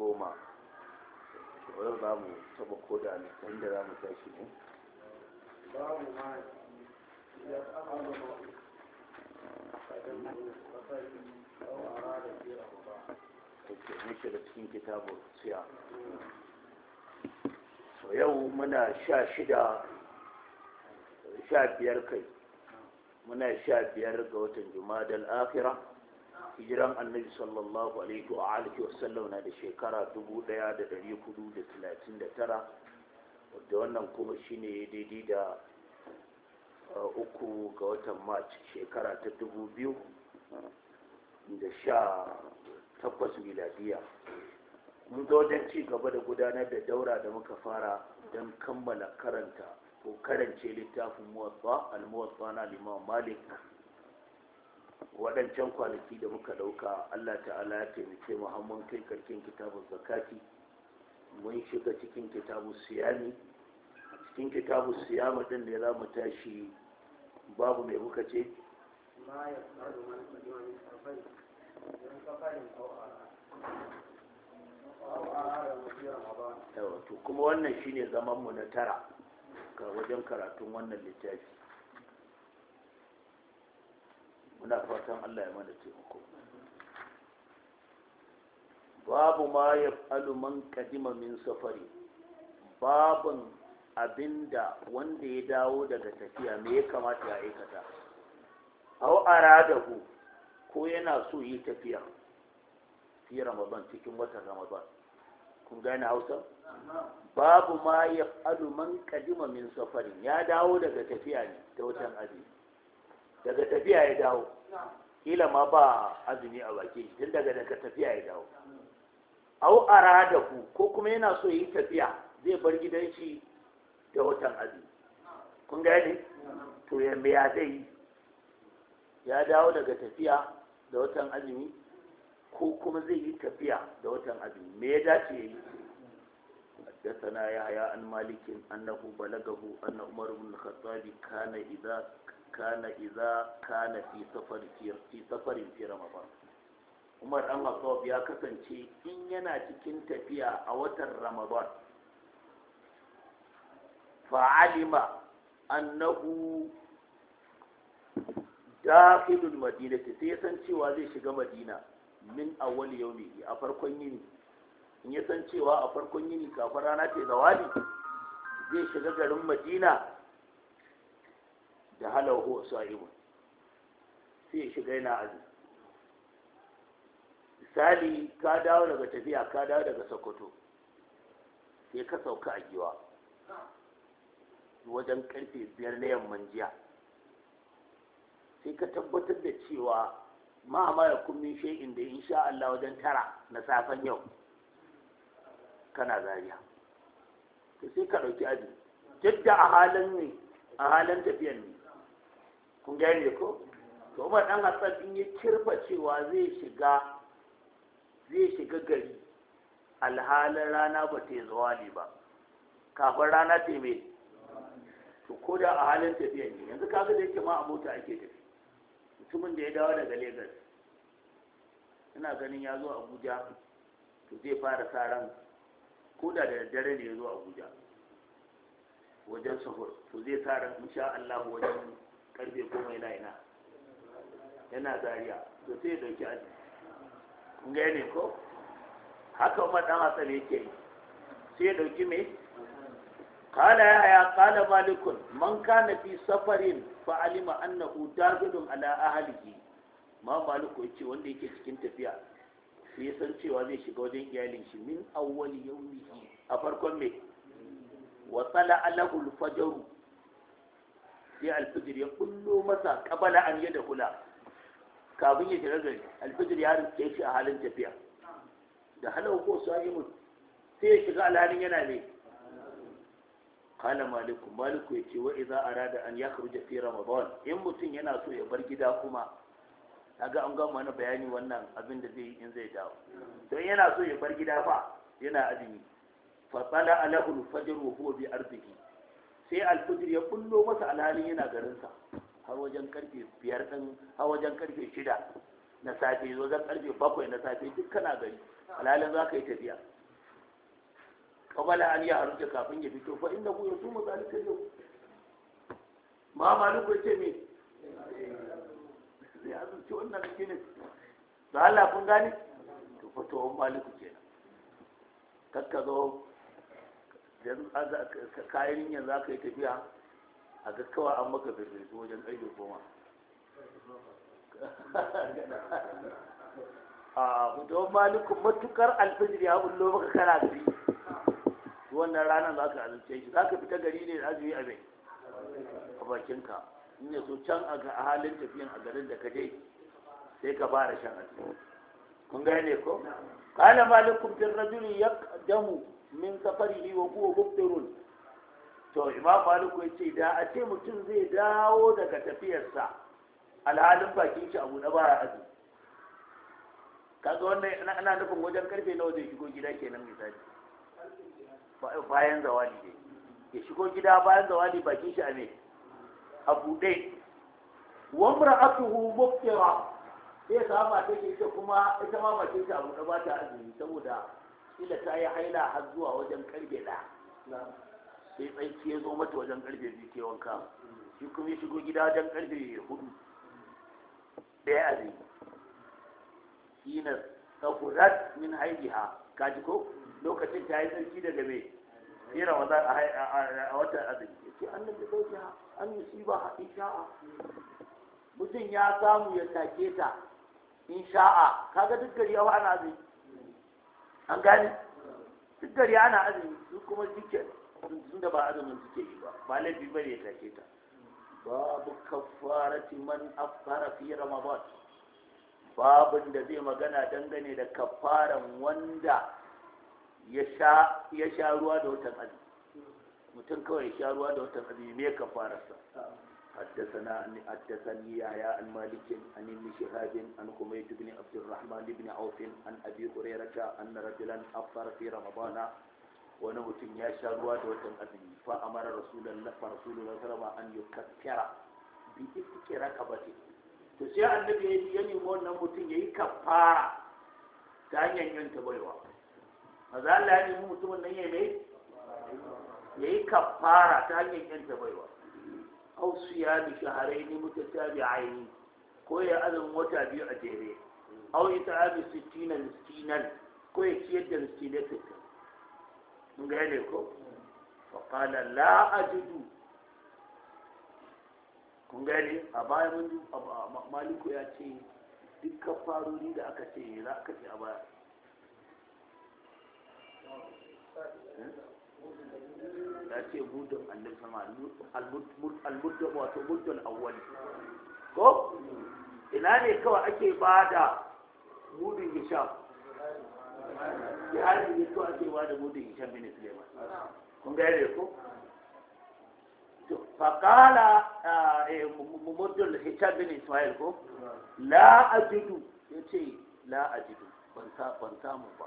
goma yau za mu taba koda da za mu tashi ne babu ma ya ƙasa muke da cikin kitabun siya so yau muna sha shida sha biyar kai muna sha biyar ga watan juma'a da al'afira hijiran annabi sallallahu alaihi wa alihi wasallam na da shekara 1439 wadda wannan kuma shine daidai da uh, uku ga watan march shekara ta 2000 da sha tabbas miladiya mun ga wajen ci gaba da gudanar da daura da muka fara don kammala karanta ko karance littafin muwatsa al-muwatsa na liman malik waɗancan kwanaki da muka ɗauka allah ta'ala ya taimake mu har mun kai karkin kitabun zakati mun shiga cikin kitabun siyami a cikin kitabun siyama ɗin ne za mu tashi babu mai muka ce kuma wannan shine zamanmu na tara ga wajen karatun wannan littafi muna fatan Allah ya mana taimako babu ma ya falu man kadima min safari babun abinda wanda ya dawo daga tafiya me ya kamata ya aikata aw aradahu ko yana so yi tafiya fi ramadan cikin watan ramadan kun gane hausa babu ma ya falu man kadima min safari ya dawo daga tafiya ne ta watan azumi daga tafiya ya dawo kila ma ba azumi a baki tun daga daga tafiya ya dawo au ara da ku ko kuma yana so yi tafiya zai bar gidan shi da watan azumi kun gane to ya me ya zai ya dawo daga tafiya da watan azumi ko kuma zai yi tafiya da watan azumi me ya dace ya yi حدثنا يحيى عن مالك انه بلغه ان عمر بن الخطاب كان اذا kana iza kana fi safar fi safarin fi ramadan Umar dan Khattab ya kasance in yana cikin tafiya a watan Ramadan fa'alima annahu dakhilul madinati sai san cewa zai shiga Madina min awwal yawmihi a farkon yini in ya san cewa a farkon yini kafin rana ce zawali zai shiga garin Madina ya halawa huwa sa'imun sai ya shiga yana azumi misali ka dawo daga tafiya ka dawo daga sokoto sai ka sauka a giwa wajen karfe biyar na yamman jiya sai ka tabbatar da cewa ma a ya kummin shaikin da insha Allah wajen tara na safen yau kana zariya to sai ka ɗauki aji. duk da a halin ne a halin tafiyan ne kun gane ko to umar dan hassan in ya kirba cewa zai shiga zai shiga gari alhalin rana ba ta zuwa ne ba kafin rana ta mai to ko da a halin tafiya ne yanzu kaga da yake ma a mota ake tafi mutumin da ya dawo daga lagos ina ganin ya zo abuja to zai fara sa ran ko da da daddare ne ya zo abuja wajen sahur to zai sa ran insha Allah wajen karfe goma yana ina yana zariya to sai ya dauki aji. kun ne ko haka kuma dan ne yake yi sai ya dauki me ya يا malikun man kana fi safarin fa alima annahu داخل ala ahlihi ma مالك yace wanda yake cikin tafiya sai ya san cewa zai shiga wajen iyalin shi min awwal yawmihi a farkon me wa sala alahu al sai alfijir ya kullo masa kabala an yada hula kafin ya shiga gari alfijir ya rike shi a halin tafiya da halau ko sa'imun sai ya shiga alhalin yana ne kala maliku maliku ya ce wa iza arada an ya kharuja fi ramadan in mutum yana so ya bar gida kuma kaga an gama wani bayani wannan abin da zai yi in zai dawo don yana so ya bar gida fa yana azumi fa tsala alahu alfajr wa huwa bi ardihi sai alfijir ya kullo masa alhalin yana garinsa har wajen karfe biyar ɗin har wajen karfe shida na safe wajen karfe bakwai na safe duk kana gari alhalin za ka yi tafiya kabala an yi haruka kafin ya fito fa inda ku yanzu mu zalika yau ma maliku ce me a zuci wannan ginin da Allah kun gane to to maliku kenan kakka zo yanzu kayan yanzu aka yi tafiya a gaskawa an maka firfirfi wajen ƙarfe goma a don ah, malikun matukar alfajir ya bullo maka kana gari wannan ranar za ka azumce shi za ka fita gari ne da azumi a mai a bakinka in ya so can a halin tafiyan a garin da ka je sai ka fara shan azumi kun gane ko kala malikun bin rajulin ya damu min safarihi wa huwa mubtirun to imam malik ya ce da a ce mutum zai dawo daga tafiyarsa alhalin bakin shi abu na a azu kaga wannan ana nufin wajen karfe nawa zai shigo gida kenan misali bayan zawali ke ya shigo gida bayan zawali bakin shi a me a buɗe wa mar'atuhu mubtira sai sa ba take ita kuma ita ma bakin ta abu da ba ta azumi saboda kila ta yi haila har zuwa wajen karfe da sai tsaiki ya zo mata wajen karfe biyu ke wanka shi kuma ya shigo gida wajen karfe hudu ɗaya a zai shi na sakurat min haihiha kaji ko lokacin ta yi sarki daga mai sai ramadan a watan azumi ya ce an nufi ha, an ba ha sha'a, mutum ya samu ya take ta insha'a kaga duk gari yawa ana azumi an gane duk gari ana azumi su kuma suke sun da ba azumin suke yi ba ba laifi ba ne take ta babu kafarati man afara fi ramadan babu da zai magana dangane da kafaran wanda ya sha ruwa da watan azumi mutum kawai ya sha ruwa da watan azumi me kafararsa حدثنا حدثني يحيى عن مالك عن ابن شهاب عن حميد بن عبد الرحمن بن عوف عن ابي هريره ان رجلا افطر في رمضان wani mutum ya sha ruwa da watan azumi fa amara rasulullah fa rasulullah sallama an yukaffara bi ikra kabati to sai annabi ya nemi wannan mutum yayi kafara ta hanyar yin tabaiwa maza Allah ya nemi mutumin nan yayi mai ta aw siyami shahrayn mutatabi'ain ko ya azan wata biyu a jere aw it'ami sittina miskinan ko ya ciyar da miskinai sittin mun gane ko qala la ajidu kun gani? a baya mun maliku ya ce Dukkan faruri da aka ce za ka ce a baya eh? ta ce mudun annabi sama al-mudun wato mudun awwal ko ina ne kawai ake bada mudun hisham jihari ne kawai ake bada mudun hisham bin suleiman kun ga yadda ko فقال ممدل حجاب بن اسماعيل ko la ajidu yace la ajidu ban sa ban samu ba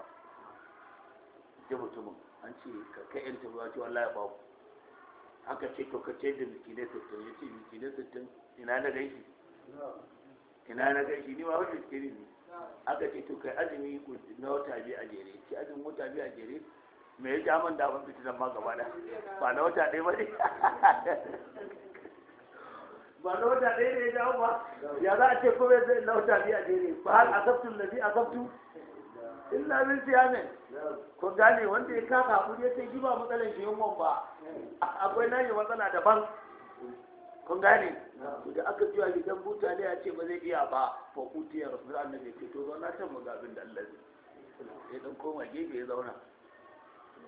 ji mutumin an ce ka kai yan tabuwa ce wallahi ba ku aka ce to ka ce da miskinai sittin ya ce miskinai sittin ina na gaishe ina na gaishe ni ma wani miskini ne aka ce to kai azumi na wata biyu a jere ki azumi wata biyu a jere me ya ja man daban fitila ma gaba da ba na wata ɗaya ba ne ba na wata ɗaya ne ya ja ba ya za a ce kuma na wata biyu a jere ba hal asabtu lazi asabtu illa min ne. ko gane wanda ya kafa hakuri ya sai giba matsalar shi yin ba akwai nashi matsala daban kun gane da aka cewa gidan buta ne ya ce ba zai iya ba ko kutiyar rasul annabi ce to zauna can mu ga abin da Allah zai ya dan koma gefe ya zauna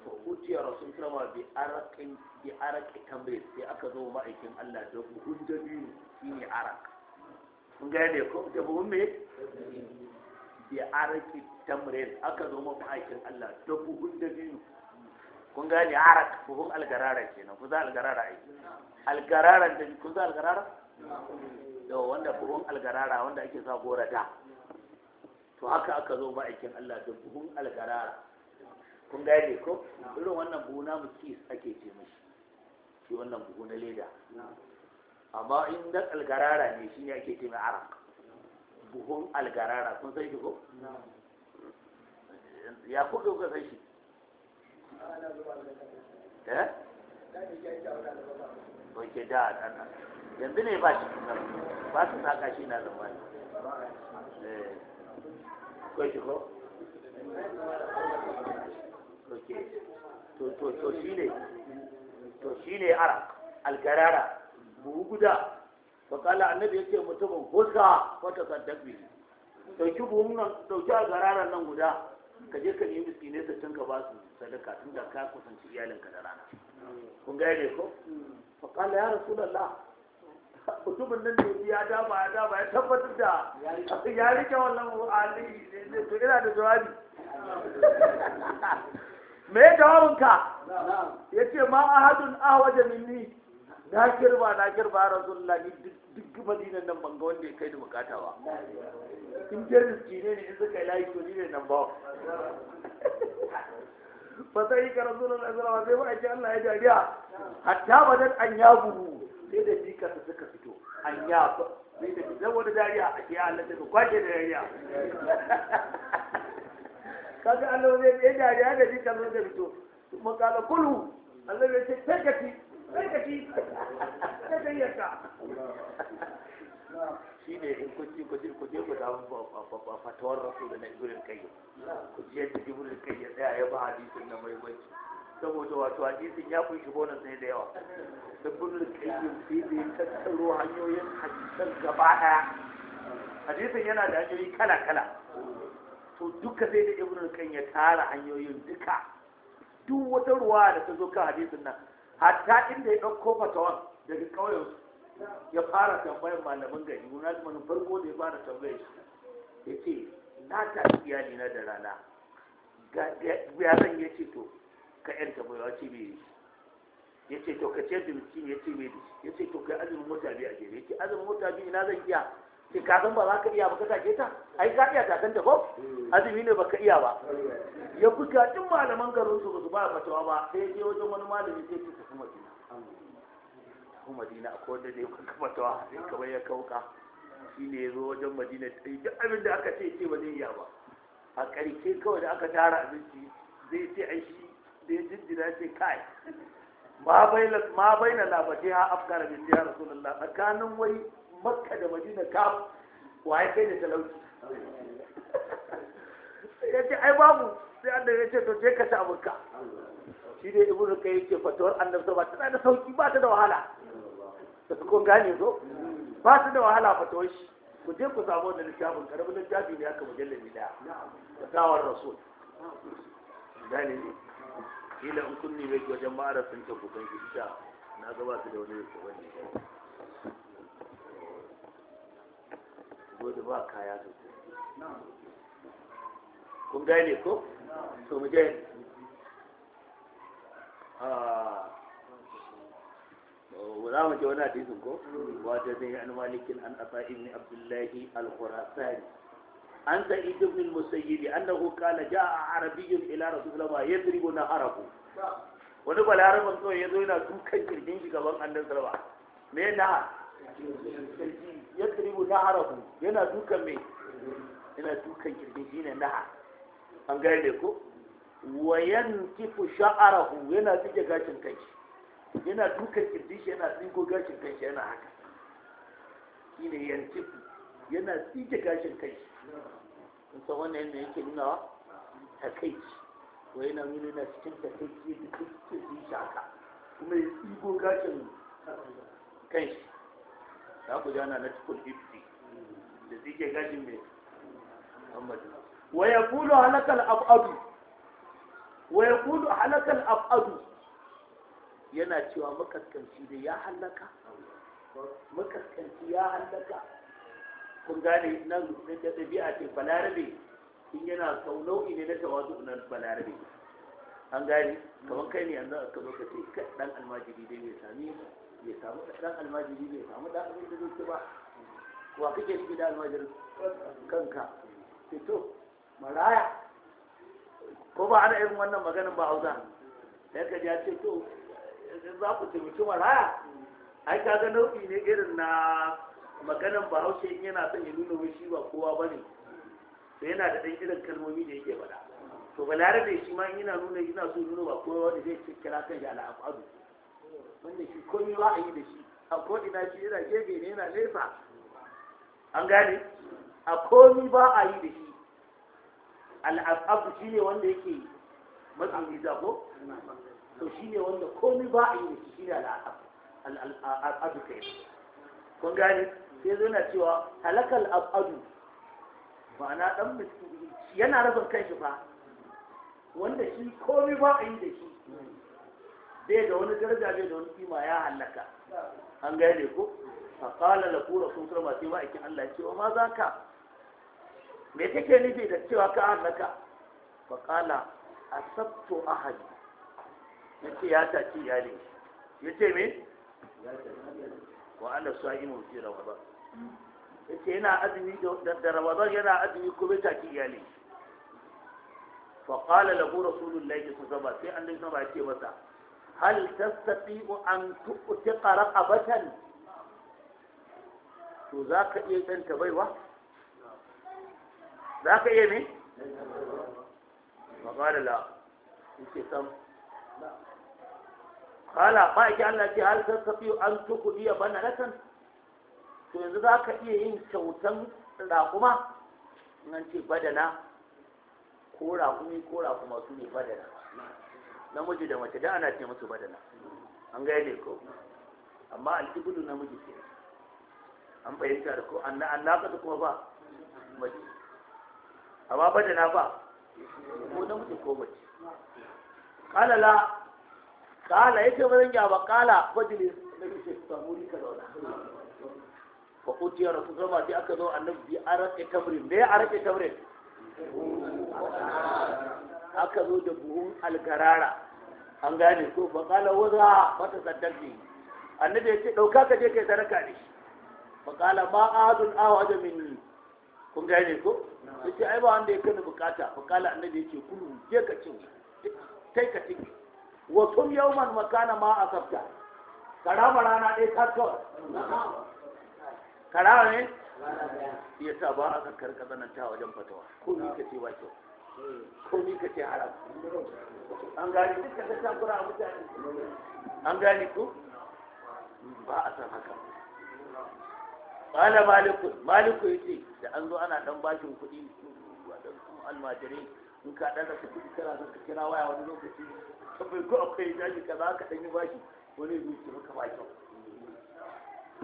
ko kutiyar rasul sama bi araqin bi sai aka zo ma'aikin Allah da buhun dabi shine arak kun gane ko da buhun ya araki tamrin aka zo mafi aikin Allah da buhun da biyu kun gane arak buhun algarara kenan kusa algarara aiki algararan da kusa algarara da wanda buhun algarara wanda ake sa gora da to haka aka zo ma'aikin Allah da buhun algarara kun gane ko irin wannan buhu na mutis ake ce mashi shi wannan buhu na leda amma in dan algarara ne shi ne ake ce mai arak buhun algarara kun sai shi ko ya kuka kuka sai shi eh ke da dan yanzu ne ba shi nan ba su saka shi na zaman eh ko shi ko ok to to to shi ne to shi ne arak algarara buhu guda bakala annabi yake mutumin husa wata saddabi dauki buhun nan dauki a gararan nan guda ka je ka nemi miskinai tun ka ba su sadaka tun da ka kusanci iyalin ka da rana kun ne ko fakala ya rasulullah mutumin nan ne ya dama ya dama ya tabbatar da ya rike wannan ali to yana da jawabi me jawabinka ka yace ma ahadun ahwaja minni na girba na girba ya rasulullah ni duk madinan nan ban ga wanda ya kai da bukata ba in je riski ne ne in suka yi layi to ni ne nan ba fa sai ka rasulullah sallallahu alaihi wasallam ce Allah ya jariya hatta badan an ya buru sai da jika su suka fito an ya sai da fitar wani dariya a ke Allah da kwace da dariya kaga Allah zai yi dariya da jika su suka fito kuma kala kulu Allah ya ce take sai ka ci sai ka yarka shi ne in ku ci ku ci ku je ku da fatawar rasu da na ibrahim kai. ku ji yadda kai ya tsaya ya ba hadisin na mahimmanci saboda wato hadisin ya kunshi bonus ne da yawa da kai kayyar sai da ya tattaro hanyoyin hadisan gaba daya hadisin yana da hanyoyi kala kala to duka sai da ibrahim ya tara hanyoyin duka duk wata ruwa da ta zo kan hadisin nan hatta inda ya ɗauko fatawan daga ƙauyen, ya fara tambayar malaman gari wani azumin farko da ya fara tambayar shi ya ce na ta iyali na da rana zan ya ce to ka yanta ta ya ce bai ya ce to ka ce da mutum ya ce bai ya ce to ka azumin mota biyu a jere ya ce azumin mota biyu na zan iya Kasan ka san ba za ka iya ba ka sake ta ai ka iya ta kanta ko hmm. azumi ne baka iya ba hmm. ya buga duk malaman garin su su ba fatawa ba sai je wajen wani malami sai ki tafi madina ko madina a kowace da yau ka fatawa sai kamar ya kauka shi ne ya zo wajen madina sai duk abin da aka ce ce ba zai iya ba a ƙarshe kawai da aka tara abinci zai ce ai shi zai ya jinjina ce kai ma bai na labarai ha afkara bin jiya rasulullah tsakanin wai makka da madina ka waye kai da talauci ya ce ai babu sai an da ya ce to je ka ci amurka. shi ne ibn kai yake fatuwar annabi ba ta da sauki ba ta da wahala da kun gane so ba ta da wahala fatuwar shi ku je ku samu wannan littafin karamin littafi ne aka mujallar ne daya fatawar rasul gane ne kila in kunni mai wajen ma'arafin ta kukan shi na gabata da wani wani ko da ba kaya su kun gane ko to mu gane ah. oh, za mu ce wani hadisin ko Wata ta zai an malikin an asa ibn abdullahi al-khurasani an sa idin min musayyidi an da na ja a arabiyyun ila rasulullah ya zirgo na arabu wani balarabar tsohon ya zo yana dukan kirgin shi gaban annan sarwa me na ya tribu na harahu yana dukan mai yana dukan kirgin ne na an gane ko wayan kifu sha'arahu yana tsige gashin kanshi yana dukan kirjin yana tsigo gashin kanshi yana haka shi yan kifu yana tsige gashin kanshi in san wannan yadda yake Wa takaici wai na nuna na cikin takaici da kirjin shi haka kuma ya tsigo gashin kanshi za ku jana na cikin hifti da suke gajin mai muhammadu wa ya kulu halakal af'adu wa ya kulu halakal af'adu yana cewa makaskanci da ya halaka makaskanci ya halaka kun gane nan da ta ɗabi'a ce balarabe in yana sau nau'i ne na tawazu na balarabe an gane kamar kai ne yanzu a kamar ka ce dan almajiri dai bai sami bai samu ɗan almajiri bai samu ɗan abin da zai ba wa kake ciki da almajirin kanka fito maraya ko ba ana irin wannan maganin ba hausa sai ka ya ce to za ku taimaki maraya ai ka ga nau'i ne irin na maganin bahaushe in yana son ya nuna wai shi ba kowa ba ne to yana da ɗan irin kalmomi da yake faɗa to ne shi ma yana nuna yana so nuna ba kowa wani zai kira kan shi al'adu wanda shi komi ba a yi da shi a ko'ina shi yana gefe ne yana nesa an gane a komi ba a yi da shi al'adu shi ne wanda yake matsayi nisa ko to shi ne wanda komi ba a yi da shi shi ne al'adu. kai kun gane sai zai na cewa halakal ba ma'ana dan miski yana rasa kanshi fa wanda shi komi ba a yi da shi bai da wani daraja bai da wani kima ya halaka an gane ko fa qala lahu rasul sallallahu alaihi wasallam sai Allah ya ce wa ma ka? me kake nufi da cewa ka halaka kala a sabto a yace ya taci iyali ce me wa ana sa'imun fi Ya ce yana azumi da ba yana azumi ko bai taci iyali fa qala lahu rasulullahi sallallahu alaihi wasallam sai Allah ya ce masa hal tastati'u an tu'tiqa raqabatan to zaka iya danta baiwa zaka iya me magana la yake sam kala ba Allah ce hal tastati'u an tu'tiqa banatan to yanzu zaka iya yin kyautan raƙuma nan ce badana ko raƙumi ko raƙuma su ne badana namiji da mace da ana ce musu badana an gane ko amma al'ibudu namiji ce an fahimta da ko an naka ta kuma ba mace amma badana ba ko namiji ko mace kala la kala yake ba zan ba kala fajilin na bishe samuri ka zauna fa kutiyar rasu zama sai aka zo annabi a rake tamrin me a rake tamrin aka zo da buhun algarara an gane ko ba kala wada fa tasaddaqi annabi ya ce dauka ka je kai sadaka da ba fa qala ma ahadun ahada minni kun gane ko yace ai ba wanda ya kana bukata ba kala annabi ya ce kulu je ka ci kai ka ci wa tum yawman makana ma asabta karama rana ɗaya ta Ka kada ne ya sa ba a kan karkazananta wajen fatawa ko ni ka ce ba kyau Komi ka ce haram an gani duka ta kura a mutane an gani ko ba a san haka kala maliku maliku yace da an zo ana dan bashin kuɗi almajirai in ka dan rasa kuɗi kana son ka kira waya wani lokaci ka bai ko akwai daji ka za ka dan yi bashi wani zai ci maka bashi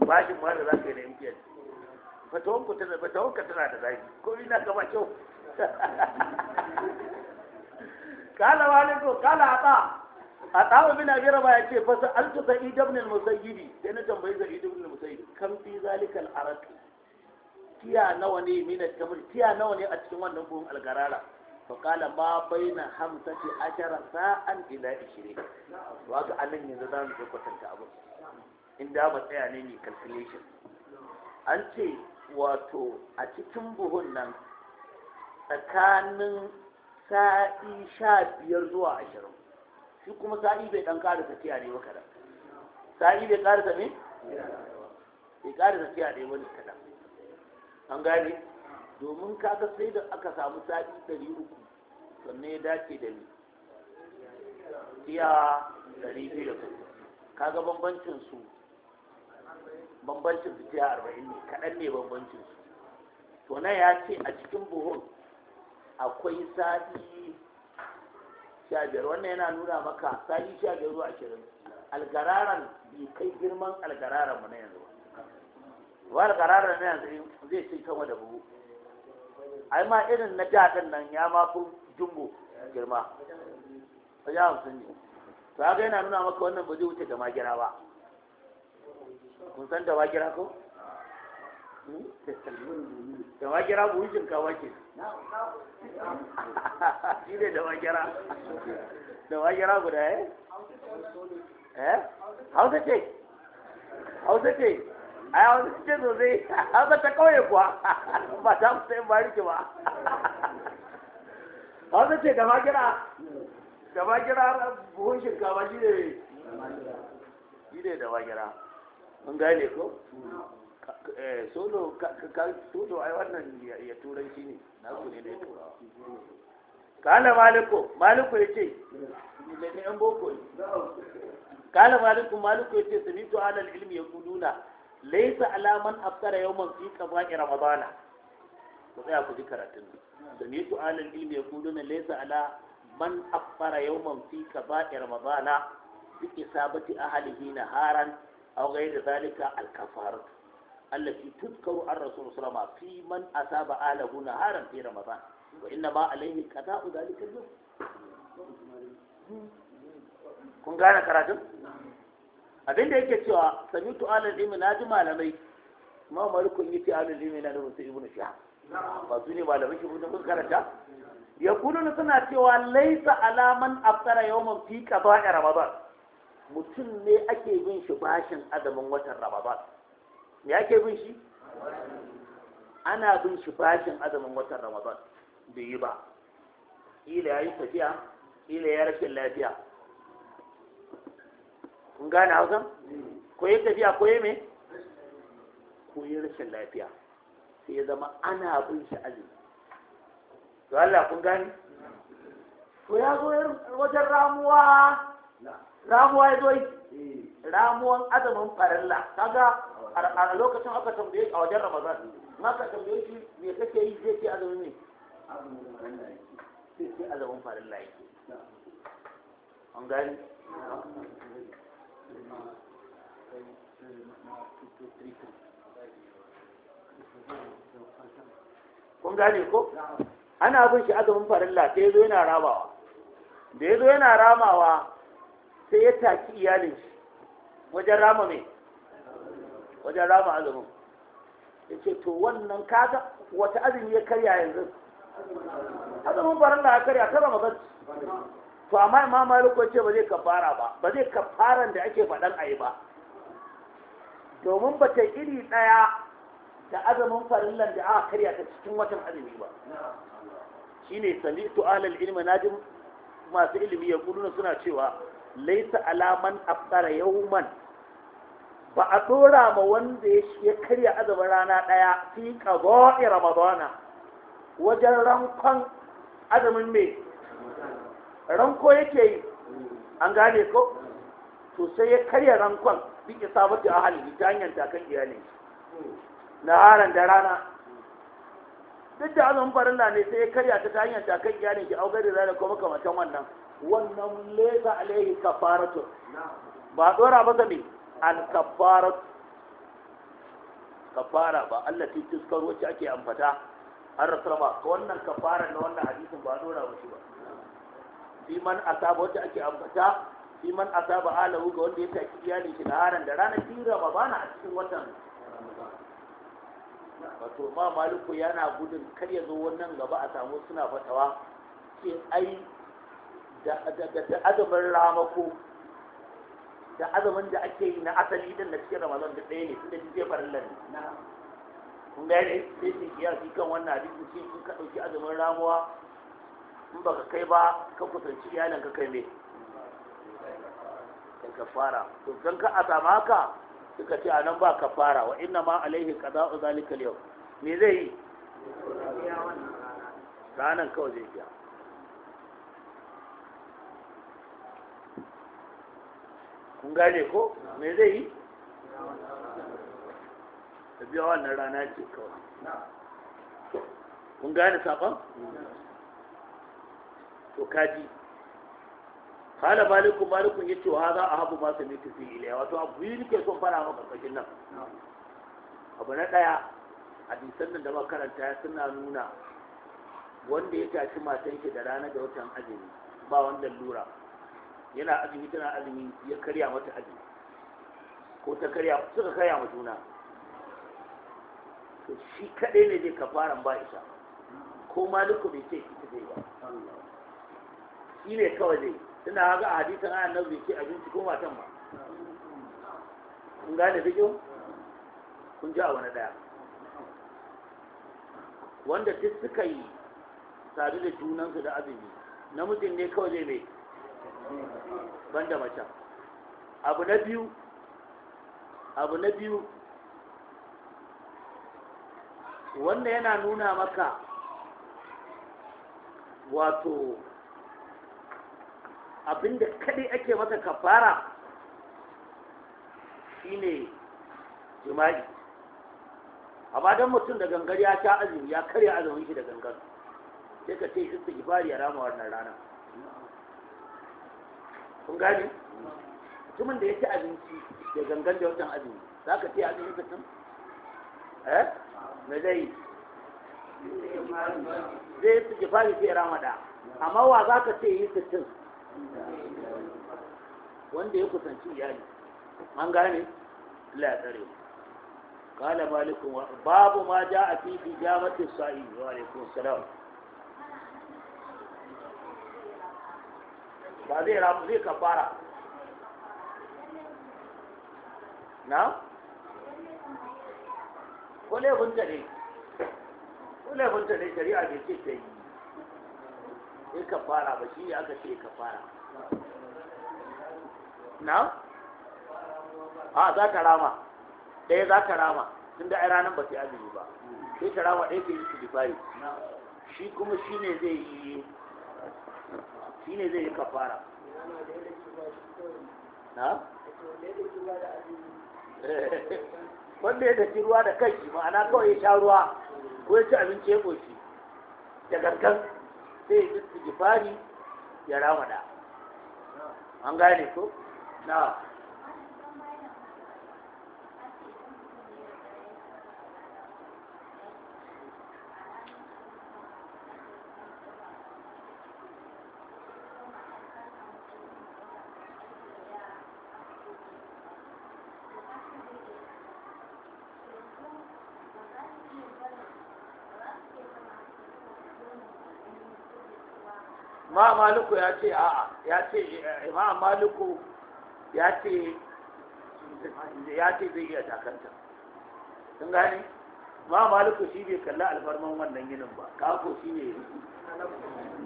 bashin ma da za ka yi na mtn tana fatawar ka tana da zafi ko ina ka ba kyau kala waliko kala ata ata bin abi raba yace fa sa'altu sa'id ibn al-musayyib sai na tambayi sa'id ibn al-musayyib kam fi zalikal arat araq tiya nawa ne mina al tiya nawa ne a cikin wannan buhun algarara To kala ma baina hamsati ashara sa'an ila ishirin to haka anan yanzu za mu kwatanta abu inda ba tsaya ne ne calculation an ce wato a cikin buhun nan tsakanin sa'i sha biyar zuwa ashirin shi kuma sa'i bai dan ƙara tafiya ne maka da sa'i bai ƙara tafi bai ƙara tafiya ne wani kaɗan an gane domin kaga sai da aka samu sa'i ɗari uku sannan ya dace da ni iya ɗari biyu da kuma kaga bambancin su bambancin su arba'in ne kaɗan ne bambancin su to nan ya ce a cikin buhun akwai sa'i sha biyar wannan yana nuna maka sa'i sha biyar zuwa ashirin algararan bai kai girman algararan mu na yanzu ba algararan na yanzu zai ce kama da buhu ai ma irin na jaɗin nan ya ma fi jumbo girma wajen hamsin ne to haka yana nuna maka wannan ba zai wuce da magira ba kun san da magira ko da wagira buhun shinkawa ke shi ne da wagira da wagira guda eh eh hausa ce hausa ce ai hausa ce sosai hausa ta kauye kuwa ba ta musa yin bariki ba hausa ce da wagira da wagira buhun shinkawa shi ne shi ne da wagira mun gane ko Eh, solo solo ai wannan ya turanci ne na ku ne da ya turawa kala maliku maliku ya ce ne yan boko kala maliko maliko ya ce samitu alal ilmi ya kuduna laisa alaman aftara yawman fi qada'i ramadana ku tsaya ku ji karatun samitu alal ilmi ya kuduna laisa ala man aftara yawman fi qada'i ramadana bi isabati ahlihi haran aw gaida zalika al allati tuzkaru an rasul sallama fi man asaba ahlahu naharan fi ramadan wa inna ma alaihi qada'u zalika al kun gane karatun abin da yake cewa samitu alal ilmi na ji malamai ma malikun yace alal ilmi na da wasu ibnu shahab ba su ne malamai shi kun karanta ya kununa suna cewa laisa alaman aftara yawman fi qada'i ramadan mutum ne ake bin shi bashin azumin watan ramadan me ake bin shi ana bin shi bashin azumin watan ramadan bai yi ba ila ya yi tafiya ila ya rashin lafiya kun gane hausa ko yi tafiya ko yi mai ko yi rashin lafiya sai ya zama ana bin shi azumi to Allah kun gane to ya zo wajen ramuwa ramuwa ya zo ramuwan azumin farilla kaga a lokacin aka tambaye a wajen ramadan in ka tambaye shi me kake yi zai ce azumi ne sai ce azumin farin layi. an gani kun gane ko ana bin shi azumin farilla sai zo yana ramawa da ya zo yana ramawa sai ya taki iyalin shi wajen rama mai wajen rama azumin ya ce to wannan kaga wata azumi ya karya yanzu azumin baran da ya karya ta ramadan to amma imam ya ce ba zai kafara ba ba zai kafaran da ake faɗan ayi ba domin ba ta iri ɗaya da azumin farillan da aka karya ta cikin watan azumi ba shine sami tu ahlal ilmi najim masu ilimi ya kuluna suna cewa laisa alaman afkara yawman ba a dora ma wanda ya karya azumin rana ɗaya fi ƙazo'i ramadana wajen rankon azumin mai ranko yake yi an gane ko to sai ya karya rankon bi isabatu ahli ta hanyar takan iyali na haran da rana duk da azumin farin na ne sai ya karya ta ta hanyar takan iyali ki augar da rana ko makamantan wannan wannan leza alaihi kafaratu ba dora ba ga al-kaffara kaffara ba Allah ta tuskar wacce ake amfata an rasulama ka wannan kaffara na wannan hadisin ba dora wa shi ba fi man asaba wacce ake amfata fi man asaba alahu ga wanda ya saki iyali shi da haran da ranar fi bana a cikin watan wato ma maliku yana gudun kar ya zo wannan gaba a samu suna fatawa Ke ai da adabar ramako da azumin da ake yi na asali din na cikin ramadan da ɗaya ne tunda duk zai farin lalle kun ga yadda sai su kiyasi kan wannan hadisin shi in ka ɗauki azumin ramuwa in ba ka kai ba ka kusanci iyalinka kai me kai kafara to dan ka a samu haka suka ce anan ba kafara wa inna ma alaihi qada'u zalika al-yawm me zai yi ranan kawai zai biya kun gane ko me zai yi ta biya wannan rana ce kawai kun gane saƙon to kaji kala malikun malikun ya ce wa za a habu masu ne tafi iliya wato abu yi nike son fara maka ƙarƙashin nan abu na ɗaya hadisan nan da makaranta suna nuna wanda ya tashi matan shi da rana da watan azumi ba wanda lura yana azumi tana azumi ya karya mata azumi ko ta karya suka karya ma juna to shi kaɗai ne zai kafaran ba isa ko maliku bai ce ita zai ba shi ne kawai zai tana haka a hadisan ayan nazari bai ce abinci ko matan ba kun gane kyau kun ji a wani ɗaya wanda duk suka yi sadu da junansu da azumi namijin ne kawai zai mai banda mata abu na biyu abu na biyu wanda yana nuna maka wato abinda kadai ake maka kafara shine jima'i amma don mutum da gangar ya sha azumi ya karya azumin shi da gangar sai ka ce istighfar ya rama wannan rana kun gani mutumin da ya ci abinci da gangan da wajen abin za ka ce azumin ka tun eh me zai yi zai su jifari sai ramada amma wa za ka ce yi kacin? wanda ya kusanci iyali an gane Allah ya tsare mu قال مالك باب ما جاء في إجابة Wa وعليكم السلام ba zai ramu zai kafara na? ko laifin ne ko laifin ta ne shari'a bai ce ta yi sai kafara ba shi aka ce kafara na? a za ka rama ɗaya za ka rama tun da ranar ba ta yi azumi ba sai ta rama ɗaya ke yi su shi kuma shi ne zai yi shi ne zai yi kafara na? Eh. wanda ya daki ruwa da kai ma'ana kawai ya sha ruwa ko ya ci abinci ya ƙoshi da gangan sai ya ji gifari ya ramada an gane ko na maliku ya ce a'a ya ce imam maliku ya ce ya ce zai iya takanta sun gani ma maliku shi bai kalla alfarman wannan ginin ba kako shi ne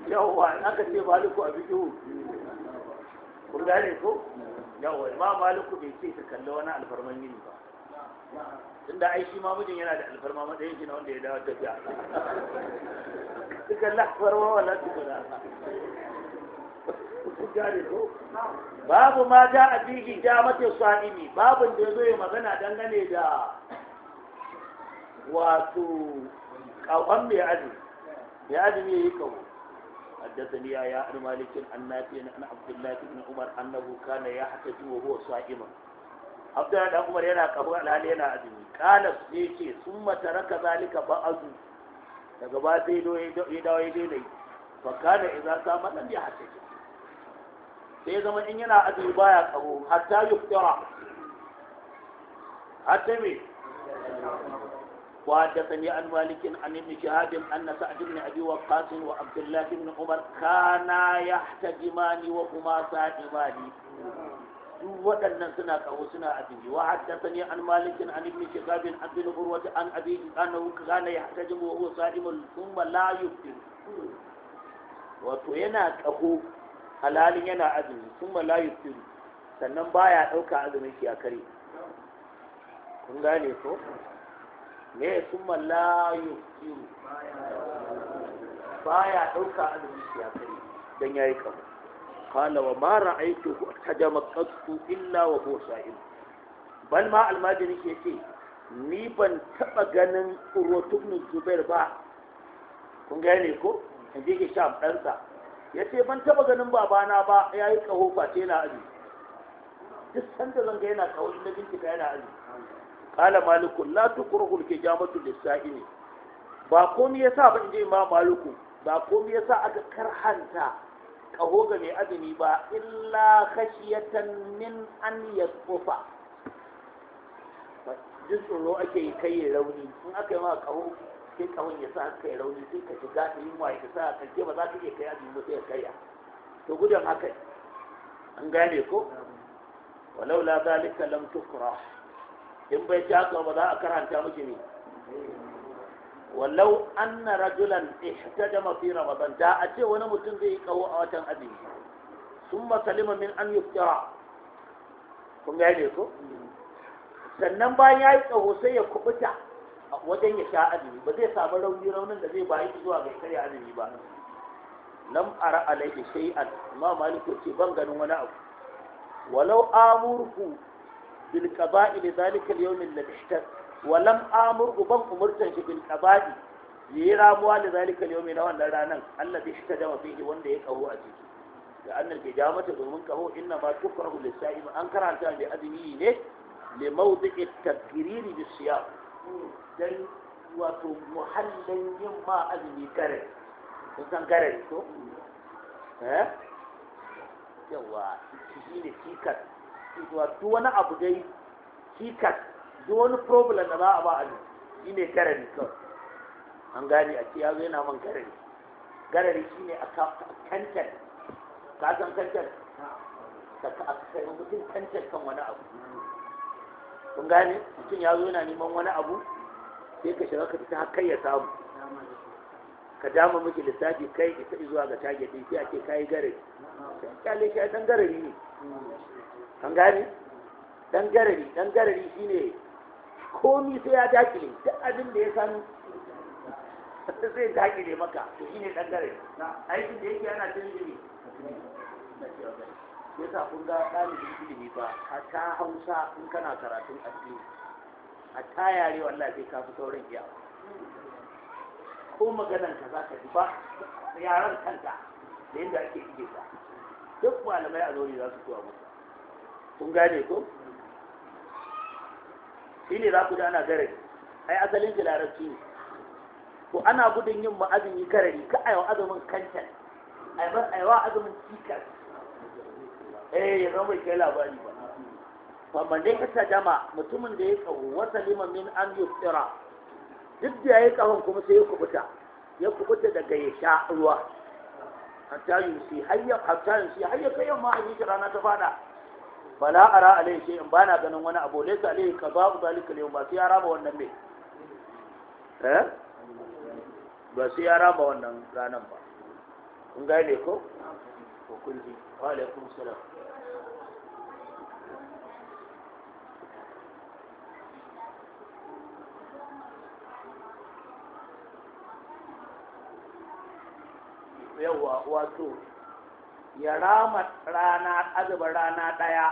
yawwa aka ce maliku a biyu kun gane ko yawwa ma maliku bai ce su kalla wani alfarman gini ba tunda da shi ma yana da alfarma matsayin shi na wanda ya dawo tafiya su kalla alfarma wala su kula babu ma ja a fiji ja mace sa'ini babu da ya zo magana dangane da wato kawon mai azu mai azu ne yi kawo haddasa ni ya an malikin an na fiye na abdullahi ibn umar an na buka na ya haka fi wa huwa sa'ima abdullahi ɗan umar yana kawo alhali yana azumi kala su ne ce sun mata raka zalika ba azu daga ba zai dawo ya daina yi fa kana idan ka manan ya haka fi sai zama in yana وحدثني عن مالك عن ابن شهاب ان سعد بن ابي وقاص وعبد الله بن عمر كانا يحتجمان وهما صادمان وقال لنا أو سنة أبي وحدثني عن مالك عن ابن شهاب عن ابن عمر عن أبي أنه كان يحتجم وهو سائم ثم لا يفتن وتوينا كهو Halalin yana azumi sun malayu tsiru sannan ba ya ɗauka azumin shi a kare kun gane ko me sun malayu ba ya ɗauka azumin shi a kare don ya yi kama kala wa mara aiki ta jamakastu illa wa huwa sha'il bal ma almajiri ke ce ni ban taɓa ganin urwatubnin zubair ba kun gane ko in ji ke sha ɗansa ya ce ban taba ganin babana ba ya yi kaho face na aji duk sanda zan zanga yana kaho inda bincika yana aji kala maliku la tukurhul kijamatu lisa'ini ba komai yasa ba inji ma maliku ba komai yasa aka karhanta kaho ga mai azumi ba illa khashiyatan min an yasqufa jin tsoro ake yi kai rauni in aka yi ma kaho sai kawai ya sa ka yi rauni sai ka shiga ta yunwa ya sa ka ba za ka iya kai azumi sai ya karya to gudun haka an gane ko walau la zalika lam tukra in bai ci haka ba za a karanta miki ne walau anna rajulan ihtajama fi ramadan da a ce wani mutum zai yi kawo a watan azumi summa salima min an yuftira kun gane ko hmm. sannan bayan ya yi kawo sai ya kubuta wajen ya sha azumi ba zai samu rauni raunin da zai bayi zuwa ga karya azumi ba lam ara alaihi shay'an ma maliku ce ban ganin wani abu walau amurku bil qada'i li zalika al yawm alladhi ishtar wa lam amurku ban umurtan shi bil qada'i yi ramuwa da zalika al yawm na wannan ranan alladhi ishtada fihi wanda ya kawo a ciki da annal bijamata domin kaho inna ma tukrahu lis-sa'im an karanta da azumi ne li mawdi'i at-tadhkiriri bis-siyam dan wato muhallin yin ma azumi kare kun san kare ko eh yawa shi ne cikas wato wani abu dai cikas duk wani problem da za a ba a azumi shi ne kare ne kawai an gane a ce yazo yana man kare ne kare ne shi ne a kantar ka san kantar ka mutum kantar kan wani abu kun gane mutum ya zo yana neman wani abu sai ka shiga ka fita har kai ya samu ka dama miki lissafi kai isa zuwa ga target din sai ake ce kai garari kyale kai dan garari ne kan gane dan garari dan garari shine komi sai ya dakile duk abin da ya san zai dakile maka to shine dan garari aikin da yake ana tunjiri yasa kun ga ɗalibin ilimi ba ta hausa in kana karatun addini ta yare wallahi sai ka fi sauran iyawa ko maganar ka za ka ji ba yaran kanta da yadda ake ije ta duk malamai a zori za su zuwa musu kun gane ko shi ne za ku dana ana garari ai asalin da larabci ne ko ana gudun yin ma'azin yi karari ka ayawa azumin kancan ayawa azumin cikas eh ya zama bai kai labari ba famman dai ka tajama mutumin da ya kawo wata liman min an yuftira duk da ya yi kahon kuma sai ya kubuta ya kubuta daga ya sha ruwa hatta yusi hayya hatta yusi hayya kai yamma a yi rana ta fada bala ara alai shi in bana ganin wani abu laysa alai ka ba ku zalika yau ba sai ya raba wannan me eh ba sai ya raba wannan ranan ba kun gane ko ko kun ji wa alaikum salam wato ya rama rana azumin rana ɗaya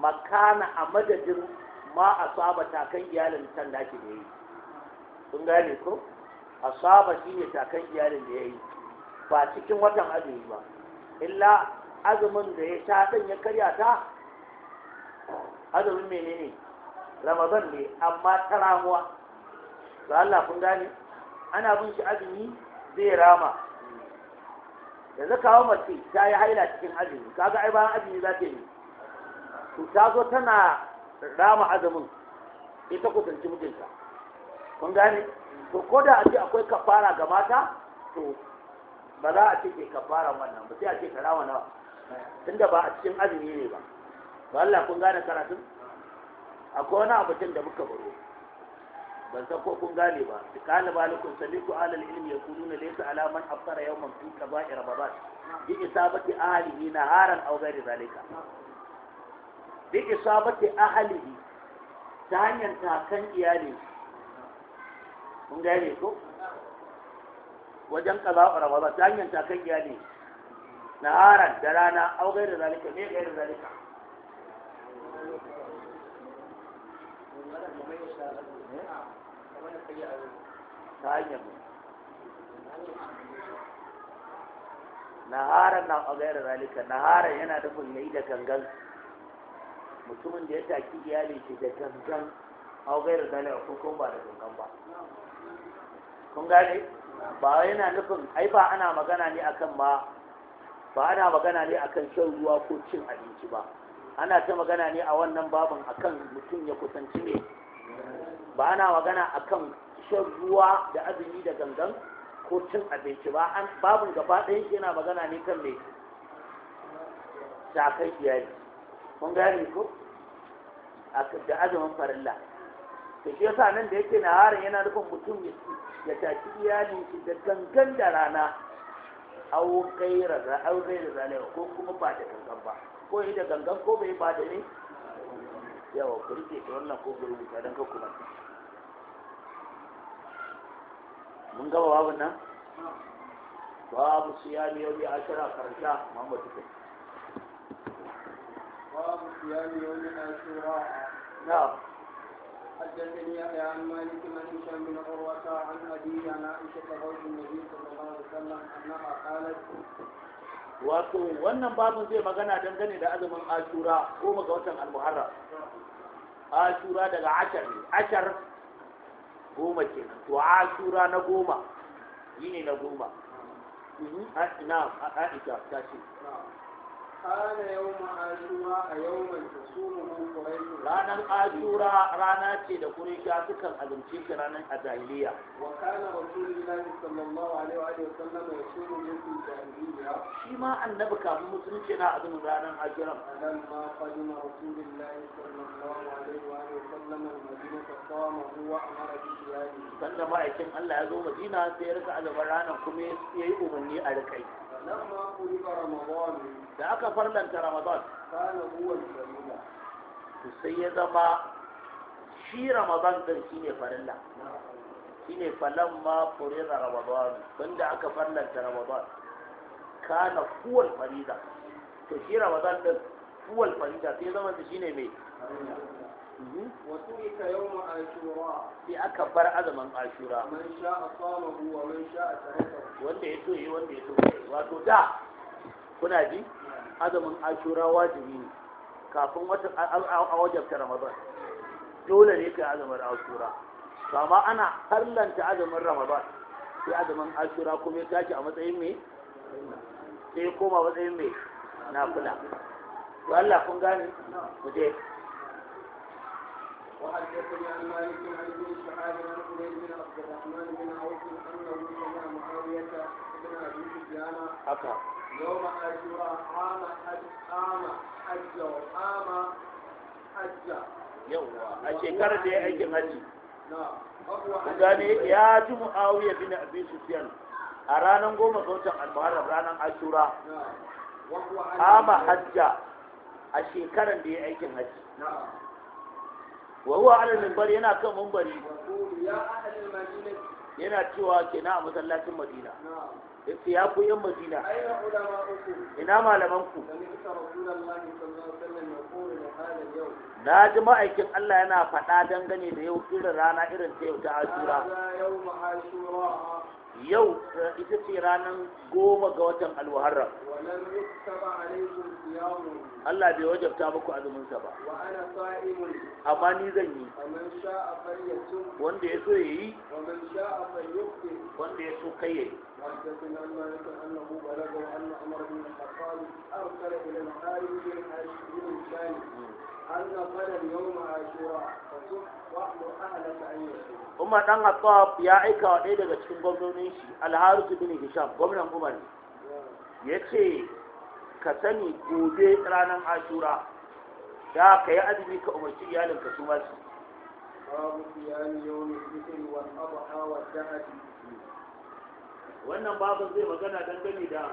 makana a madadin ma a saba takan iyalin can da ake da yi sun gane ko a saba shi ne takan iyalin da ya yi ba cikin watan azumi ba illa azumin da ya sha ɗan ya karya ta azumin menene ramadan ne amma ta ramuwa ga Allah kun gane ana bin shi azumi zai rama yanzu kawo mace ta yi haila cikin azumi kaga ai bayan azumi za ta yi to ta zo tana rama azumin ita kusanci mijinta kun gane to ko da a ce akwai kafara ga mata to ba za a ce ke kafara wannan ba sai a ce ka rama nawa tunda ba a cikin azumi ne ba to Allah kun gane karatun akwai wani abu da muka baro ban san ko kun gane ba qala balikum saliku alal ilmi yaquluna laysa ala man afara yawman fi kaba'ir babat bi isabati ahlihi naharan aw ghairi zalika bi isabati ahlihi ta hanyar takan iyali kun gane ko wajen kaza ramadan ta hanyar takan iyali naharan da rana aw ghairi zalika me ghairi zalika Yeah. ta hanyar na a gairar zalika naharan yana nufin yayi da gangan mutumin da ya taki iyali shi da gangan a gairar zalika ko kuma ba da gangan ba kun gane ba yana nufin ai ba ana magana ne akan ba ba ana magana ne akan shan ruwa ko cin abinci ba ana ta magana ne a wannan babin akan mutum ya kusanci ne ba ana magana akan shan ruwa da azumi da gangan ko cin abinci ba an babin gaba ɗaya yana magana ne kan mai sakan iyali kun gane ko da azumin farilla to shi yasa nan da yake harin yana nufin mutum ya tashi iyalin shi da gangan da rana au gaira da au gaira zalewa ko kuma ba da gangan ba ko yi da gangan ko bai ba da ne yawa ku rike ta wannan ko gurbi rubuta don ka kuma mun gaba babu nan babu siyami yau bi ashira karanta mamma tuka babu siyami yau bi ashira na حدثني يحيى عن مالك بن هشام بن عروة عن أبي عن عائشة زوج النبي صلى الله عليه وسلم أنها قالت wato wannan babin zai magana dangane da azumin ashura ko ga watan almuharram ashura daga ashar ne ashar goma kenan to sura na goma yi ne na goma mm-hmm. a ina a aisha ta ce kana yawma ashura a yawman tasumuhu quraish ranan ashura rana ce da quraisha sukan azumce shi ranan a jahiliya wa kana rasulullahi sallallahu alaihi wa alihi wasallam yasumu min jahiliya shi ma annabi kafin musulunci na azumin ranan ashura alam ma qadima rasulullahi sallallahu alaihi wa alihi wasallam madina fasama huwa amara bi siyami sallama ma'aikin Allah ya zo madina sai ya rika azabar ranan kuma yayi umarni a rikai lamma quriba ramadan da aka farlanta ramadan kana huwa al-farida to sai ya zama shi ramadan din shine farilla shine falamma quriba ramadan banda aka farlanta ramadan kana huwa al-farida to shi ramadan din huwa al-farida sai ya zama shine mai وترك يوم عاشوراء في أكبر أزمن عاشوراء من شاء صامه ومن شاء تركه wanda ya so yi wanda ya so wato da kuna ji azumin ashura wajibi ne kafin wata a wajabta ramadan dole ne kai azaman ashura to amma ana harlanta azaman ramadan sai azumin ashura kuma ya tashi a matsayin mai sai koma matsayin mai na nafila to Allah kun gane mu je وحدثني عن مالك عن ابن شهاب عن حبيب بن عبد الرحمن بن عوف انه سمع معاويه بن ابي سفيان يوم عاشوراء عام حج عام حج عام حج yawa a shekarar da ya aikin haji ya ji mu'awiyar bin abi sufyan a ranar goma ga watan almuharram ranar ashura ama hajja a shekarar da ya aikin haji wa huwa ala yana kan minbari yana cewa kenan a masallacin madina yace ya ku yan madina ina malaman na ji ma'aikin Allah yana faɗa dangane da yau irin rana irin ta yau ta ashura yau eh, ita ce ranar goma ga watan alwaharram Allah bai wajabta muku azuminsa ba amma ni zan yi wanda ya so ya yi wanda ya so kai ya yi وحدثنا مالك Umar ɗan Hattab ya aika wa ɗaya daga cikin gwamnonin shi alharu bin Hisham gwamnan Umar ya ce ka sani gobe ranar Ashura da ka yi azumi ka umarci iyalinka su masu. Wannan babu zai magana dangane da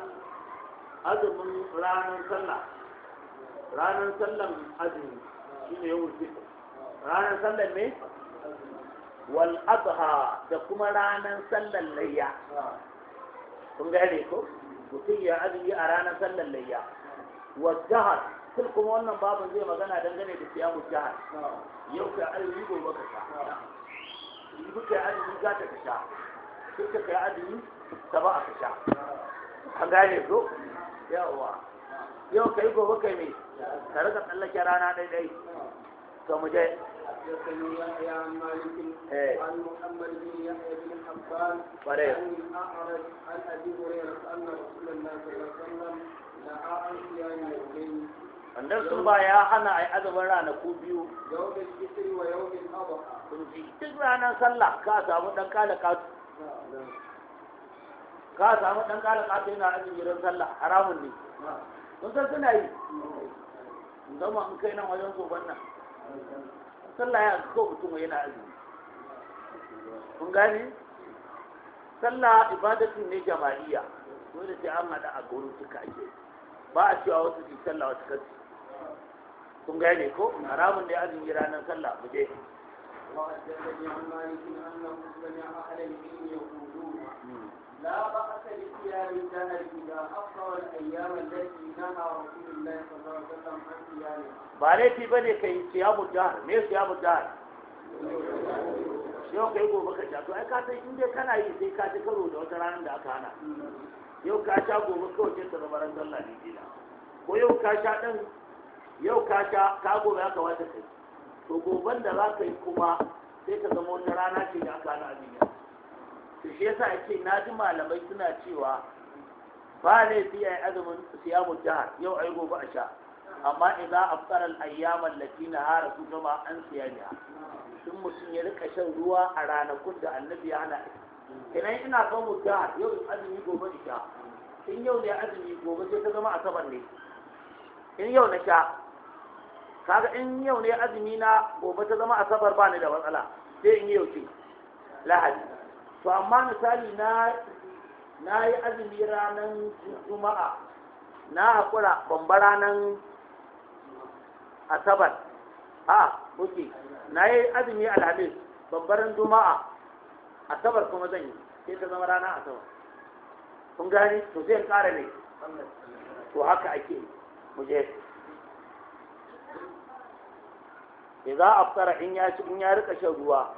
azumin ranar sallah ranar sallan azumi shine yawmul fitr ranar sallar ne wal adha da kuma ranar sallar layya kun ne ko mutum ya azumi a ranar sallar layya wa jahar sun kuma wannan babu zai magana dangane da siyamu jahar yau ka azumi gobe ka sha ibu ka azumi za ta ka sha sai ka azumi ta ba a ka sha an gane ko yawa yau ka yi gobe kai me ka rika tsallake rana ɗaiɗai ومجاهد حدثني يحيى عن مالك عن محمد sun ba ya hana a azumin ranaku biyu duk ranar sallah ka samu dan kala katu ka samu dan kala katu yana sallah haramun ne kun san suna yi musamman in kai nan wajen sallah ya kawo mutum yana azumi kun gani sallah ibadatu ne jama'iyya wanda sai an hada a gurin suka ake ba a cewa wasu su sallah wasu kasu kun gane ko haramun ne azumi ranar sallah mu je وحدثني عن مالك انه سمع اهل العلم يقول لا بأس بصيام الدهر إذا أفطر الأيام التي نهى رسول الله صلى الله عليه وسلم عن صيامها. بني كي صيام الدهر، ما صيام الدهر؟ yau kai gobe ka sha ai ka san inda kana yi sai ka ji karo da wata ranar da aka hana yau ka sha gobe kawai sai ka zama ran sallah ne kila ko yau ka sha ɗan yau ka sha ka gobe aka wata kai to goben da za ka yi kuma sai ka zama wata rana ce da aka hana a duniya da shi yasa ake na ji malamai suna cewa ba laifi a yi azumin siyamu jihar yau ai gobe a sha amma idan afkar al'ayyam allati nahara su gama an siya siyamiya Sun mutum ya rika shan ruwa a ranakun da annabi ya hana idan ina son mu jihar yau in azumi gobe in sha in yau ne azumi gobe sai ta zama asabar ne in yau na sha kaga in yau ne azumi na gobe ta zama asabar ba ni da matsala sai in yi yau ce lahadi to amma misali na na yi azumi ranar juma'a na haƙura bamba ranar asabar a ok na yi azumi alhamis bambaran juma'a asabar kuma zan yi sai ta zama ranar asabar kun gani to zai ƙara ne to haka ake mu je idza afsara in ya ci in ya rika shan ruwa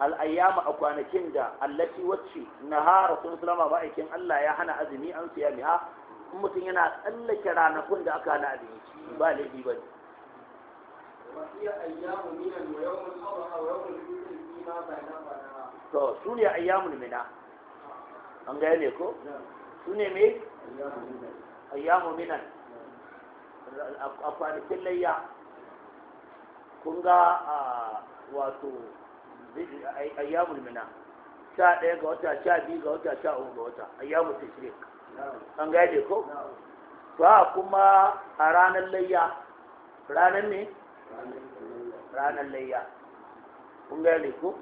al'ayyama a kwanakin da allati wacce na hara sun sulama ba aikin Allah ya hana azumi an siya ha? in mutum yana tsallake ranakun da aka hana azumi ba laifi ba ne. to su ne ayyamun mina an gaya ne ko su ne me ayyamun minan a kwanakin layya kun ga wato ayyamul mina sha ɗaya ga wata sha biyu ga wata sha uku ga wata ayyamul tashrik an yadda ko ba kuma a ranar layya ranar ne ranar layya kun yadda ko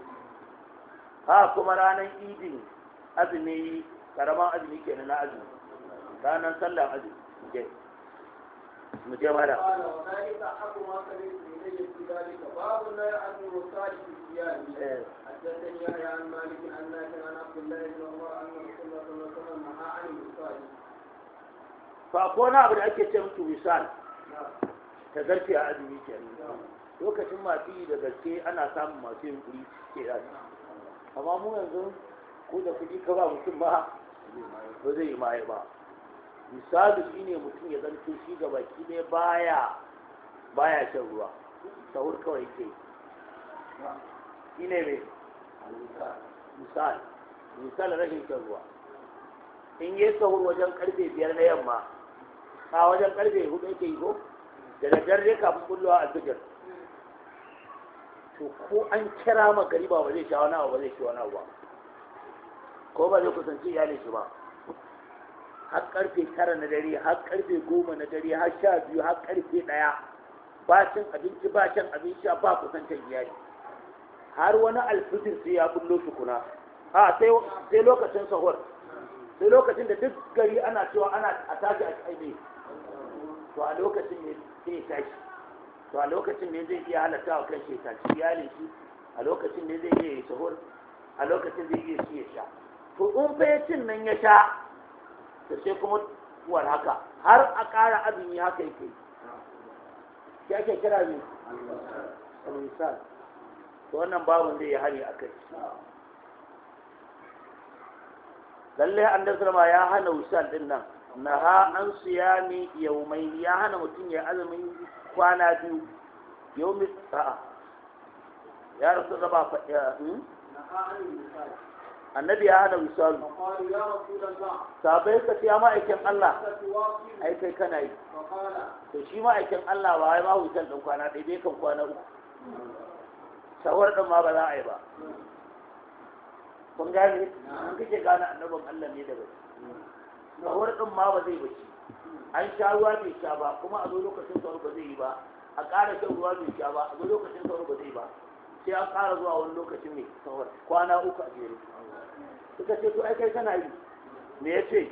ha kuma ranar idin azumi karaman azumi kenan na azumi ranar sallar azumi mu je mara باب لا يعلم صالح الصيام حدثني يحيى عن مالك عن نافع عن عبد الله بن عمر ان رسول الله صلى الله عليه وسلم نهى عن الوصال فاكون ابو da ake ce musu ta zarfi a azumi kenan lokacin masu yi da gaske ana samun masu yin kuri ke rani amma mu yanzu ko da kuɗi ka ba mutum ba ba zai yi maye ba misali shine mutum ya zanto shi ga baki ne baya baya shan ruwa sahur kawai ke ne mai misali misali rashin shan ruwa in yi sahur wajen karfe biyar na yamma a wajen karfe hudu yake yi ko da daddare dai kafin kullowa a fijir to ko an kira magariba ba zai sha wani abu ba zai ci wani abu ba ko ba zai kusanci iyalin shi ba har karfe tara na dare har karfe goma na dare har sha biyu har karfe ɗaya ba cin abinci ba cin abin sha ba kusantar iyali har wani alfitir sai ya bullo kuna a sai lokacin sahur sai lokacin da duk gari ana cewa ana a tashi a tsaye to a lokacin ne zai tashi to a lokacin ne zai iya halatta wa kan shi tashi iyalin shi a lokacin ne zai iya sahur a lokacin zai iya shi ya sha to in fa ya cin nan ya sha da sai kuma uwar haka har a ƙara abin ya haka yake ki ake kira ne al-misal to wannan babin zai yi hari a kai lallai an dasarma ya hana wisal din nan na ha an yau yaumai ya hana mutum ya azumin kwana biyu yaumi a'a ya rasu zaba faɗi annabi ya hana wisalu sabai ka ce ya ma'aikin Allah ai kai kana yi to shi ma'aikin Allah ba wai ma wisal ɗin kwana ɗaya dai kan kwana uku shawar ɗin ma ba za a yi ba kun gane an kake gane annabin Allah ne da bai shawar ɗin ma ba zai bace an sha ruwa bai sha ba kuma a zo lokacin sauro ba zai yi ba a ƙara shan ruwa bai sha ba a zo lokacin sauro ba zai yi ba sai an ƙara zuwa wani lokacin ne kwana uku a jere suka ce to ai kai kana yi me ya ce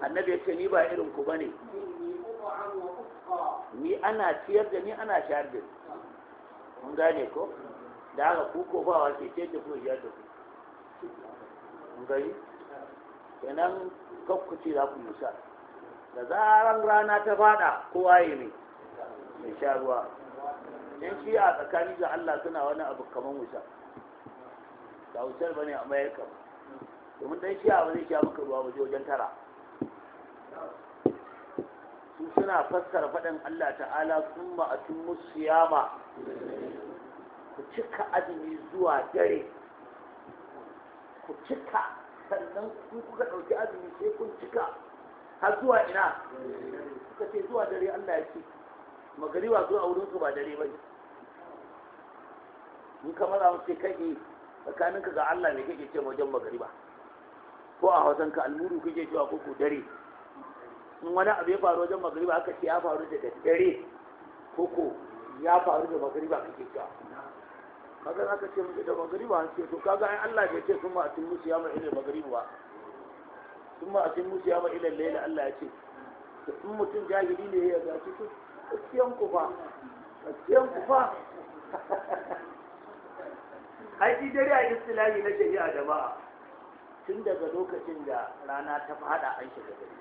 annabi ya ce ni ba irin ku bane ni ana ciyar da ni ana shayar da mun gane ko da haka ku ko ba wace ce ta ku ya da ku mun gani kenan kakku ce za ku musa da zaran rana ta fada kowa ya ne mai sha ruwa in shi a tsakani ga Allah suna wani abu kamar wuta ba wutar bane a mayar kama domin dan shi a wani shi muka ruwa waje wajen tara su suna fassara faɗin Allah ta'ala sun ma'atun yama, ku cika azumi zuwa dare ku cika sannan ku kuka ɗauki azumi sai kun cika har zuwa ina suka ce zuwa dare Allah ya ce magariba zuwa wurin su ba dare ba ne in ka maza musu kake tsakaninka ga Allah ne kake ce wajen magariba ko a ka almuru kake cewa ko ko dare in wani abu ya faru wajen magariba aka ce ya faru da dare? ko ko ya faru da magariba kake cewa kaga aka ce muke da magariba an ce to kaga ai Allah ya ce kuma atin musu ya mai da magariba ba kuma atin musu ya mai ilal layla Allah ya ce in mutum jahili ne ya gaci to gaskiyan ku ba gaskiyan ku ba dare a istilahi na shari'a jama'a tun daga lokacin da rana ta fada an shiga dare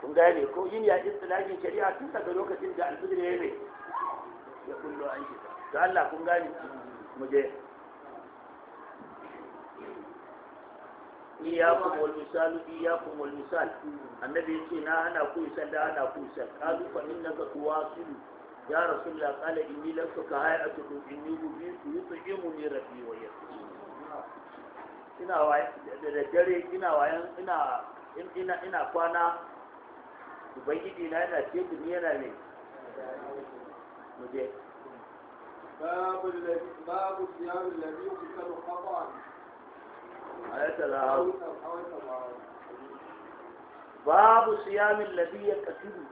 kun gane ko yin ya istilahin shari'a tun daga lokacin da alfijir ya yi ya kullo an shiga to Allah kun gane mu je iyakum wal misal iyakum wal misal annabi yace na ana ku isal da ana ku isal qalu fa innaka tuwasilu ya rasulullah qala inni ka tuka hayatukum inni bi ubitu ni rabbi wa yasqini ina wai da daddare ina wayan ina ina ina kwana ubangiji na yana ce ni yana ne muje babu babu siyar da yake kan babu siyamin labiyar kasiru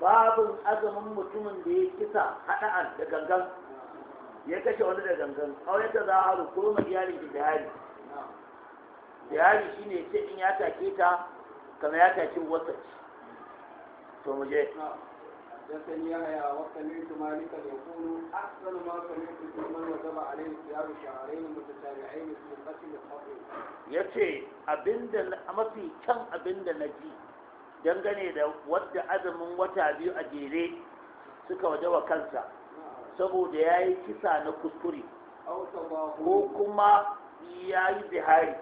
babin azumin mutumin da ya kisa haɗa'an da gangan ya kashe wani da gangan kawai ta za a rukuru ma iyalin da jihari jihari shi ne sai in ya take ta kama ya take wata to mu je حدثني يحيى وسمعت مالكا يقول احسن ما سمعت في من وجب عليه صيام شهرين متتابعين في قتل الخطيب. يتي ابند mafi kyan abin da na ji dangane da wadda azumin wata biyu a jere suka waje wa kansa saboda ya yi kisa na kuskure ko kuma ya yi zihari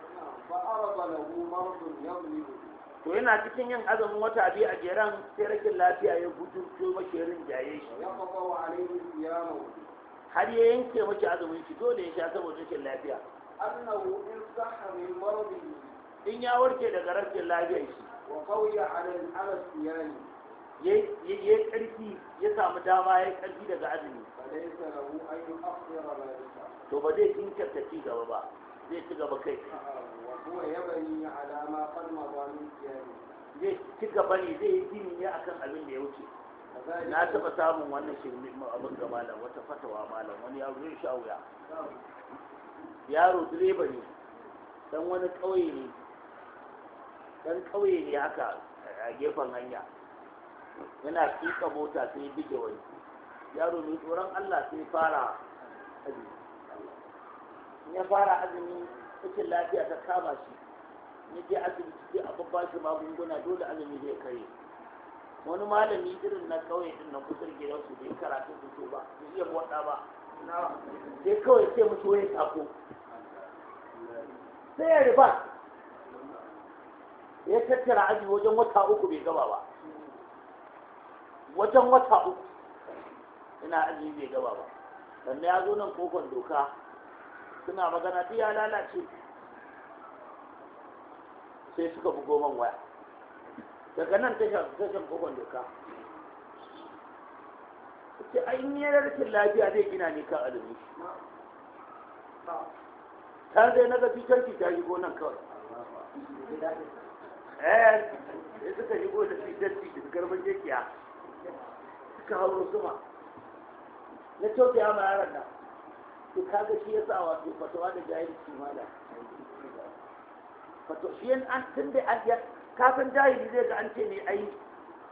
to yana cikin yin azumin wata biyu a jeran sai rashin lafiya ya gudu gujurto makerin jaye shi har ya yanke mace azumin shi dole ya sha saboda rashin lafiya annahu in sahha min maradihi in ya warke daga rashin lafiyar shi wa qawiya ala al-asiyani ya karfi ya samu dama ya karfi daga azumi to ba zai jinkirta ci gaba ba zai ci gaba kai huwa yabani ala ma qad mada min qiyami zai ci gaba ne zai yi gini ne akan abin da ya wuce na taɓa samun wannan shirme abin ga malam wata fatawa malam wani yaro zai sha wuya yaro direba ne dan wani ƙauye ne dan ƙauye ne haka a gefen hanya yana tuka mota sai bige wani yaro mai tsoron Allah sai fara azumi ya fara azumi cikin lafiya ta kama shi ya je asibiti sai a babba shi magunguna dole azumi zai kare wani malami irin na kawai din na kusur gidansu bai karatu su ba su iya waɗa ba sai kawai sai mu soye sako sai ya riba ya tattara azumi wajen wata uku bai gaba ba wajen wata uku ina azumi bai gaba ba sannan ya zo nan kokon doka suna magana duk ya lalace sai suka fi goman waya daga nan tashar shafin kogon doka ce an yi rashin lafiya zai gina ne kan alumi ta zai na gafi canci ta yi nan kawai eh sai suka shigo fi fitarci da garban jekiya suka hauro zuma na kyauta ya ma yaran nan to kaga shi yasa wato fatawa da jahilci mala fato shi an tun da an ya kafin jahili zai ga an ce ne ai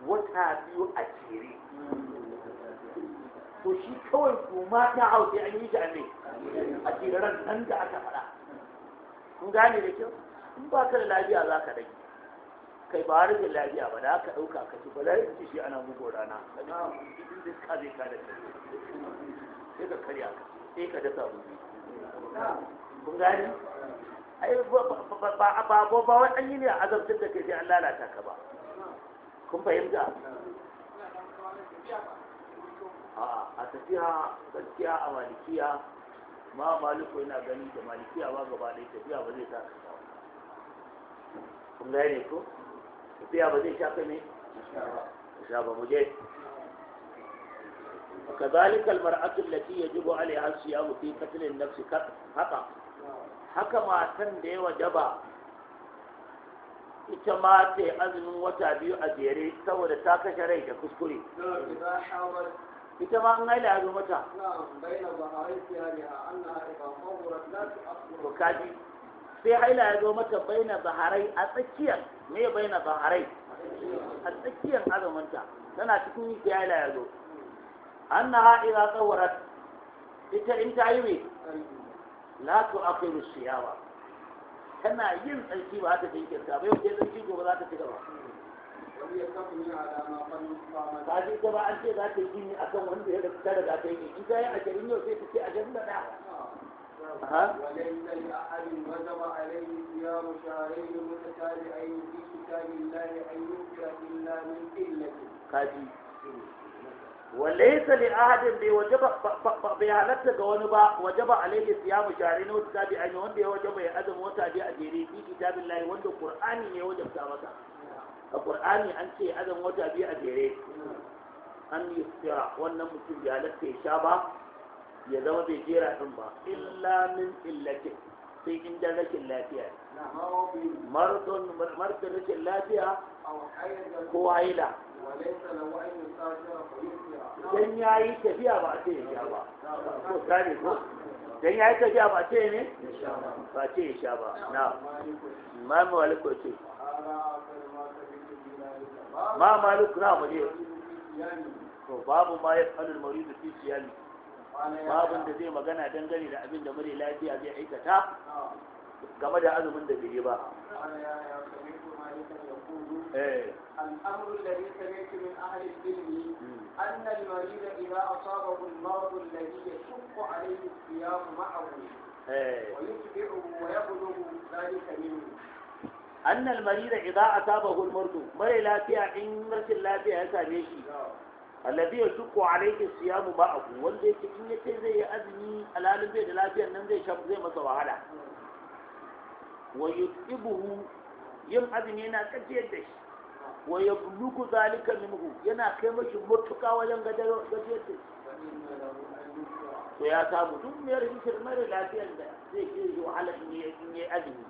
wata biyu a cire, to shi kawai kuma ta hau sai an yi shi a ne a jeraren nan da aka faɗa kun gane da kyau in ba ka da lafiya za ka rage kai ba har da lafiya ba da aka ɗauka ka ci ba za ka ci shi ana mugu rana ka zai ka da kai sai ka karya ka sai ka dasa gobe kun gani ai ba ba ba wai an yi ne a azabtar da kai sai an lalata ka ba kun fahimta a tafiya gaskiya a malikiya ma maliku yana gani da malikiya ba gaba ɗaya tafiya ba zai taka ka kun gane ko tafiya ba zai sha kai ne sha ba mu je وكذلك المرأة التي يجب عليها الصيام في قتل النفس خطأ haka matan da ya wajaba ita ma ta azumin wata biyu a jere saboda ta kashe rai da kuskure ita ma an haila azumin wata bukati sai haila ya zo mata baina baharai a tsakiyar me baina baharai a tsakiyar azumin azuminta tana cikin yi haila ya zo annaha idza tsawarat ita in ta yi me la tu'akhiru siyama tana yin tsarki ba ta jinkirta ba yau ke tsarki gobe za ta ci gaba ba ji ta ba an ce za ta yi a kan wanda ya ta daga ta yi da ɗaya وليس لأحد وجب عليه صيام شهرين walaysa li ahadin bai wajaba bai halatta ga wani ba wajaba alaihi siyamu shahrin wa kitabi an wanda ya wajaba ya azumi wata bi a jere bi kitabillahi wanda qur'ani ne wajabta masa a qur'ani an ce azumi wata bi a jere an yi tsira wannan mutum ya ya sha ya zama bai jera din ba illa min sai in rashin lafiya mardon rashin lafiya ko idan ya yi tafiya ba a ce ya sha ba ko gane ko idan ya yi tafiya ba a ce ne ba ce ya sha ba na ma maliku ce ma maliku na mu je to babu ma ya falul maridu fi siyami babun da zai magana dangane da abin da mare lafiya zai aikata game da azumin da bai ba مالكا يقول الأمر الذي سمعت من أهل العلم أن المريض إذا أصابه المرض الذي يشق عليه الصيام معه ويتبعه ويبلغ ذلك منه أن المريض إذا أصابه المرض مري لا فيها إن رسل لا فيها ساميشي الذي يشق عليه الصيام معه wanda yake in yace zai yi azumi alalin bai da lafiyar nan zai shafi zai masa wahala wa yutibuhu yin azumi yana gajiyar da shi wa ya bulugu zalika minhu yana kai mashi mutuka wajen gajiyar da shi to ya samu duk mai rashin mara lafiyar da zai ke yi wahala in yi azumi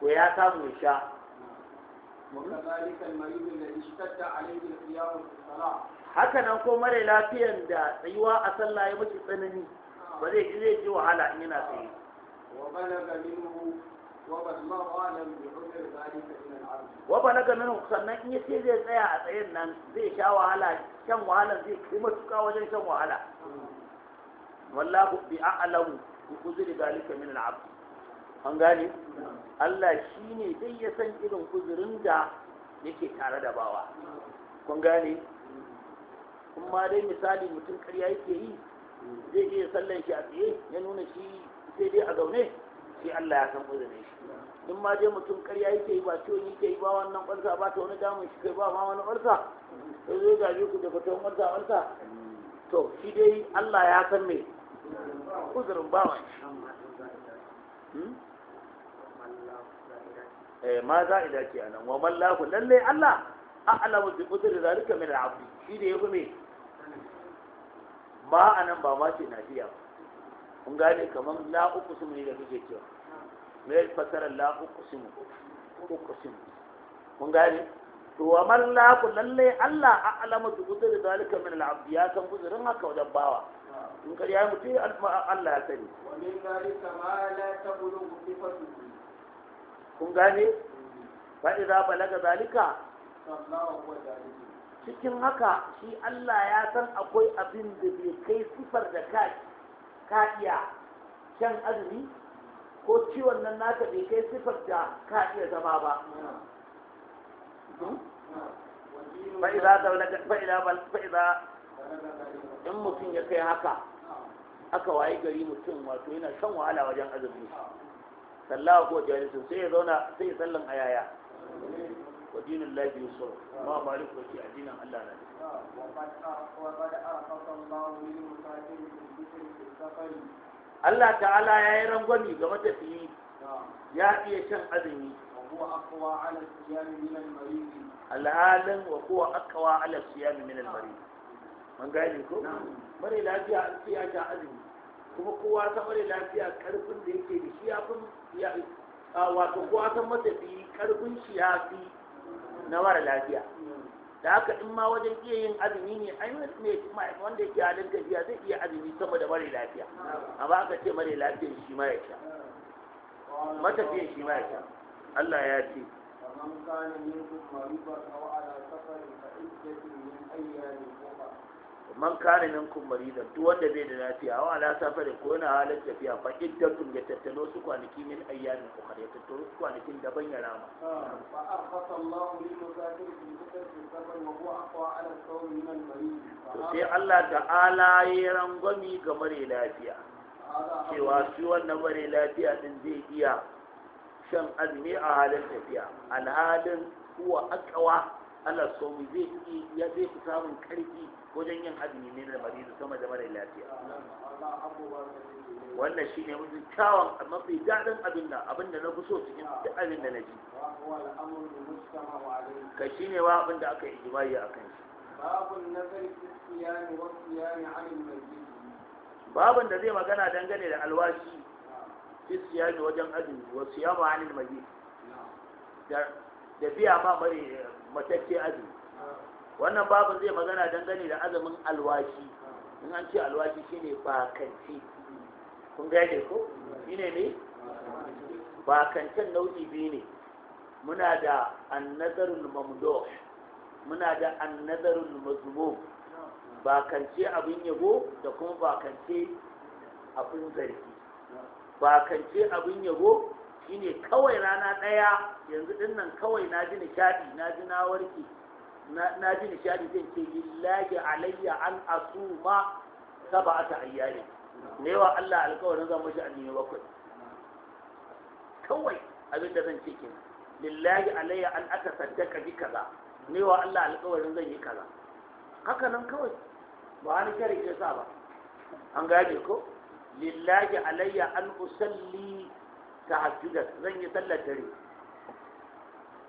ko ya samu ya sha haka nan ko mara lafiyan da tsayuwa a sallah ya mace tsanani ba zai ji zai ji wahala in yana tsaye wa wa ba ganin sannan in yace zai tsaya a tsayin nan zai sha wahala shan wahala zai kai matuka wajen shan wahala wallahu bi a'lamu bi uzri dalika min al'ab an gane Allah shine dai ya san irin uzurin da yake tare da bawa kun gane kuma dai misali mutum ƙarya yake yi zai iya sallan shi a tsaye ya nuna shi sai dai a zaune sai Allah ya san uzurin shi in ma je mutum karya yake yi ba ciwon yake yi ba wannan ƙwarsa ba ta wani damun shi kai ba ma wani ƙwarsa sai zai gaji ku da wani ƙwarsa ƙwarsa to shi dai Allah ya san me uzurin bawan shi hmm? eh, ma za a dace a nan wa mallahu lallai Allah a'lamu bi za zalika min al-'abd shi da yafi me ba anan ba ma ce nafiya kun gane kaman la su ne da kake cewa me fasara la uqsimu uqsimu kun gane to amma man la ku lalle Allah a alama bi qudri zalika min al-abd ya san guzurin haka wajen bawa in kar ya mutu Allah ya sani wa zalika ma la tablugu sifatuhu kun gane fa idza balaga zalika sallahu wa cikin haka shi Allah ya san akwai abin da bai kai sifar da ka ka iya shan azumi ko ciwon nan naka bai kai sifar da ka iya zama ba fa'iza zaunaka fa'iza mutum ya kai haka aka wayi gari mutum wato yana shan wahala wajen azumi sallah ko jalisun sai ya zauna sai ya sallan ayaya wa dinin lafi yusuf ma malik ko a addinin Allah na Allah ta'ala ya yi rangwami ga matafiyi ya iya shan azumi alhalin wa kowa akawa ala siyami min al-mari man gane ko mare lafiya an siya ta azumi kuma kowa ta mare lafiya karfin da yake da shi ya fi ya wato kowa ta matafiyi karfin shi ya fi na mara lafiya da haka in ma wajen iya yin azumi ne ai wanda yake halin gajiya zai iya azumi sama da mare lafiya amma aka ce mare lafiya shi ma ya sha matafiyan shi ma ya sha Allah ya ce man kana minkum maridan duk wanda bai da lafiya wa ala safari ko na halin tafiya fa iddatun ya tattalo su kwanaki min ayyamin ukhra ya tattalo su kwanakin daban ya rama ah, fa arfata Allah lil musafir fi safar wa huwa aqwa ala sawm min al marid sai Allah ta'ala ya rangwami ga mare lafiya cewa shi wannan mare lafiya din zai iya shan azumi a halin tafiya alhalin huwa aqwa ala sawm zai iya zai samun karfi wajen yin azumi ne da marizu sama da mara lafiya wannan shi ne mafi kyawun mafi daɗin abin da abin da na fi so cikin duk abin da na ji ka shi ne wa abin da aka yi jima'i a kan shi babin da zai magana dangane da alwashi fi siyami wajen azumi wa siyama anil majid da biya ma mai matacce azumi wannan babu zai magana dangane da azumin alwashi in an ce alwashi shine bakanci kun gane ko shine ne bakancin nau'i biyu ne muna da annazarul mamduh muna da annazarul mazmu bakance abin yabo da kuma bakance abin zargi bakance abin yabo shine kawai rana ɗaya yanzu dinnan kawai na ji nishaɗi na ji na warke na ji nishadi zan ce lillahi alayya an asuma sab'ata ayyami da yawa Allah alƙawarin zan mashi annabi bakwai kawai abin da zan ce ke lillahi alayya an aka saddaka bi kaza ne wa Allah alƙawarin zan yi kaza haka nan kawai ba wani shari ke sa ba an gane ko lillahi alayya an usalli ta tahajjudat zan yi sallar dare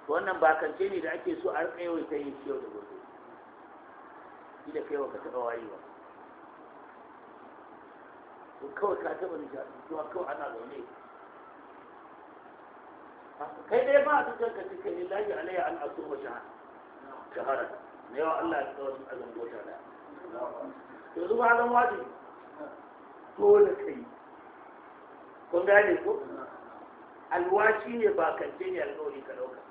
wannan bakance ne da ake so a rika yawan ta yin ciwo da gobe shi da kai baka taɓa wayewa ko kawai ka ni nishaɗi zuwa kawai ana zaune kai dai ba a cikin ka cikin lillahi alayya an aso wa shahara na yawa Allah ya tsawon azan gota da yanzu ba zan ko dole kai kun gane ko alwashi ne ba kance ne alƙawari ka ɗauka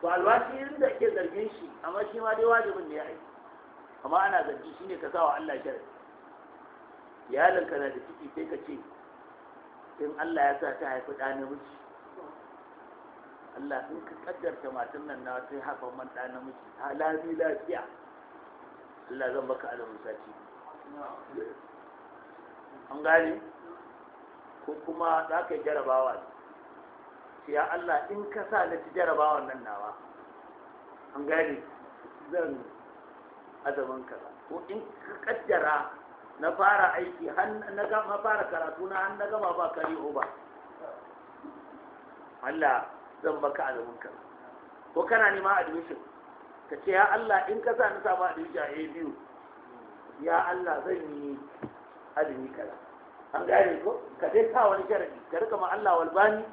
to alwashi yin da ke zargin shi amma shi ma dai wajibin ne ya yi. amma ana zargi shi ne ka sa wa Allah sharri iyalinka na da ciki sai ka ce in Allah ya sa ta haifi ɗa namiji Allah in ka kaddarta matan nan na sai haifan man ɗa namiji halami lafiya Allah zan baka alamun sati an gane ko kuma za ka jarabawa ya Allah in ka sa na ci jaraba nan nawa an gane zan azaban ka ko in ka kaddara na fara aiki har na gama fara karatu na har na gama ba kari ba Allah zan baka azaban ka ko kana nema admission ka ce ya Allah in ka sa na samu admission a biyu ya Allah zan yi azumi kaza an gane ko ka dai sa wani sharadi ka rika ma Allah walbani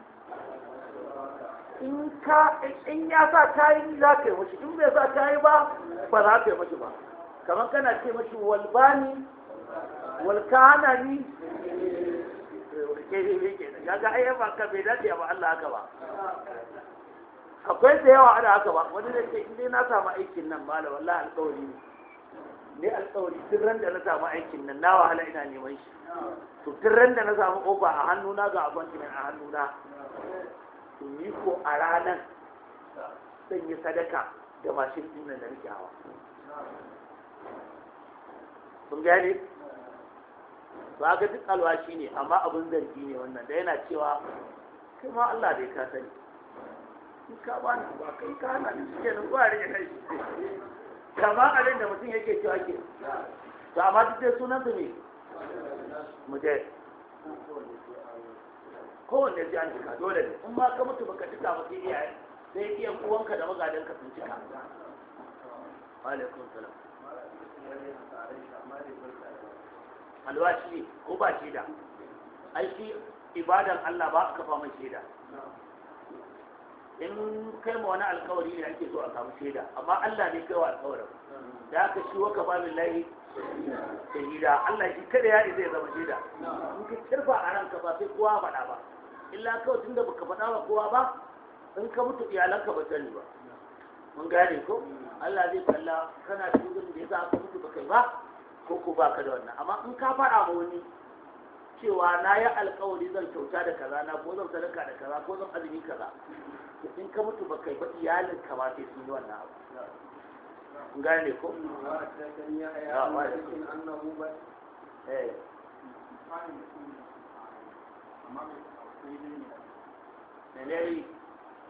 in ya sa tayi za ka yi mashi in bai sa tayi ba ba za ka yi mashi ba kamar kana ce mashi walbani walkanani Ya ga ba ka bai dace ba Allah haka ba akwai da yawa ana haka ba wani zai ce indai na samu aikin nan malam wallahi alƙawari ne ne alƙawari duk ran da na samu aikin nan na wahala ina neman shi to duk ran da na samu ofa a hannuna ga appointment a hannuna in yi ko a ranar zan yi sadaka da mashin ɗin da nake hawa kun gane ba ga duk alwashi ne amma abin zargi ne wannan da yana cewa kai ma Allah bai ka sani in ka ba ni ba kai ka hana ni shi kenan ba rage kai kama abin da mutum yake cewa ke to amma duk dai sunan su ne mu je kowanne sai an cika dole ne in ma ka mutu baka cika ba sai iyaye sai iya uwanka da magadan ka sun cika alaikum salam alwashi ko ba shida ai shi ibadan Allah ba ka fama shida in kai ma wani alkawari ne ake so a samu shaida amma Allah ne kai wa alkawarin da aka shi waka ba min lahi shahida Allah shi kada ya zai zama shaida in ka kirfa a ranka ba sai kowa faɗa ba illa kawai tunda baka faɗa wa kowa ba in ka mutu iyalanka ba sani ba mun gane ko Allah zai kalla kana cikin gurin da yasa aka mutu baka ba ko ko baka da wannan amma in ka faɗa ma wani cewa na yi alkawari zan kyauta da kaza na ko zan sadaka da kaza ko zan azumi kaza in ka mutu baka ba iyalin ka ma sai sun yi wannan abu mun gane ko ya ba ba eh Neleri?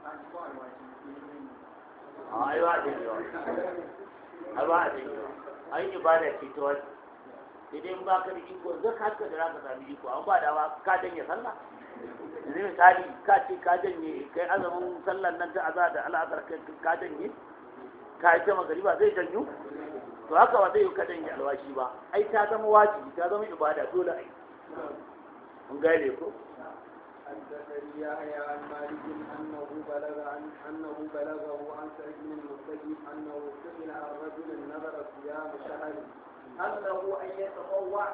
ba ta yiwa. Ai ba ta yiwa. Ai ibada Idan ba ka da iko zai ka da za ka sami iko an ba da ba ka danye sallah. Yanzu misali ka ce ka janye kai azumin sallah nan ta azar da al'azar ka janye ka yi ta magariba zai janyu to haka ba zai yi ka janye alwashi ba ai ta zama wajibi ta zama ibada dole ai. Mun gane ko? حدثني يحيى عن مالك انه بلغ عن انه بلغه عن سعيد بن المسيب انه سئل عن رجل نذر صيام شهر هل له ان يتطوع؟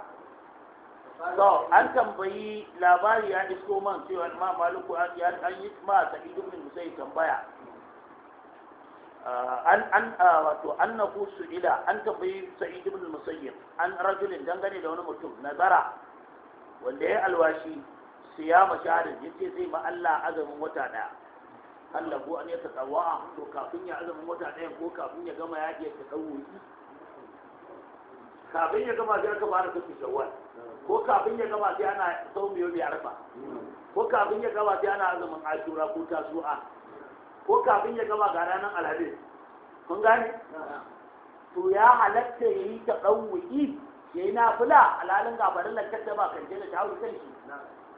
to an tambayi labari ya isko man cewa ma maliku an yi ma sa'id ibn musayyib tambaya ah, an an ah, wato annahu su'ila an tambayi sa'id ibn musayyib an rajulin dangane da wani mutum nazara wanda ya alwashi siyama shahrin yace zai ma Allah azumin wata daya Allah ko an ya tsawa to kafin ya azumin wata daya ko kafin ya gama ya ke tsawuri kafin ya gama sai aka fara kashi shawwal ko kafin ya gama sai ana saumi yobi biyar ko kafin ya gama sai ana azumin ashura ko tasu'a ko kafin ya gama ga ranar alhamis kun gane to ya halatta ya yi ta ɗauwuki ya yi nafila alalin gabarin lantarki ba kan jana ta hau kan shi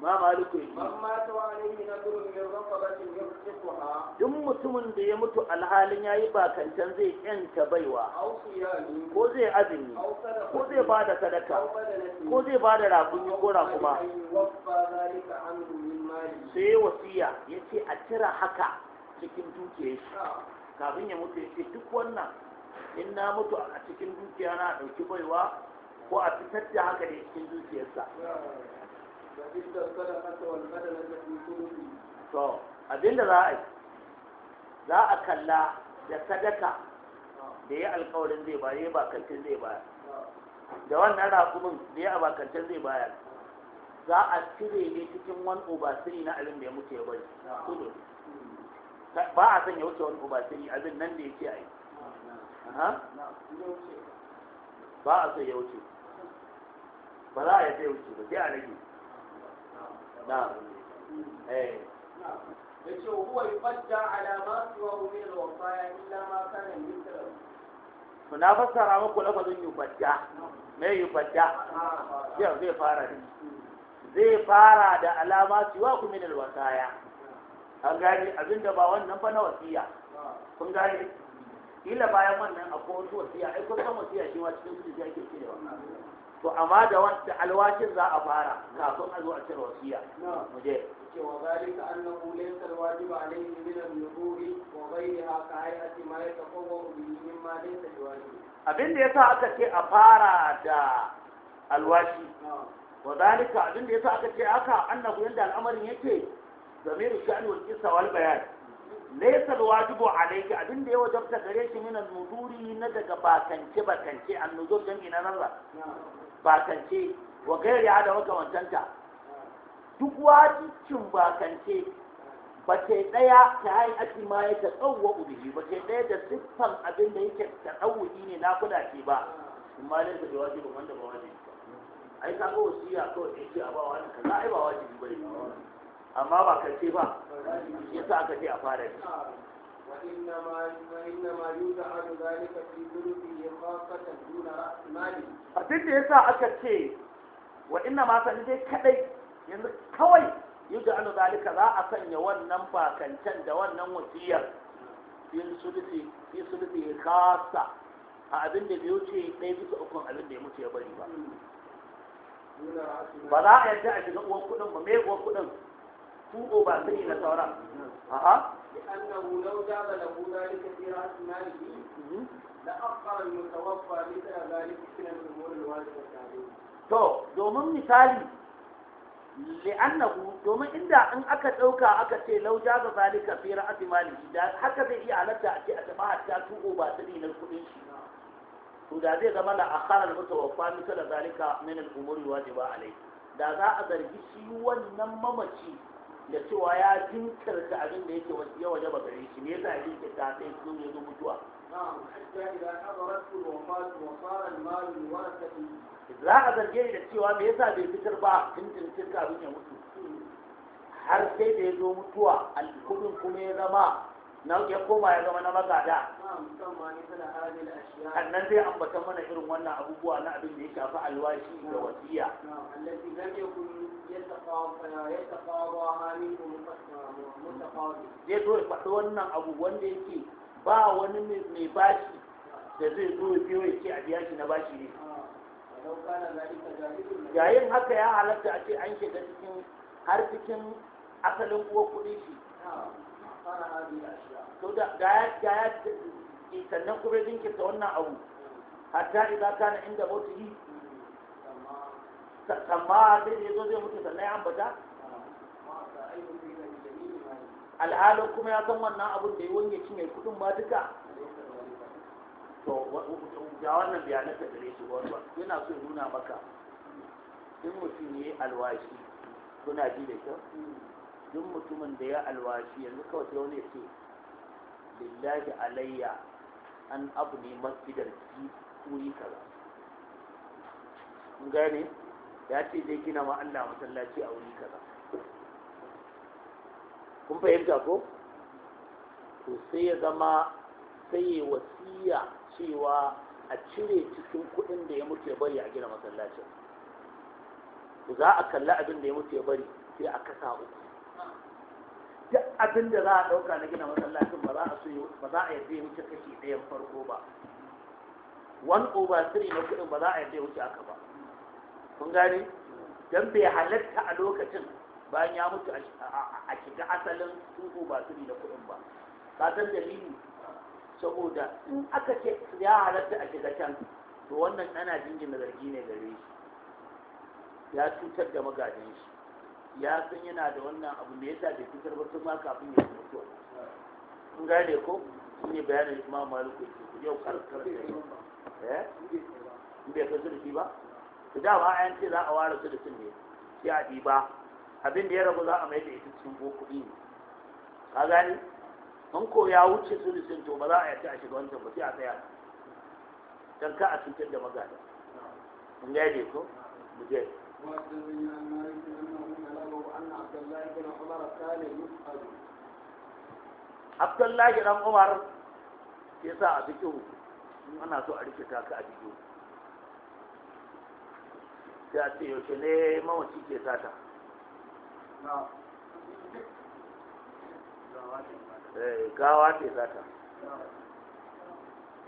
ma duk mutumin da ya mutu alhalin yayi bakantan zai yanta baiwa ko zai azumi ko zai ba da sadaka ko zai ba da ko rakuma sai wasiya ya ce a cira haka cikin dukiyar shi kafin ya mutu ya ce duk wannan in na mutu a cikin dukiya na ɗauki baiwa ko a fitar da haka da cikin dukiyarsa to abinda za a yi za a kalla da sadaka da ya alkawarin zai bayar ya bakantin zai bayar da wannan rakumin da ya bakantin zai bayar za a cire ne cikin wani obasiri na abin da ya mutu ya bari ba a son ya wuce wani obasiri abin nan da ya ce a yi ba a son ya wuce ba za a yi sai wuce ba sai a rage na'am eh na'am yace huwa yubadda ala ma siwahu min al-wasaya me zai fara da zai fara da alama siwahu min da wasaya an abinda ba wannan ba na wasiya kun gani ila bayan wannan akwai wasu wasiya ai kun san wasiya shi ma cikin su to amma da wanda alwashin za a fara kafin a zo a cire wasiya mu je cewa zalika annahu laysa alwajibu alayhi min al nuhuri wa ghayriha ka hayati ma yatafawwa'u bihi ma laysa biwajibi abin da yasa aka ce a fara da alwashi wa zalika abin da yasa aka ce aka annahu yanda al'amarin yake zamiru sha'an wal qissa wal bayan laysa alwajibu alayhi abin da ya wajabta gare shi min al-nuduri na daga bakance bakance an-nuzur dan ina nazar bakance wa gairi da makamantanta duk wajibcin bakance ba ta ɗaya ta hain aki ma ya ta tsawwa ubihi ba ta ɗaya da siffan abin da yake ta tsawuki ne na kuda ce ba in ma dai da wajibi wanda ba wajibi ba ai ka ga wasiya ko in ce a ba wani kaza ai ba wajibi ba ne amma ba kace ba yasa aka ce a fara ne. abin da yasa aka ce wa inna dai kadai yanzu kawai yuj'alu zalika za a sanya wannan bakancan da wannan wasiyar fi sulusi fi sulusi khassa a abin da bai wuce ɗaya bisa ukun abin da ya mutu ya bari ba ba za a yadda a shiga uwan kuɗin ba me uwan kuɗin ko ba sani na sauran aha لأنه لو جاب له ذلك في رأس ماله لأخر المتوفى مثل ذلك من الأمور الواجبة عليه. To, domin misali, li'annahu domin inda in aka ɗauka aka ce lauja ga zalika fi ra'ati maliki da haka zai iya halatta a ce a taɓa hatta tuko ba tsiri na kuɗin shi to da zai zama la akhara al mutawaffa misala zalika min al umuri wajiba alai da za a zargi shi wannan mamaci da cewa ya jinkirta abin da yake ya waje ba gare shi me yasa ya jinkirta sai su ya zo mutuwa za a zarge ni da cewa me yasa bai fitar ba tun jinkirta abin ya mutu har sai da ya zo mutuwa alkudin kuma ya zama na ya koma ya zama na da. annan zai ambata mana irin wannan abubuwa na abin da ya shafi alwashi da wasiya zai zo ya faɗi wannan abu wanda yake ba wani mai bashi da zai zo ya biyo ya ce a biya shi na bashi ne yayin haka ya halatta a ce an shiga cikin har cikin asalin uwa kuɗi shi to da ga ya sannan kuma jinkirta wannan abu hatta idan kana inda mautuhi kamma sai da ya zo zai mutu sannan ya ambata alhalin kuma ya san wannan abin da ya wanye ci mai kudin ba duka to ga wannan bayanan da gare shi ba yana so ya nuna maka in mutum ya yi alwashi kuna ji da kyau duk mutumin da ya alwashi yanzu kawai sai wani ya ce lillahi alayya an abu ne masjidar ki turi kaza kun gane ya ce zai gina ma Allah masallaci a wuri kaza kun fahimta ko to sai ya zama sai ya wasiya cewa a cire cikin kuɗin da ya mutu ya bari a gina masallacin za a kalli abin da ya mutu ya bari sai a kasa uku duk abin da za a ɗauka na gina masallacin ba za a so ba za a yarda ya wuce kashi ɗayan farko ba one over three na kuɗin ba za a yarda ya wuce aka ba kun gane don bai halatta a lokacin bayan ya mutu a shiga asalin two over three na kuɗin ba ka san dalili saboda in aka ce ya halatta a shiga can to wannan ana jingina zargi ne gare shi ya cutar da magajin shi ya san yana da wannan abu ne yasa da fitar ba tun ma kafin ya mutu kun gane ko shi ne bayanin imam maliku yake yau karkar da yau eh bai ka su da shi ba Ku da ba an ce za a ware su da sun ne sai a diba abin da ya rabu za a mai da ita cikin ko din ne ka gane an ko ya wuce su da sun to ba za a yace a shiga wancan ba sai a tsaya dan ka a cutar da magana kun gane ko mu je abdullahi dan umar ya sa a bikin ana so a rikita ka a bikin sai ce yaushe ne mawaci ke sata eh, gawa ce sata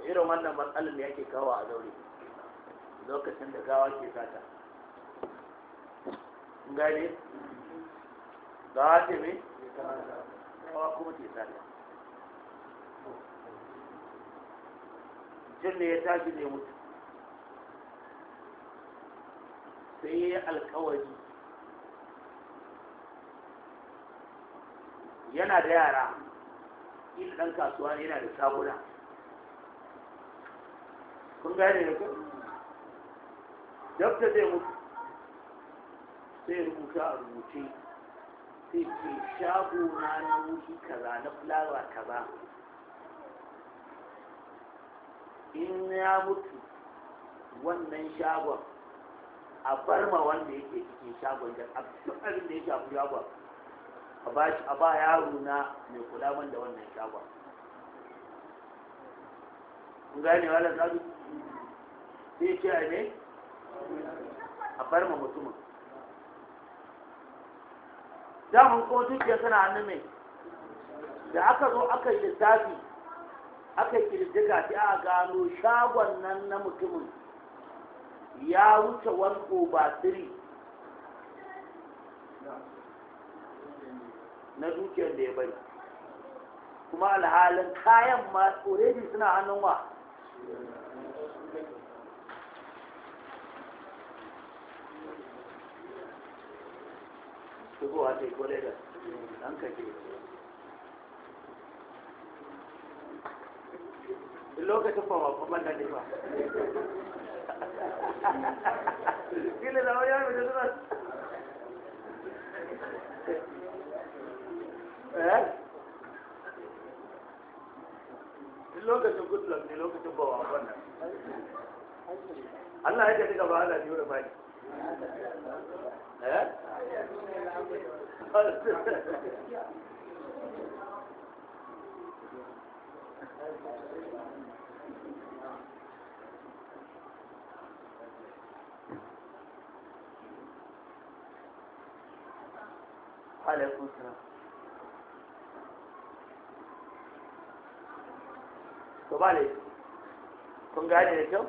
irin wannan matsalar ya ke kawo a zaure lokacin da gawa ke sata gane da ake mai kawa oh, kuma ke tare mutum ne ya tashi ne mutu sai ya yi alkawari yana da yara ila ɗan kasuwa ne yana da sabuna kun gane da ku dabta zai mutu sai rubuta a rubuce sai ke shago na na wuri kaza na fulawa kaza in ya mutu wannan shagon a bar ma wanda yake cikin shagon da a abin da ya shafi shagon a ba shi a ba yaro na mai kula man da wannan shagon kun gane wala zabi sai ce a ne a bar ma mutumin mun kuma dukiya suna hannun mai da aka zo aka yi lissafi aka yi kirdiga sai a gano shagon nan na mutumin ya wuce wani over siri na dukiyar da ya bari kuma alhalin kayan ma already suna hannun wa shigowa ta yi ko lagos an kake lokacin da ne ba gila da wani yawon da suna eh lokacin ne lokacin Allah ya ba bani عليكم eh? ne kun gane da kyau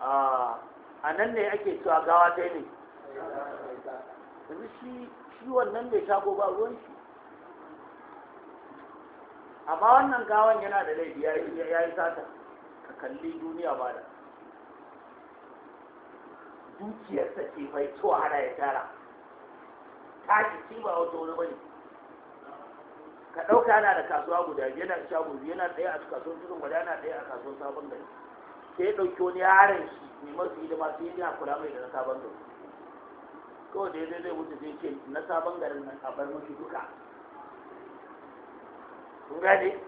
a nan ne ake cewa gawa dai ne yanzu shi shi wannan mai shago ba ruwan shi amma wannan gawan yana da laifi ya yi sata ka kalli duniya ba da dukiyarsa ce mai cewa ana ya tara Ta ci ba wata wani bane ka ɗauka yana da kasuwa guda biyu yana shago biyu yana ɗaya a kasuwar turin gwada yana ɗaya a kasuwar sabon gari sai ya ɗauki wani yaren shi mai masu hidima sai yana kula mai da na sabon gari kawai da ya zai wuce zai ce na sabon garin nan a bar mashi duka kun gane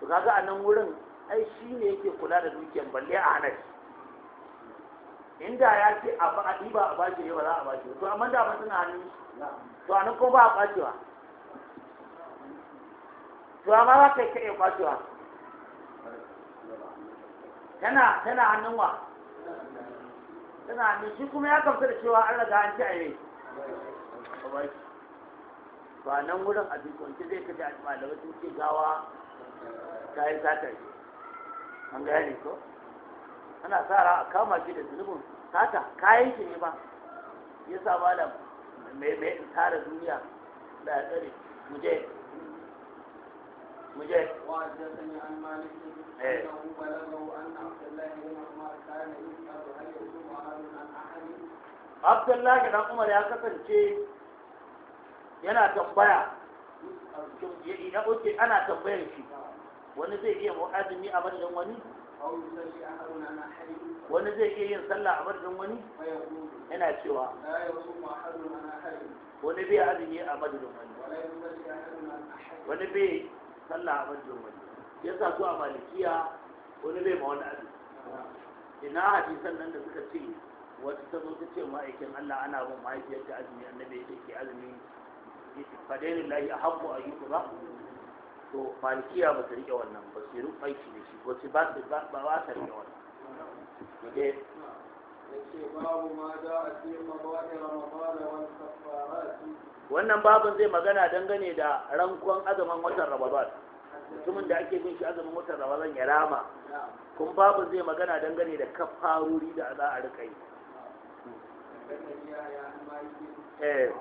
to kaga a nan wurin ai shi ne yake kula da dukiyar balle a hana shi inda ya ce a ba a ɗiba a bashi ne ba za a bashi to amma da ba suna hannun to a nan kuma ba a kwacewa to amma za ka yi kaɗe kwacewa tana tana hannun wa tana hannun shi kuma ya kamsa da cewa an raga an ci a yi ba nan wurin a bikonci zai kaji a malamai sun ce gawa ta yi satar an ne ko ana sa ra a kama shi da zunubin sata kayan shi ne ba ya sa malam mai mai tsara duniya da ya tsare mu je مجاهد وحدثني عن مالك انه بلغه ان عبد الله بن عمر كان يسال هل عن احد عبد الله بن عمر يا كفنتي yana tambaya idan oke ana tambayar shi wani zai iya mu'azumi a madadin wani wani zai iya yin sallah a madadin wani yana cewa wani bai azumi a madadin wani wani bai sallah a banjin wani ya sa su malikiya wani bai ma wani abu? ina hadisan nan da suka ce wata ta zo ta ce ma'aikin Allah ana bin mahaifiyar ta azumi annabi ya ke azumi fadailin lahi a haƙƙo a yi ba to malikiya ba ta riƙe wannan ba su yi aiki da shi ba su ba ta riƙe wannan eh. babu ma da a ce mabaɗi ramadana wani kafarati wannan babin zai magana dangane da rankon azaman watan ramadan mutumin da ake bin shi azumin watan ramadan ya rama kun babu zai magana dangane da kafaruri da za a rika yi eh.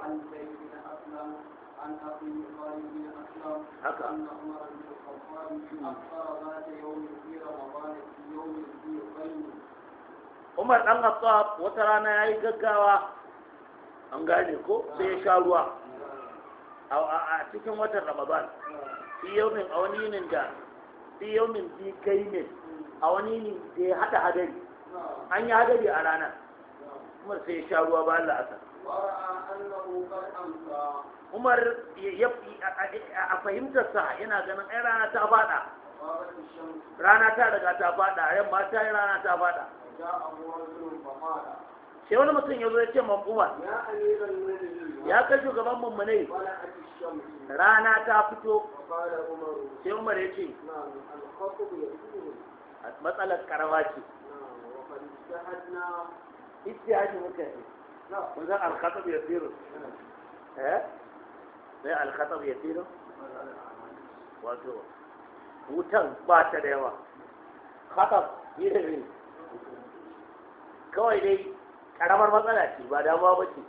haka umar ɗan khattab wata rana ya yi gaggawa an gane ko sai ya sha ruwa a cikin watan ramadan fi yaumin a wani yinin da fi yaumin bi kaimin a wani yinin da ya hada hadari an yi hadari a ranar kuma sai ya sha ruwa ba Allah asa Umar a fahimtarsa yana ganin ai rana ta fada rana ta daga ta fada yamma ta yi rana ta fada sai wani mutum ya zo ya ce ma umar ya kai shugaban mummunai rana ta fito sai umar ya ce matsalar karawa ce istihadi muka yi mun san alkhatab ya tsiro eh sai alkhatab ya tsiro wato wutan ba ta da yawa khatab yi da kawai dai karamar matsala ce ba damuwa ba ce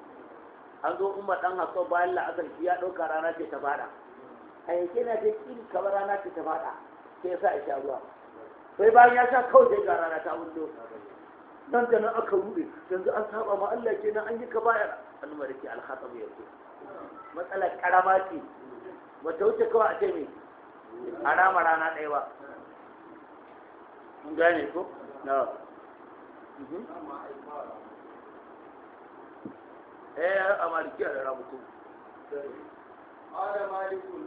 an zo umma dan haso bayan la'asar shi ya ɗauka rana ce ta fada a yanke na ta ƙin kamar rana ce ta fada sai ya sa a sha ruwa sai bayan ya sha kawai sai ga rana ta wuce nan da nan aka rube yanzu an saba ma Allah ke nan an yi ka bayar annabi ke alhatsam ya ce matsalar karama ce ta wuce kawai a ce mai harama rana ɗaya ba mun gane ko na'am mhm. eh a maliki a rara mutum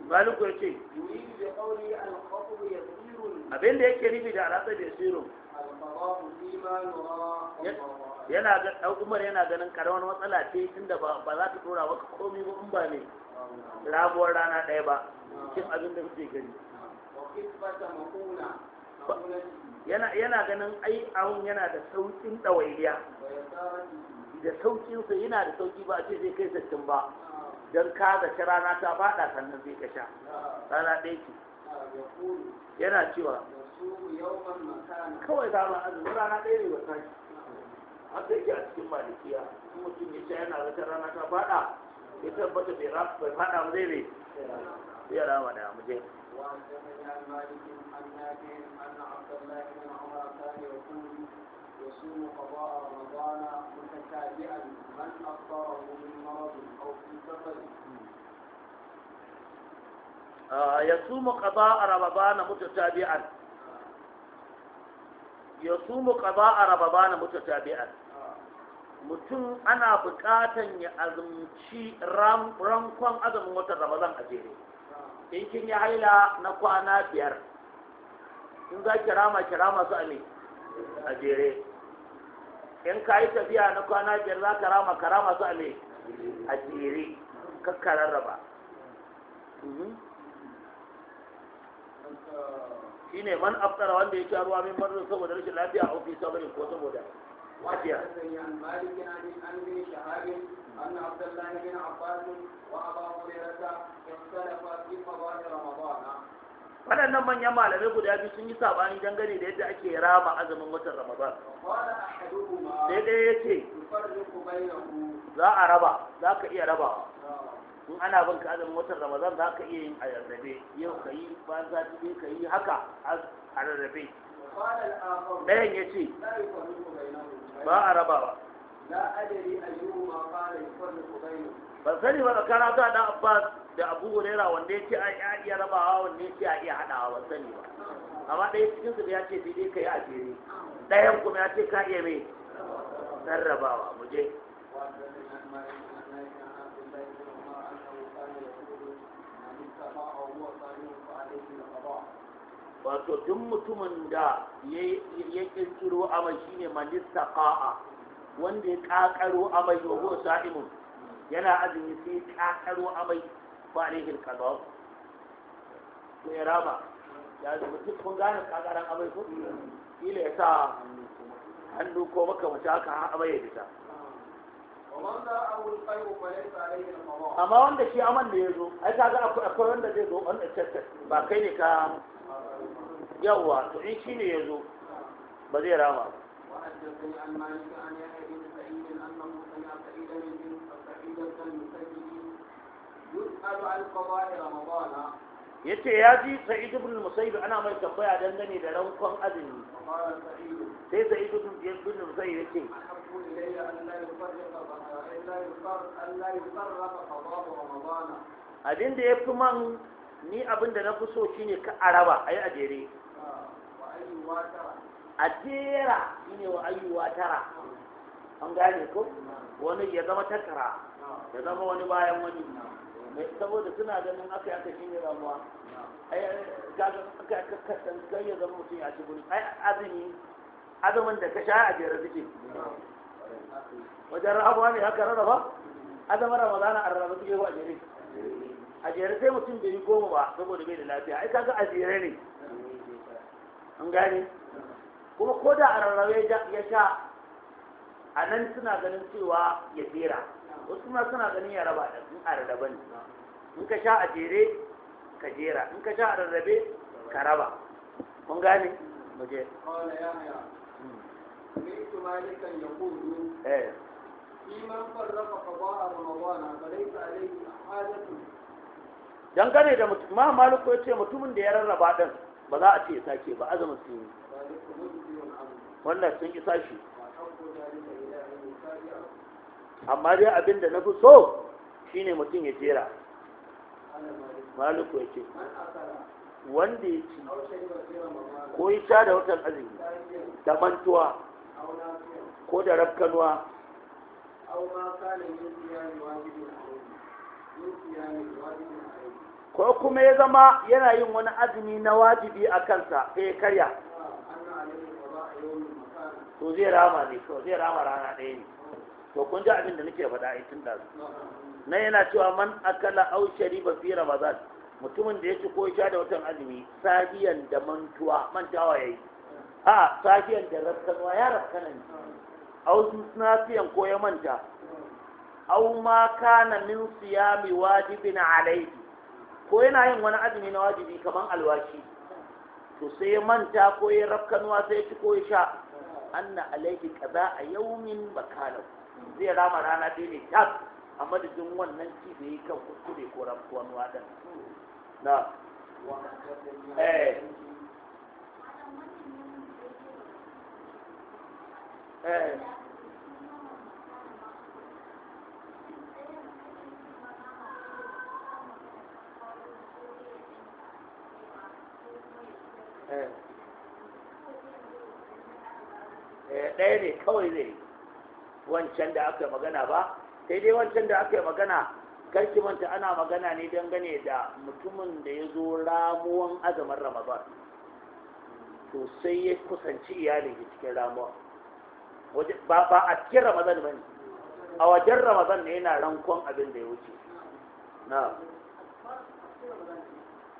maliku ya ce abin da yake nufi da alaƙa da sirrin yana ga ɗan umar yana ganin karamar matsala ce tunda ba za ta tura maka komi ba in ba ne rabuwar rana ɗaya ba cikin abin da muke gani yana ganin ai awun yana da sauƙin ɗawainiya da ko yana da sauƙi ba a ce zai kai sattin ba don ka zaci rana ta faɗa sannan zai sha. rana ɗaya ce yana cewa kawai dama azumin rana ɗaya ne ba tashi haka yake a cikin malikiya kuma mutum ya ce yana zaci rana ta faɗa ya tabbata bai faɗa ba zai bai ya rama da mu je وعن عن مالك عن نافع ان عبد الله بن عمر كان يقول يصوم قضاء رمضان متتابعا من أفطره من مرض أو في سفر يصوم قضاء رمضان متتابعا يصوم قضاء رمضان متتابعا mutum ana buƙatan ya azumci rankon azumin watan ramadan a jere in kin ya haila na kwana biyar in za ki rama ki rama su a ne a jere in ka yi tafiya na kwana biyar za ka rama ka rama su a me a jere kakka mhm. Shi ne man aftara wanda ya sha ruwa min marar saboda rashin lafiya a ofisa sabarin ko saboda wajiya waɗannan manyan malamai guda biyu sun yi sabani dangane da yadda ake rama azumin watan ramadan sai ɗaya ya ce za a raba za ka iya rabawa in ana bin ka azumin watan ramadan za ka iya yin a rarrabe yau ka yi bayan sati biyu ka yi haka a rarrabe ɗayan ya ce ba a rabawa la adari qala yufarriqu bainahum ban sani ba tsakanin ta dan abbas da abu hurera wanda ya ce a iya iya rabawa wanda ya ce a iya haɗawa ban sani ba amma ɗaya cikin su da ya ce sai dai ka yi a jere ɗayan kuma ya ce ka iya mai sarrabawa mu je wato duk mutumin da ya kirkiro amai shine manista ka'a wanda ya kakaro amai wa huwa sa'imun yana azumi sai kakaro amai ba alaihi alqadab to ya rama ya zama duk kun gane kakaran amai ko kila ya sa hannu ko makamata haka har amai ya fita amma wanda shi aman da ya zo ai ka ga akwai wanda zai zo wanda tattas ba kai ne ka yawwa to in shi ne ya zo ba zai rama ba yace ya ji sa'id ibn musayyib ana mai tambaya dangane da rankon azumi sai sa'id ibn musayyib yace abin da ya fi man ni abin da na fi so shine ka araba a yi a jere a jera shine wa tara an gane ko wani ya zama takara ya zama wani bayan wani saboda suna ganin aka yaka shi ne ramuwa kaga aka kasan kai ya zama mutum ya ci gudu ai azumi azumin da ka sha a jere suke wajen rahabuwa ne haka rarraba azumin ramadana a rarraba suke a jere a jere sai mutum bai yi goma ba saboda bai da lafiya ai kaga a jere ne an gane kuma ko da a rarrabe ya sha a nan suna ganin cewa ya tsira wasu ma suna ganin ya raba ɗan in a rarraba ne in ka sha a jere ka jera in ka sha a rarrabe ka raba kun gane mu je سمعت مالكا يقول إيه فيمن فرق dangane da ma maliku ya ce mutumin da ya rarraba ɗin ba za a ce sake ba azumin su yi wannan sun isa shi amma dai abin da na fi so shine mutum ya jera maluku ya ce wanda ya ci ko ya sha da watan azumi da mantuwa ko da rafkanuwa ko kuma ya zama yana yin wani azumi na wajibi a kansa sai ya karya to zai rama ne to zai rama rana ɗaya ne to kun ji abin da nake faɗa a tun ɗazu na yana cewa man akala au shariba fi ramadan mutumin da ya ci ko sha da watan azumi safiyan da mantuwa mantawa yayi a safiyan da rakkanwa ya rafkana ne au safiyan ko ya manta au ma kana min siyami wajibin alayhi ko yana yin wani azumi na wajibi kaman alwashi to sai ya manta ko ya rakkanwa sai ya ci ko ya sha anna alayhi kaza a yaumin bakalahu zai rama rana ɗaya ne tas a madadin wannan ci da yi kan kuskure ko rafuwan wadan na eh. Eh. eh eh ɗaya ne kawai zai wancan da aka yi magana ba sai dai wancan da aka yi magana karki manta ana magana ne dangane da mutumin da ya zo ramuwan azumin ramadan to sai ya kusanci iyalin da cikin ramuwa ba a cikin ramadan ba ne a wajen ramadan ne yana rankon abin da ya wuce na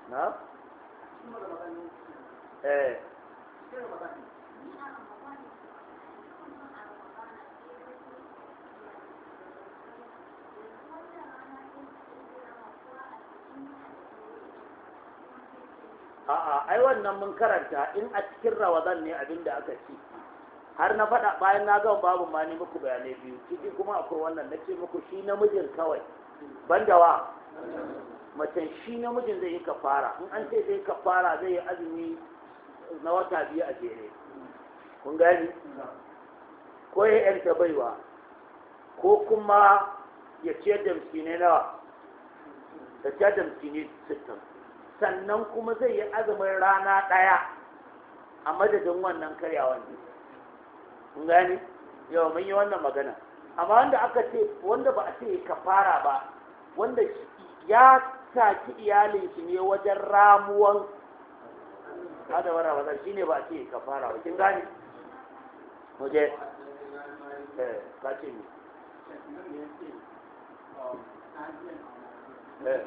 na eh ai wannan mun karanta in a cikin zan ne abin da aka ci har na faɗa bayan na gama babu ma ni muku bayanai biyu ciki kuma akwai wannan na ce muku shi namijin kawai banda wa macen shi namijin zai yi kafara in an ce zai yi kafara zai yi azumi na wata biyu a jere kun gani ko ya yanta baiwa ko kuma ya ciyar da miskinai nawa da ciyar da miskinai sittin sannan kuma zai yi azumin rana ɗaya a madadin wannan karyawan ne kun gani yau mun yi wannan magana amma wanda aka ce wanda ba a ce ka fara ba wanda ya saki iyalin shi ne wajen ramuwan hada wara ba shi ne ba a ce ka fara ba kin gani muje eh ka ce ni eh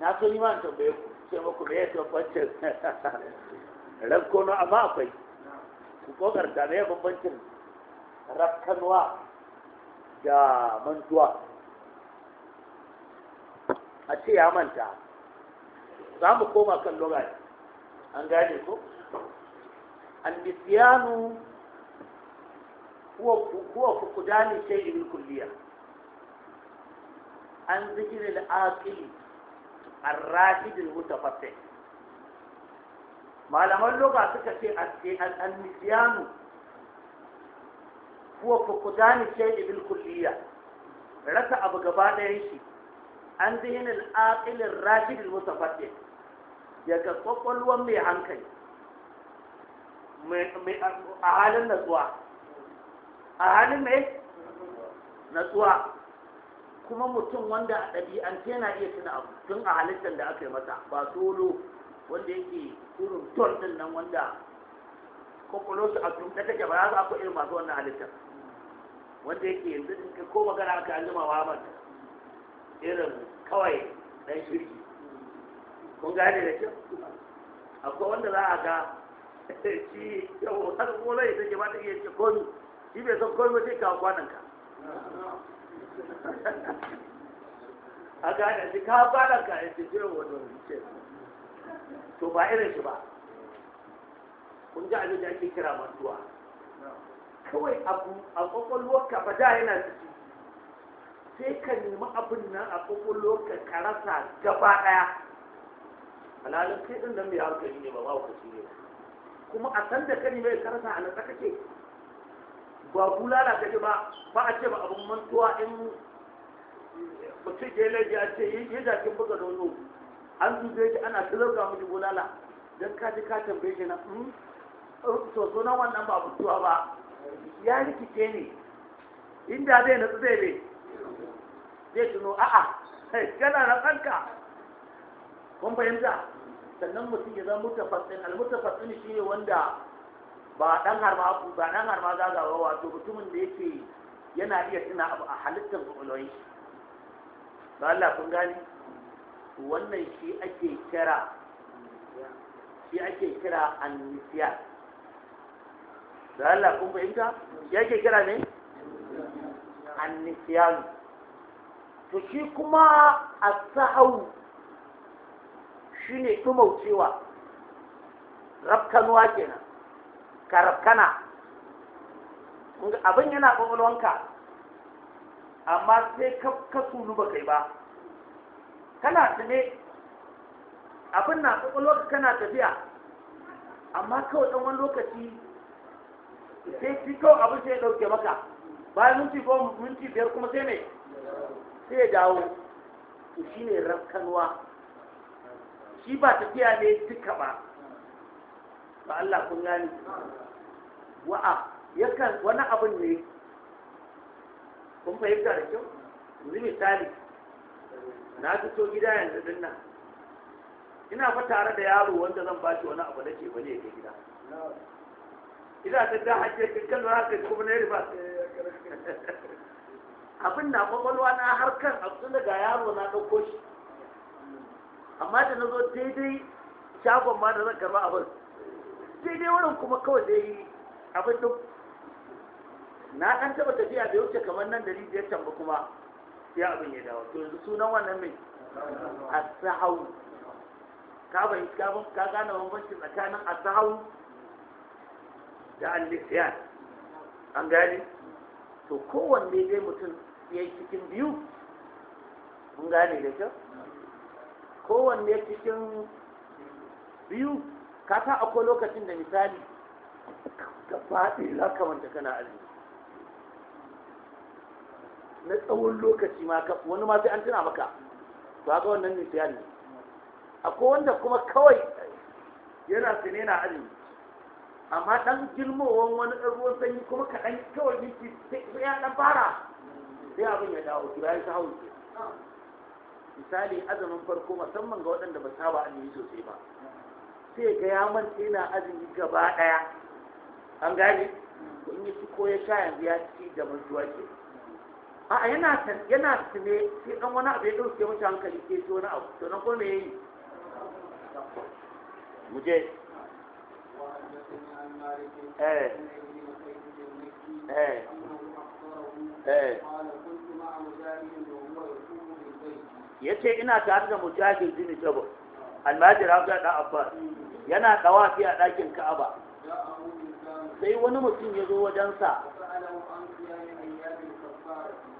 na so yi ma tambaye ku sai muku me ya bambancin rafkano amma akwai ku kokarta me ya bambancin rafkanwa da mantuwa a ce ya manta za mu koma kan lokaci an gane ku annisiyanu huwa fukudani shay'in kulliya an zikirin da aqili ar-rashidul mutafassih malaman lugha suka ce al-nisyanu huwa fuqdani shay'i bil kulliyya rasa abu gaba ɗayan shi an zihin al-aqil ar-rashid daga mai hankali a halin mai natsuwa kuma mutum wanda a ɗabi'ance na iya tuna abu tun a halittar da aka yi masa ba solo wanda yake irin ton ɗin nan wanda kwakwalo su a tumta take ba za su akwai irin masu wannan halittar wanda yake yanzu ko magana aka yi jima wa irin kawai ɗan shirki kun gane da kyau akwai wanda za a ga shi yau har kuma rai take ba ta iya ce komi shi bai san komi ba sai ka kwanan ka a gane shi ka fara ka yi ce wani wuce to ba irin shi ba kun ji abin da ake kira mantuwa kawai abu a kwakwalwarka ba da yana ciki sai ka nemi abin nan a kwakwalwarka ka rasa gaba ɗaya halalin kai ɗin da mai hankali ne ba ba ka ne kuma a san da ka nemi ka rasa a nan tsaka ce ba kula lalata ji ba ba a ce ba abin mantuwa in mutum ke laifi a ce yi kin buga nono an zube shi ana tilauka miki bulala don ka ji ka tambaye shi na soso hmm? oh, na wannan ba mutuwa ba ya rikice ne inda zai na zai ne zai tuno a'a kana na kanka kun fahimta sannan mutum ya zama mutafassin almutafassin shi ne wanda ba dan harma ba dan harma zagawa wato mutumin da yake yana iya tuna abu a halittar kwakwalwar ba Allah kun gani wannan shi ake kira shi ake kira annisiya da Allah kun fahimta shi ake kira ne annisiya to shi kuma a sahau shi ne ɗumaucewa rafkanuwa kenan karkana abin yana ƙwaƙwalwanka amma sai ka sulu ba kai ba kana tune abin na ƙwaƙwalwarka kana tafiya amma kawai ɗan wani lokaci sai fi kawai abin sai ya ɗauke maka bayan minti wa minti biyar kuma sai ne sai ya dawo shi ne rafkanuwa shi ba tafiya ne duka ba ba Allah kun gani wa'a yakan wani abin ne kun fahimta da kyau yanzu misali na fito gida yanzu din nan ina fa tare da yaro wanda zan bashi wani abu da ke bane ke gida ina ta da hajje kinkan lura ka kuma na riba abin na kwakwalwa na harkar a da daga yaro na ɗauko shi amma da na zo daidai shagon ma da zan karɓa abin daidai wurin kuma kawai dai abin duk na ɗan taɓa tafiya da wuce kamar nan da rijiyar can ba kuma sai abin ya dawo to yanzu sunan wannan mai asahau ka bai ka gane bambanci tsakanin asahau da al an gani. to kowanne dai mutum ya yi cikin biyu an gane da kyau kowanne cikin biyu ka san akwai lokacin da misali ka faɗi za ka manta kana azumi na tsawon lokaci ma wani ma sai an tuna maka ba ga wannan misali akwai wanda kuma kawai yana sine na azumi amma dan girmowan wani ɗan ruwan sanyi kuma kaɗan kawai minti sai ya ɗan fara sai abin ya dawo kira ya hau misali azumin farko musamman ga waɗanda ba saba an yi sosai ba sai ga ya manta yana azumi gaba ɗaya an gaji. in yi ko ya sha yanzu ya ci da mantuwa ke a yana yana tune sai dan wani abu ya dauke mutu hankali ke ci wani abu to na ko me yayi muje eh eh eh ina tare da mujahid ne jabal almajir abu da abbas yana dawafi a ɗakin ka'aba sai wani mutum ya zo wajensa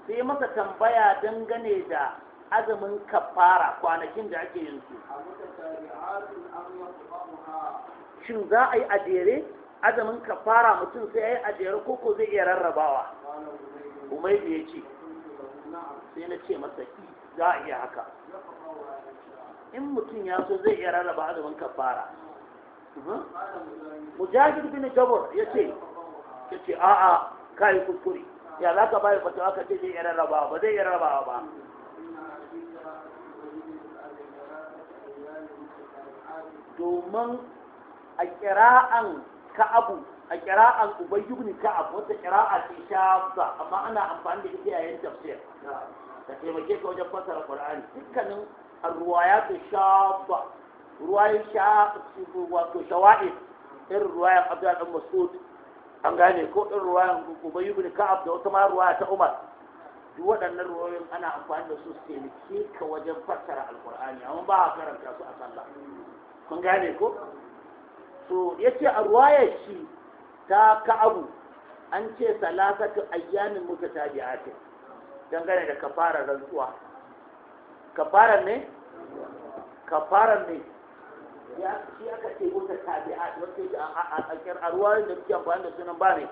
sai masa tambaya dangane da azumin kafara kwanakin da ake yin su shin za a yi ajere azumin kafara mutum sai ya yi ko koko zai iya rarrabawa umaidu ya ce sai na ce masa za a iya haka in mutum ya so zai iya rarraba azumin kafara mujahid bin jabir ya ce ya ce a'a kai kuskuri ya za ka bayar fata ka ce zai iya rarraba ba zai iya rarraba ba domin a kira'an ka'abu a kira'an ubayyu bin ka'ab wata kira'a ce shaza amma ana amfani da ita yayin tafsir ka taimake ka wajen fasara Kur'ani, dukkanin الروايات الشاذة رواية شاذة وشواهد إن رواية عبد الله بن مسعود an gane ko in ruwayan ubay ibn ka'ab da wata ruwaya ta umar duk waɗannan ruwayoyin ana amfani da su su taimake wajen fassara alqur'ani amma ba a karanta su a sallah kun gane ko so yace a ruwayar shi ta ka'abu an ce salasatu ayyamin mutatabi'atin dangane da kafarar rantsuwa kafara ne kafara ne ya shi aka ce wata tabi'a wata ce a akiyar arwa da kuke amfani da sunan ba ne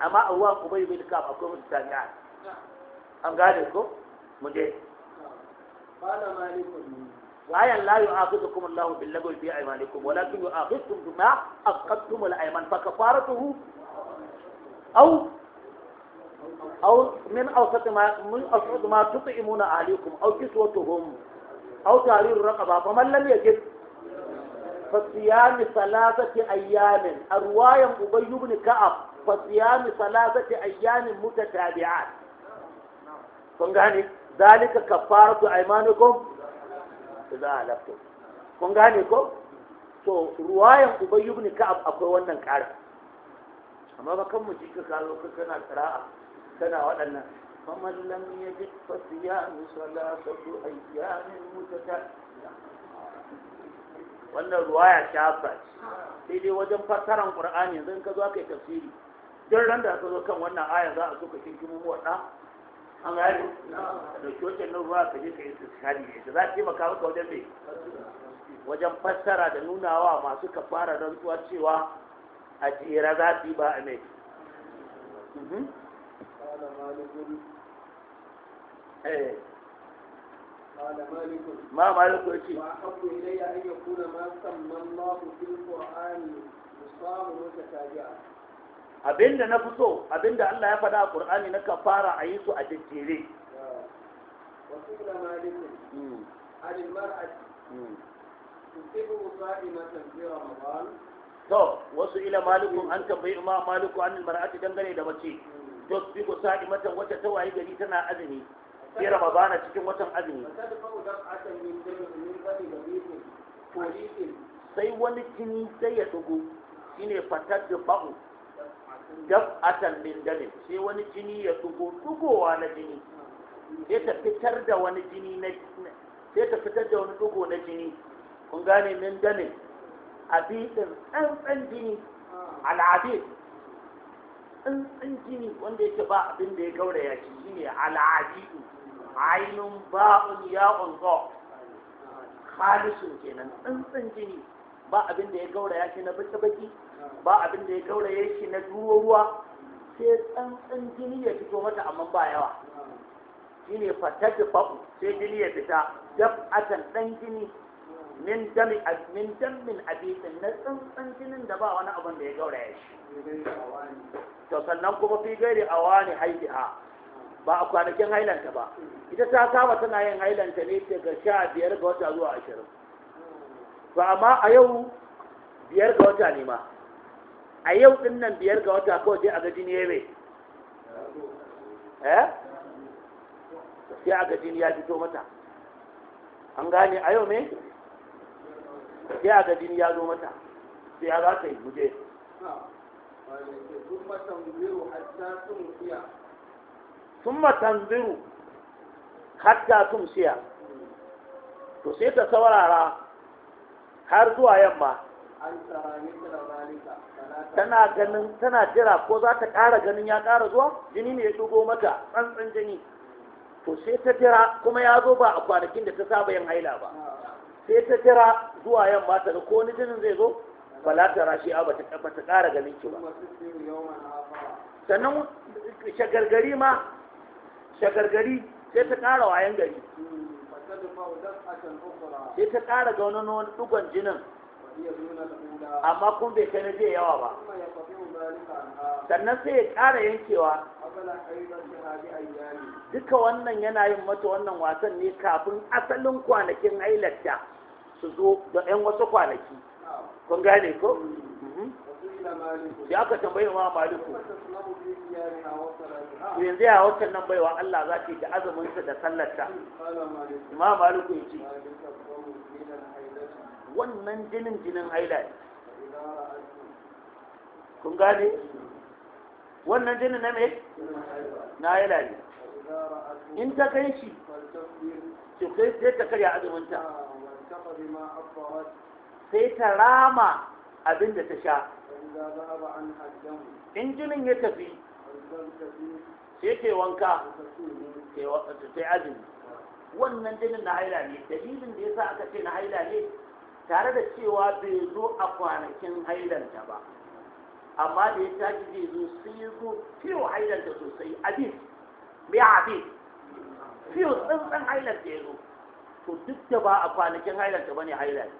amma arwa ku bai bai kafa ko wata tabi'a an gane ko mu je fala malikum wayan la yu'akhidukum Allahu bil lagwi fi aymanikum walakin yu'akhidukum bima aqadtum al ayman fa kafaratuhu aw أو من أوسط ما من أوسط ما تطعمون أهليكم أو كسوتهم أو تحرير الرقبة فمن لم يجد فصيام ثلاثة أيام الرواية أبي بن كعب فصيام ثلاثة أيام متتابعات kun ذلك zalika kafaratu aymanikum idza alaftum كو gane ko to ruwayan ubay ibn ka'ab akwai wannan ƙara amma ba kan mu ji ka kana qira'a tana waɗannan kamar ya ji faman lam yajid fa siyamu salasatu ayyamin mutatabi'a wannan ruwa ya shafa sai dai wajen fassaran ƙur'ani yanzu ka zo aka yi tafsiri don ran da ka zo kan wannan aya za a so ka kinkimo waɗa an gari da dauki wajen nan ruwa ka je ka yi tsari da za a ce maka wajen mai wajen fassara da nunawa masu kafara rantsuwa cewa a jera za su ba a mai قال مالك ايه قال مالك ما مالك واحب الي ان يكون ما سمى الله في القران مصاب متتابعا abinda na fi so abinda Allah ya faɗa a Qur'ani na kafara a yi su a jejjere وقيل مالك عن المرأة تصيبه صائمة في رمضان to wasu ila malikun an tambayi ma maliku an mar'ati dangane da mace wata ta waye gari tana azumi sai رمضان cikin watan azumi sai wani jini sai ya dugu shine fatar da ba'u dab'atan min damin sai wani jini ya dugo dugowa na jini sai ta fitar da wani jini na sai ta fitar da wani dugo na jini kun gane min damin abidin tsantsan jini al'abid tsantsan gini wanda yake ba abin da ya gauraya shi shine al'adidu ainun ba'un ya zo khalisun kenan tsantsan gini ba abin da ya gauraya shi na baki-baki ba abin da ya gauraya shi na duro ruwa sai tsantsan jini ya fito mata amma ba yawa shine fatatu fa'u sai jini ya fita dab atan dan jini min dami min damin abisin na tsantsan jinin da ba wani abin da ya gauraya shi to sannan kuma fi gairi awani haidiha ba a kwanakin hailanta ba ita ta saba tana yin hailanta ne daga sha biyar ga wata zuwa ashirin to amma a yau biyar ga wata ne ma a yau din nan biyar ga wata kawai je a ga jini yayi eh sai a ga jini ya fito mata an gane a yau ne? sai ga jini ya zo mata sai ya za ta yi muje summa tanziru hatta sun siya to sai ta saurara har zuwa yamma tana ganin tana jira ko za ta ƙara ganin ya ƙara zuwa jini ne ya dugo mata tsantsan jini to sai ta jira kuma ya zo ba a kwanakin da ta saba yin haila ba sai ta jira zuwa yamma ta ga ko wani jinin zai zo ba la ta rashi a bata ta ƙara ganin ki ba sannan shagargari ma shagargari sai ta ƙara wayan gari sai ta ƙara ga wani wani dugon jinin amma kun bai kai na zai yawa ba sannan sai ya ƙara yankewa duka wannan yana yin mata wannan wasan ne kafin asalin kwanakin hailarta su zo da ‘yan wasu kwanaki kun gane ko? da mhm. aka tambayi ma maliku to yanzu ya watan nan baiwa Allah za ta yi da azuminsa da sallarta ma maliku ya ce wannan jinin jinin haila ne kun gane wannan jinin na me na haila ne in ta kai shi to kai sai ta karya azuminta sai ta rama abin da ta sha in jinin ya tafi sai ta wanka ta azumi wannan jinin na haila ne dalilin da ya sa aka ce na haila ne tare da cewa bai zo a kwanakin hailanta ba amma da ya tashi zai zo sai zo fiyo hailanta sosai abin mai abin fiyo tsantsan hailanta ya zo to duk da ba a kwanakin hailanta ba ne hailanta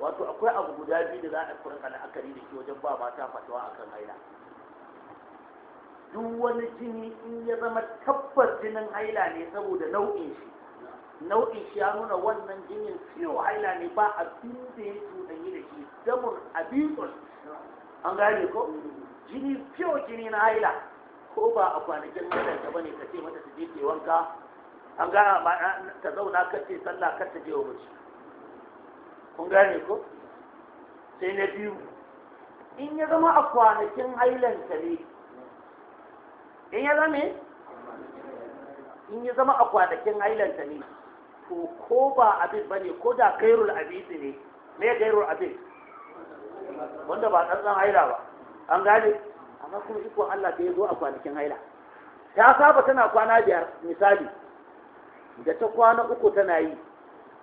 wato akwai abu guda biyu da za a kurka la'akari da shi wajen ba mata fatawa a kan haila duk wani jini in ya zama tabbas jinin haila ne saboda nau'in shi nau'in shi ya nuna wannan jinin fiyo haila ne ba a da ya cuɗanyi da shi damar abitsun an gane ko jini fiyo jini na haila ko ba a kwanakin haila ta bane ka ce mata su je ke wanka an gana ma ta zauna kace sallah kar ta je wa mace kun gane ko sai na biyu in ya zama a kwanakin ta ne in ya zama in ya zama a kwanakin ta ne to ko ba abin bane ko da kairul abid ne me gairul abid wanda ba tsantsan haila ba an gane amma kuma iko Allah da ya zo a kwanakin haila ta saba tana kwana biyar misali da ta kwana uku tana yi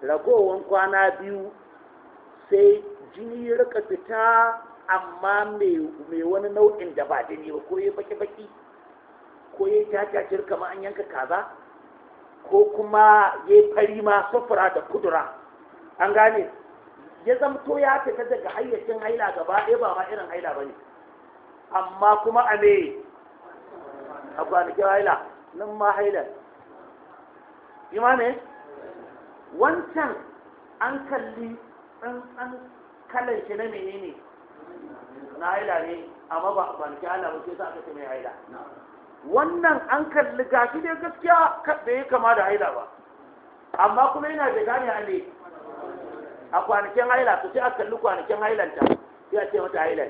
ragowan kwana biyu sai jini ya rika fita amma mai wani nau'in da ba jini ba ko ya baki-baki ko ya jajajir kamar an yanka kaza ko kuma ya fari ma sufura da kudura an gane ya zamto ya fita daga hayyacin haila gaba ɗaya ba ma irin haila ba ne amma kuma a ne a kwanakin haila nan ma haila Imame wancan an kalli tsantsan kalan shi na menene na haila ne amma ba ba ki ala ba sai sa aka ce mai haila wannan an kalli gashi dai gaskiya da yi kama da haila ba amma kuma yana da gane a ne a kwanakin haila to sai a kalli kwanakin ta sai a ce mata haila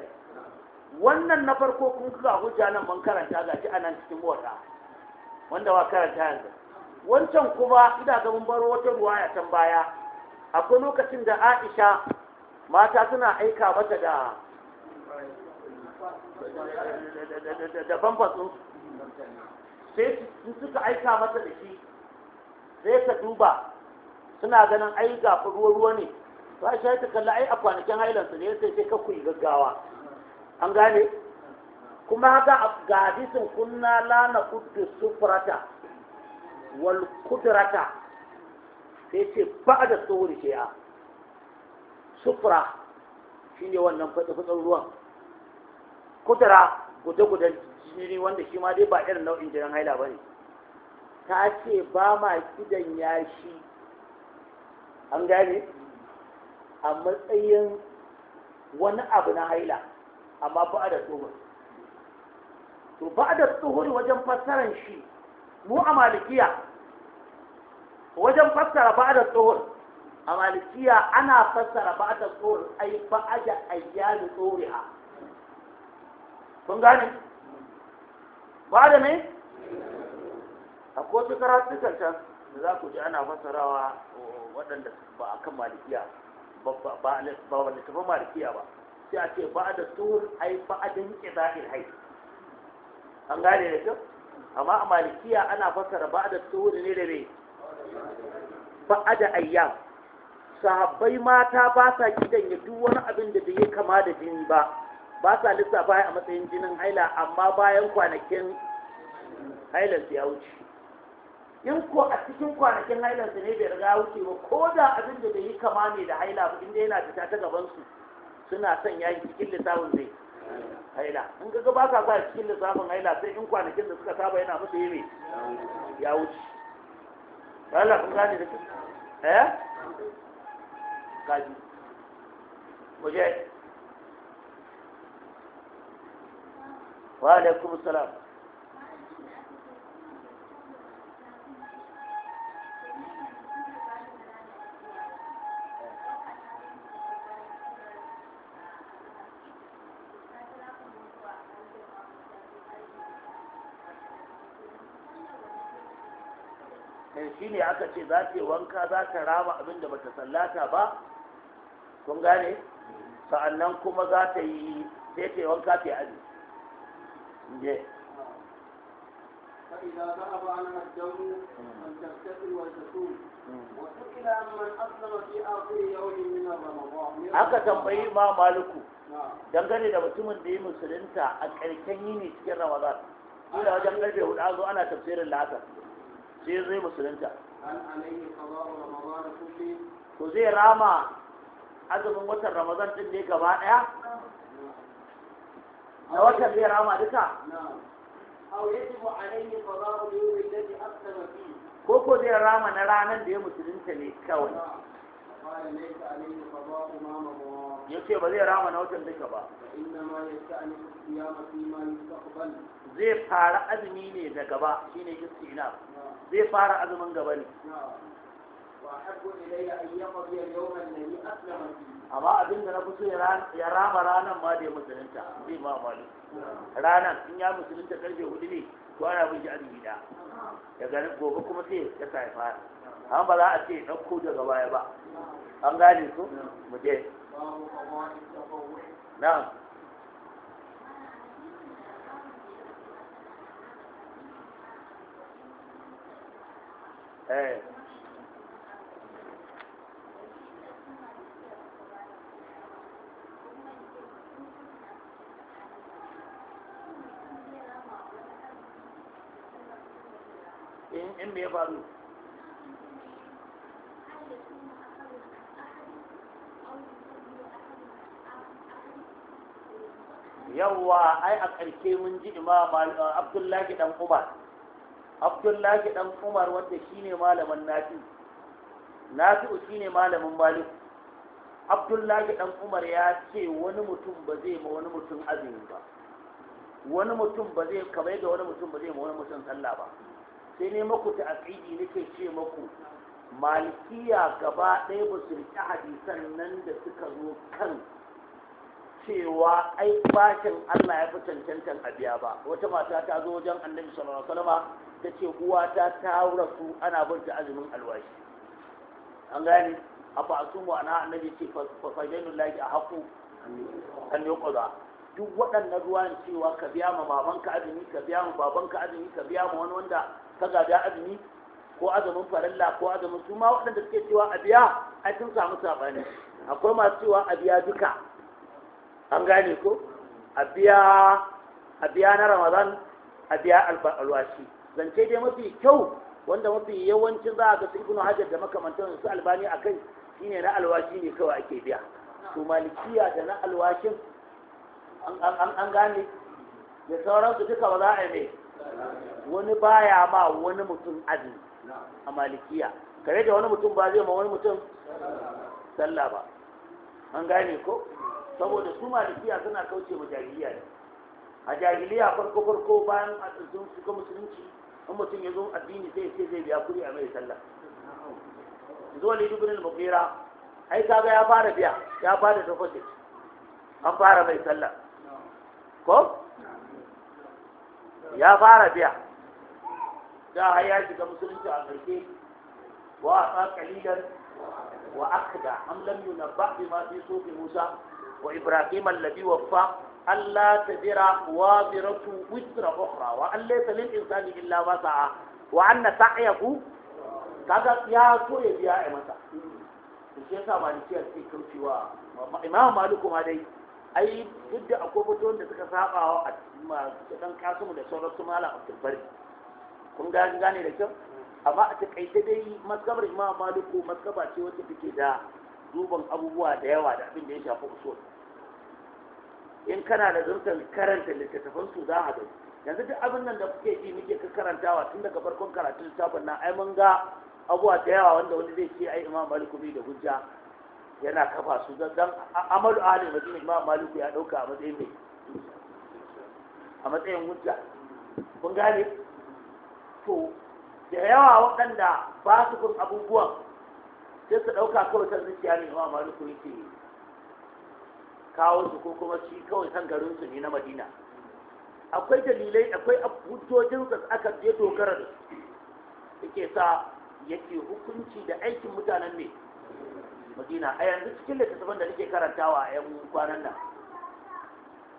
wannan na farko kun ga hujja nan mun karanta gashi a nan cikin wata wanda wa karanta yanzu wancan kuma ina ga mun baro wata ya can baya akwai lokacin da Aisha mata suna aika mata da da bambatsu sai su suka aika mata da shi sai ta duba suna ganin ai ga ruwa ruwa ne to Aisha ta kalla ai a kwanakin hailansu ne sai sai ka gaggawa an gane kuma haka ga hadisin kunna la na kuddu sufrata والقدره sai ce ba da ke shi'a sufura shi ne wannan fatsa-fatsan ruwan kudura guda-guda jini wanda shi ma dai ba irin nau'in jiran haila ba ne ta ce ba ma kidan yashi an gane a matsayin wani abu na haila amma ba da tsohon to ba da tsohon wajen fassaran shi mu a malikiya wajen fassara ba da tsohon a malikiya ana fassara ba da tsohon ai ba a da ayyali tsohon kun gane ba da ne a kotu karatukan can da za ku ji ana fassarawa eh, waɗanda ba a kan malikiya ba ba littafin malikiya ba sai a ce ba da tsohon ai ba a da zahir hai an gane da kyau amma a malikiya ana fassara ba da suhuri ne da ne ba a da ayyam sahabbai mata ba sa gidan ya duk wani abin da bai kama da jini ba ba sa lissafa a matsayin jinin haila amma bayan kwanakin hailar ya wuce in ko a cikin kwanakin hailar ne bai riga wuce ba ko da abin da bai kama ne da haila ba inda yana fita ta gabansu suna son yi cikin lissafin zai haila in ka ga ba ka sa cikin lissafin haila sai in kwanakin da suka saba yana musu yi ya wuce Allah kun gane da eh kaji waje wa alaikum salam ne aka ce za ta yi wanka za ta rama abin da bata sallata ba kun gane sa'annan kuma za ta yi sai ta yi wanka ta yi aji je aka tambayi ma الدم dangane da mutumin da ya musulunta a ƙarshen yini cikin ramadan ina wajen ƙarfe hudu an zo ana tafsirin la'asar sai zai musulunta to zai rama azumin watan ramazan din ne gaba daya na watan zai rama duka ko ko zai rama na ranar da ya musulunta ne kawai ya ce ba zai rama na watan duka ba zai fara azumi ne da gaba shine istina zai fara azumin gaba ne amma abin da na fi so ya rama ranar ma da ya musulunta zai ma malu ranar in ya musulunta karfe hudu ne to ana bin shi azumi da gani gobe kuma sai ya sa ya fara amma ba za a ce ɗauko daga baya ba an gane su mu je نعم ايه eh. in me ya yawa ai a ƙarshe mun ji imam eh, abdullahi dan umar abdullahi dan umar wanda shine malamin nafi nafi shine malamin malik abdullahi dan umar ya ce wani mutum ba zai ma wani mutum azumi ba wani mutum ba zai kamar da wani mutum ba zai ma wani mutum sallah ba sai ne maku ta aqidi nake ce maku malikiya gaba ɗaya ba su riƙe hadisan nan da suka zo kan cewa ai bashin Allah ya fi cancantan a biya ba wata mata ta zo wajen annabi sallallahu alaihi wasallam ta ce uwata ta rasu ana binta azumin alwashi an gane a fa asumu ana annabi ce fa fajalu lahi a haku an yi kuza duk waɗannan ruwan cewa ka biya ma babanka azumi ka biya ma babanka azumi ka biya ma wani wanda ka gada azumi ko azumin farilla ko azumin su ma waɗanda suke cewa a biya ai sun samu sabani akwai masu cewa a biya duka an gane ko a biya na ramadan a biya alwashi zance dai mafi kyau wanda mafi yawancin za a ga ibn hajjar da makamantan su albani a kai shine na alwashi ne kawai ake biya to malikiya da na alwashin an gane da su duka ba za a yi wani baya ma wani mutum azumi a malikiya kare da wani mutum ba zai ma wani mutum sallah ba an gane ko saboda su malikiya suna kauce wa jahiliya ne a jahiliya farko farko bayan a tsirgin shiga musulunci in mutum ya zo addini sai ce zai biya kuri a mai sallah zuwa ne dubinin mafira ai kaga ya fara biya ya fara deposit an fara mai sallah ko ya fara biya da haya ya shiga musulunci a ƙarshe wa a kalilan wa akda am lam yunabba bima fi sufi musa wa ibrahim alladhi waffa alla tadira waziratu wizra ukhra wa an laysa illa ma sa'a wa anna sa'yahu kaga ya so ya biya ai masa to shi yasa malikiya suke kaucewa imam maliku ma dai ai da akwai fitowar da suka saba wa masu dan kasumu da sauran su malam abdul kun gane da kyau amma a takaice dai maskabar imam maliku maskaba ce wacce da duban abubuwa da yawa da abin da ya shafi in kana da zurfin karanta littattafan su za a gani yanzu duk abin nan da kuke ji muke ka karantawa tun daga farkon karatun littafin nan ai mun ga abuwa da yawa wanda wani zai ce ai imam maliku bai da hujja yana kafa su dan amalu ahli madina imam maliku ya dauka a matsayin mai a matsayin hujja kun gane to da yawa waɗanda ba su kun abubuwan sai su ɗauka kawai ta zuciya ne imam maliku yake yi kawo su ko kuma shi kawai san garin su ne na madina akwai dalilai akwai hujjojin da aka je dogara da su yake sa yake hukunci da aikin mutanen ne madina a yanzu cikin littattafan da nake karantawa a yan kwanan nan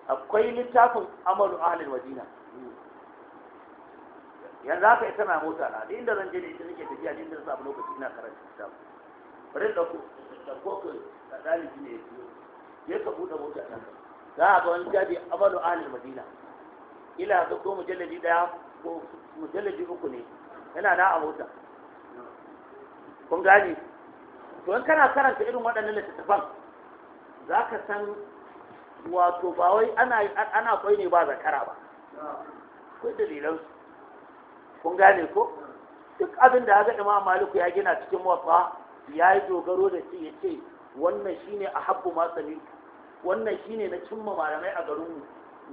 akwai littafin amalu ahalin madina yanzu aka ita na mota na da inda zan je da ita nake tafiya da inda zan samu lokaci ina karanta littafin bari da ko da ko ka dalibi ne ya je ka buɗe mota ta za a ga wani jabi amalu ahlul madina ila ga ko mujalladi daya ko mujalladi uku ne yana na a mota kun gani to in kana karanta irin waɗannan littattafan za ka san wato ba wai ana ana kwai ne ba zakara ba ko dalilan kun gane ko duk abin da haka imam maliku ya gina cikin wafa ya yi dogaro da shi ya ce wannan shine a habbu masani. wannan shine na cimma malamai a garinmu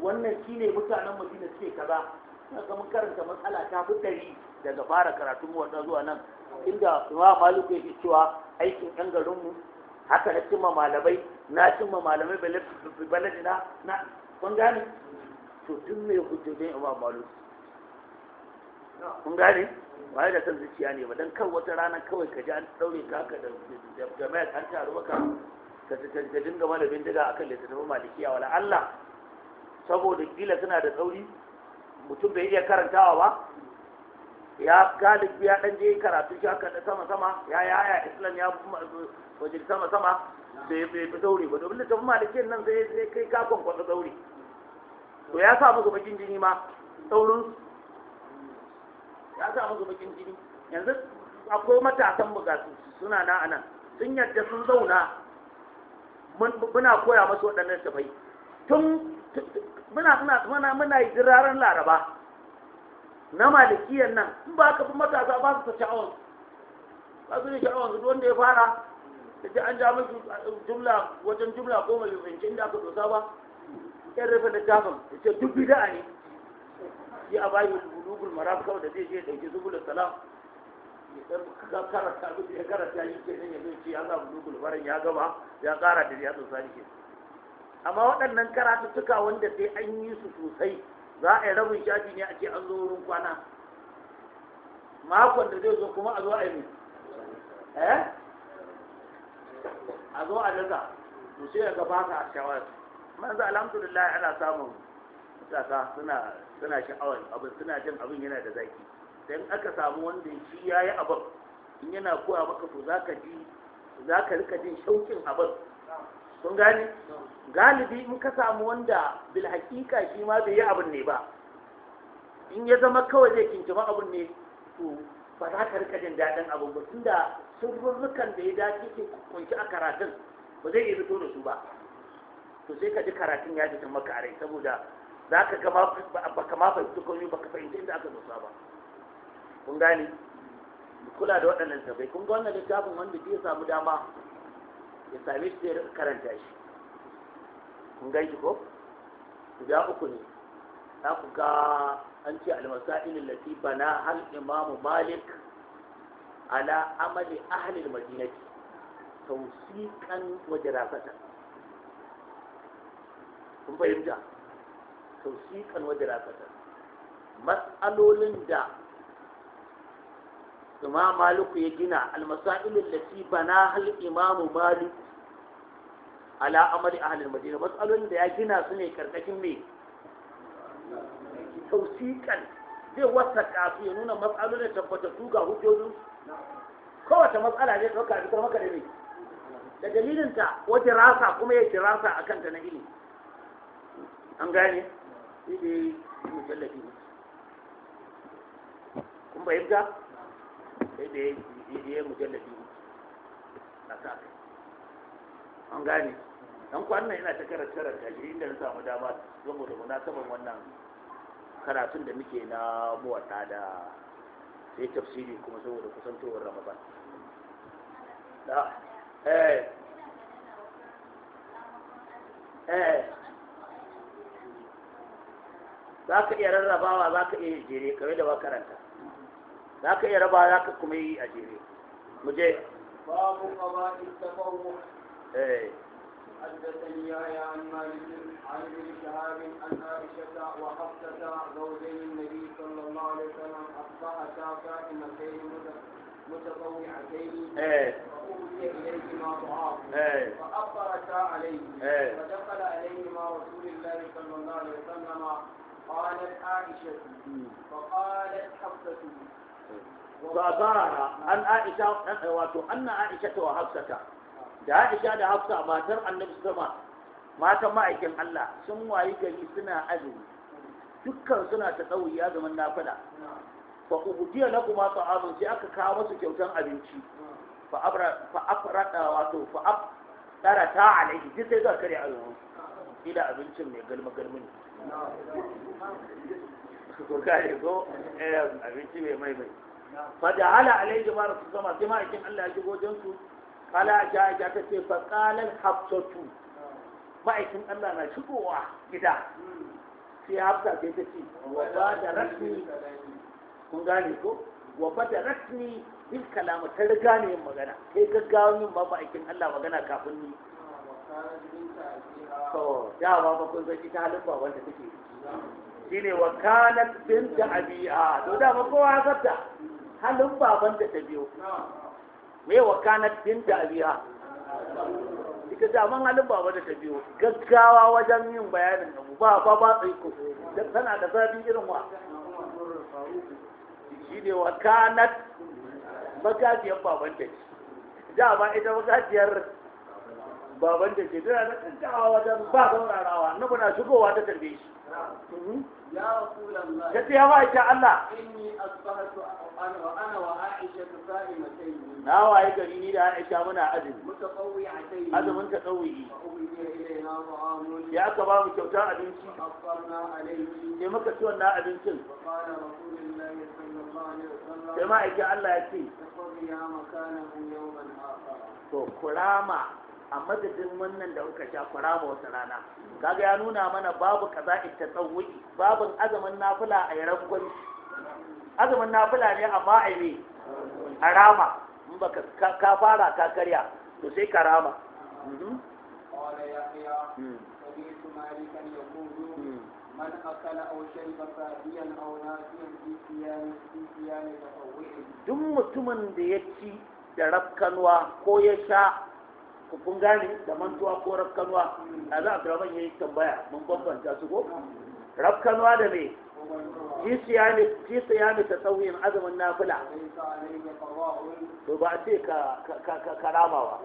wannan shine mutanen Madina suke kaza kaga mun karanta matsala ta fi dari daga fara karatun wannan zuwa nan inda Imam Malik yake cewa aikin yan garinmu haka na cimma malamai na cimma malamai baladina na kun gane to tun mai hujjojin Imam Malik kun gane ba da san zuciya ne ba dan kan wata rana kawai ka ji an daure ka ka da jama'a an taru maka ka ka dinga mana bindiga akan littattafan malikiya wala Allah saboda kila suna da tsauri mutum bai iya karantawa ba ya galibi ya dan je karatu shi haka da sama sama ya ya ya islam ya waje sama sama bai bai bi daure ba domin littafin malikiyan nan sai kai ka kwankwasa daure to ya sa muku bakin jini ma tsaurin ya sa musu bakin jini yanzu akwai matasan bukatu suna na anan sun yadda sun zauna muna koya masu waɗannan tafai tun muna muna muna muna yi jiraran laraba na malikiyan nan in ba ka fi matasa ba su ta sha'awar ba su da sha'awar su wanda ya fara da ji an ja mashi jumla wajen jumla goma bai fahimci inda aka dosa ba yan rufe littafin da ce duk bida'a ne ya a bayi bulugul maram kawai da zai je dauki zubulul salam ya dan karanta abin ya karanta yi ke nan ya zo ce ya ga bulugul maram ya gama ya kara da ya tsosa shi amma waɗannan suka wanda sai an yi su sosai za a yi rabin shafi ne a ce an zo wurin kwana makon da zai zo kuma a zo a yi eh a zo a daga to sai ya gabata a shawar manzo alhamdulillah ana samun matasa suna suna sha'awar abin suna jin abin yana da zaki sai aka samu wanda shi ya yi abin in yana kuwa maka to za ka ji rika jin shaukin abin kun gani, galibi in ka samu wanda bil haƙiƙa shi ma bai yi abin ne ba in ya zama kawai zai kinkima abin ne to ba za ka rika jin daɗin abin ba tunda sirrukan da ya dace ke kunshi a karatun ba zai iya fito da su ba to sai ka ji karatun ya ji maka a rai saboda za ka kama ba kama su komai ba ka fahimci inda aka dosa ba kun gane kula da waɗannan tafai kun ga wannan littafin wanda ya samu dama ya same shi sai karanta shi kun gan shi ko guda uku ne za ku ga an ce almasa'il lati bana hal imamu malik ala amali ahli almadinati tawsiqan wa dirasatan kun fahimta tausikan wajen rafata matsalolin da imam maliku ya gina da fi bana hal imamu malik ala amali ahlul madina matsalolin da ya gina su ne karkashin me tausikan zai wasa kafi ya nuna matsalolin da tabbatattu ga hujjojin kowace matsala ne ɗauka a fitar maka da me da dalilinta wata rasa kuma ya rasa a kanta na ilimi an gane sai kun fahimta sa an gane kwanan yana ta karanta karanta inda na samu dama saboda munasaban wannan karatun da muke na muwatta da sai tafsiri kuma saboda kusantowar ramadan da eh eh za ka iya rarrabawa za ka iya jere kawai da makaranta za ka iya rabawa za ka kuma yi a jere mu je babu kaba istafawu eh حدثني يحيى عن مالك عن ابن شهاب عن عائشة وحفصة زوجي النبي صلى الله عليه وسلم أصبحتا كائنتين متطوعتين فأوحي إليهما ضعاف فأخبرتا عليه فدخل عليهما رسول الله صلى الله عليه وسلم قالت عائشة فقالت حفصة وظهرها أن عائشة واتو أن عائشة وحفصة da Aisha da Hafsa matar Annabi sama matan ma'aikin Allah sun wayi gari suna azumi dukkan suna ta tsawiya zaman nafila fa ubudiya na kuma ta'amun sai aka kawo musu kyautan abinci fa abra fa afrada wato fa ab tara ta alaihi duk sai za kare azumi ila abincin mai galma galmi ne ko kai ko eh abinci mai mai da hala alaihi ma rasul sai ma'aikin Allah ya shigo wajen su kala ja ja ta ce fa qalan ma'aikin Allah na shigowa gida sai hafsa sai ta ce wa ba da rasmi kun gane ko wa ba da rasmi bil kalama ta riga ne yin magana kai gaggawa yin ba ma'aikin Allah magana kafin ni to dama ba kun san ita halin baban da take ne wa kanat binta abi'a to dama kowa sabta halin baban da ta biyo me wa kanat binta abi'a ita man halin baba da ta biyo gaggawa wajen yin bayanin abu ba ba ba tsaiko tana da zafin irin wa shi ne wa kanat magajiyar baban da Da ba ita magajiyar baban da ke tana da kankawa wajen ba zaurarawa na kuna shigowa ta tarbe shi ya rasulallah ya ce ya ma'aikata Allah inni asbahatu wa ana wa aisha sa'imatayn na waye gari ni da aisha muna azumi mutaqawwi'atayn azumin ta tsawiyi ya aka ba mu kyautar abinci sai muka ci wannan abincin sai ma'aikin Allah ya ce to kurama a madadin wannan da muka sha fara ma wata rana kaga ya nuna mana babu kaza ita ta tsawuki Babu azumin nafila a yaran gwani azumin nafila ne amma a ne a rama in ba ka fara ka karya to sai ka rama من أكل أو شرب فاديا أو ناسيا في صيام في صيام تطوعه دم متمن da ya ci da rafkanwa ko ya sha kun gane da mantuwa ko rafkanwa a za a turaban ya yi tambaya mun bambanta su ko rafkanwa da me fi siyami ta sauyin azumin nafila to ba a ce ka karama ba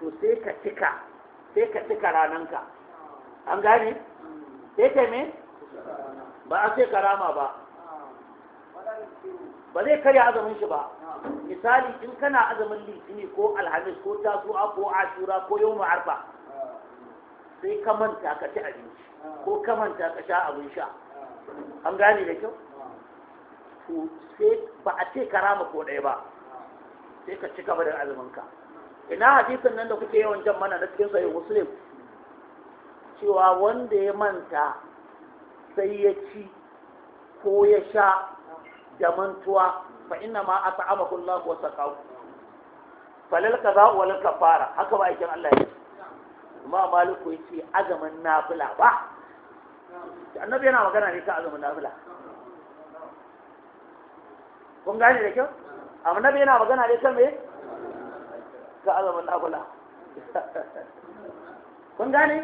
to sai ka cika sai ka cika rananka an gane sai ka me ba a ce karama ba ba zai karya azumin shi ba misali in kana azumin litini ko alhamis ko tasu'a ko ashura ko yau arfa sai ka manta ka ci abinci ko ka manta ka sha abin sha an gane da kyau to sai ba a ce ka rama ko ɗaya ba sai ka ci gaba da azuminka ina hadisin nan da kuke yawan jan mana na cikin sahih muslim cewa wanda ya manta sai ya ci ko ya sha da mantuwa fa inna ma at'amahu Allah wa saqahu falal kaza wal kafara haka ba aikin Allah yake amma maliku yace azaman nafila ba annabi yana magana ne kan azaman nafila kun gane da kyau annabi yana magana ne kan me ka azaman nafila kun gane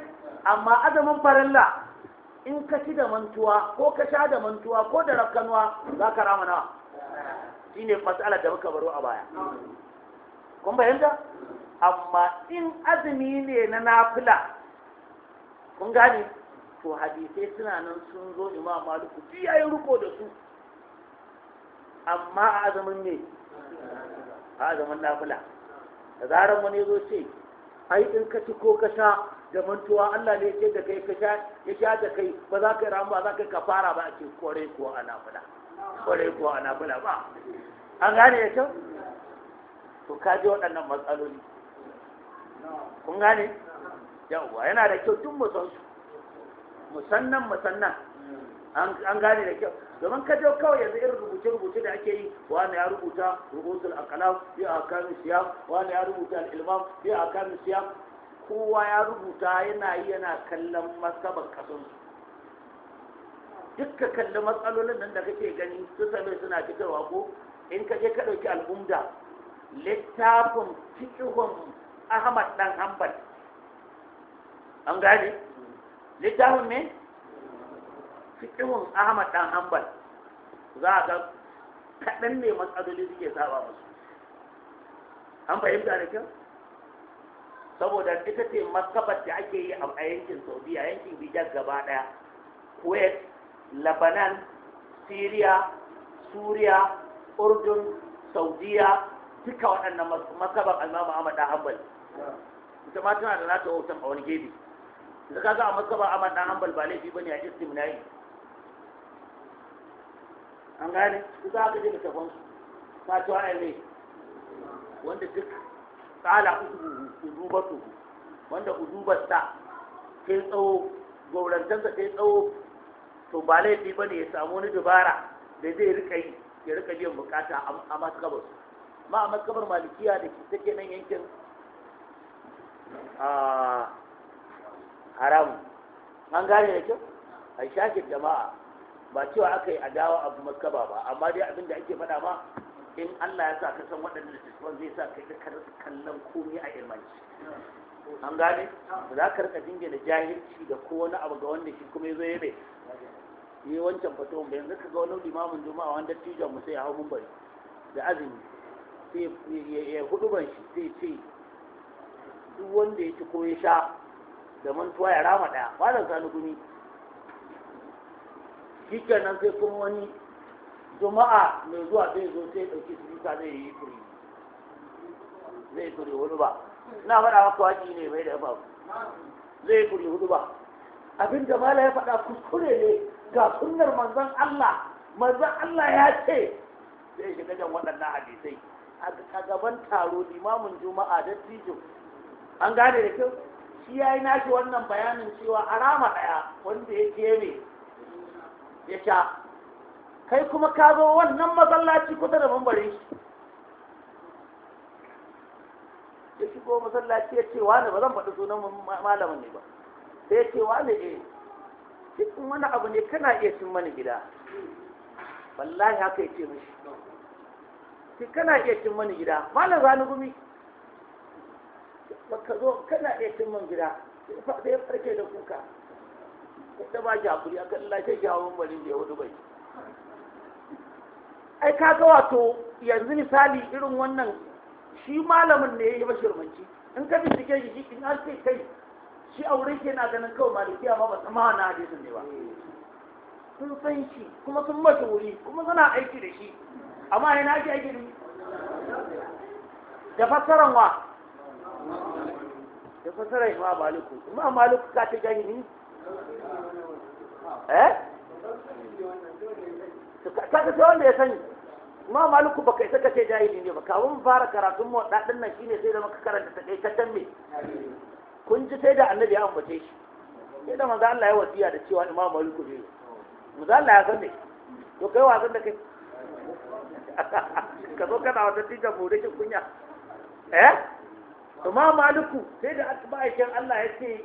amma azaman farilla in ka ci da mantuwa ko ka sha da mantuwa ko da rakkanuwa za ka rama nawa Shi ne matsalar da muka baro a baya kun fahimta amma in azumi ne na nafila kun gane to hadisai suna nan sun zo imam maliku duk yayi ruko da su amma a azumin ne a azumin nafila da zarar wani zo ce ai in ka ci ko ka sha da mantuwa Allah ne ce da kai ka sha ya sha da kai ba za ka yi ramu ba za ka yi kafara ba a ce kore ko a nafila kwarai kuwa na kula ba an gane da kyau to ka ji waɗannan matsaloli kun gane yawwa yana da kyau tun musan su musannan musannan an gane da kyau domin ka jo kawai yanzu irin rubuce-rubuce da ake yi wani ya rubuta rubutul akalam bi a kamin siyam wani ya rubuta al'ilmam bi a kamin siyam kowa ya rubuta yana yi yana kallon masabar kasansu duka ka kalli matsalolin nan da kake gani su same suna fitarwa ko in ka je ka ɗauki al'umda littafin fikihun ahmad ɗan hanbal an gane littafin ne fikihun ahmad ɗan hanbal za ka ga kaɗan ne matsaloli suke saba musu an fahimta da kyau saboda ita ce masabar da ake yi a yankin saudiya yankin bijar gaba ɗaya kuwait labanan Siriya, suriya urdun Saudiyya, duka waɗannan masabar almamu ahmad dan hanbal ita tana da nata hoton a wani gefe da kaga a masabar ahmad dan hanbal ba laifi bane a istimnai an gane su za je ta ci wani ne wanda duk tsala uzubatu wanda uzubarsa ta yi tsawo gaurantarsa ta yi tsawo to ba laifi bane ya samu wani dubara da zai rika yi ya rika biyan bukata a maskabar ma a maskabar malikiya da ke take nan yankin haramu an gane da kyau a shakin jama'a ba cewa aka yi adawa a maskaba ba amma dai abin da ake faɗa ma in Allah ya sa ka san waɗanda littattafan zai sa ka ka kallon komai a ilmanci an gane za ka rika jingina jahilci da ko wani abu ga wanda shi kuma ya zo ya mai yi wancan fito Bayan yanzu ka ga wani limamin juma'a wanda tijon mu sai ya hau mumbai da azumi sai ya hudu ban shi sai ce duk wanda ya ci ko ya sha da mantuwa ya rama daya malam sani gumi shi nan sai kuma wani juma'a mai zuwa zai zo sai ɗauki sirika zai yi kuri zai kuri hudu ba Na faɗa maka waki ne bai da ya faru zai kuri hudu ba abin da mala ya faɗa kuskure ne ga sunnar manzon Allah manzon Allah ya ce sai shiga jan waɗannan hadisai a gaban taro limamin juma'a da tijo an gane da kyau shi ya yi nashi wannan bayanin cewa arama ɗaya wanda ya keme ya sha kai kuma ka zo wannan masallaci kusa da mambare shi ya shigo masallaci ya ce wani ba zan faɗi sunan malamin ne ba sai ya ce wani eh duk wani abu ne kana iya cin mana gida wallahi haka ya ce mishi ki kana iya cin mana gida malam zani gumi baka zo kana iya cin mana gida sai ya farke da kuka da ba jakuri akan lafiya jawon barin da ya wani bai ai kaga wato yanzu misali irin wannan shi malamin ne ya yi bashirmanci in ka bincike shi in an ce kai shi aure ke na ganin kawai malikiya ba ba su ma na hadisin ne ba sun san shi kuma sun masa wuri kuma suna aiki da shi amma yana ake aiki da da fassaran wa da fassaran imam maliku imam maliku ka ce jahili eh ka ce wanda ya sani ma maliku baka isa ka ce jahili ne ba kawun fara karatun mu dadin nan shine sai da maka karanta takaitaccen me kun ji sai da annabi ya ambace shi sai da manzo Allah ya wasiya da cewa imamu maliku ne manzo Allah ya san ne to kai wasan da kai ka zo kana wata tijar ki kunya eh ma maliku sai da atba'ikin Allah ya ce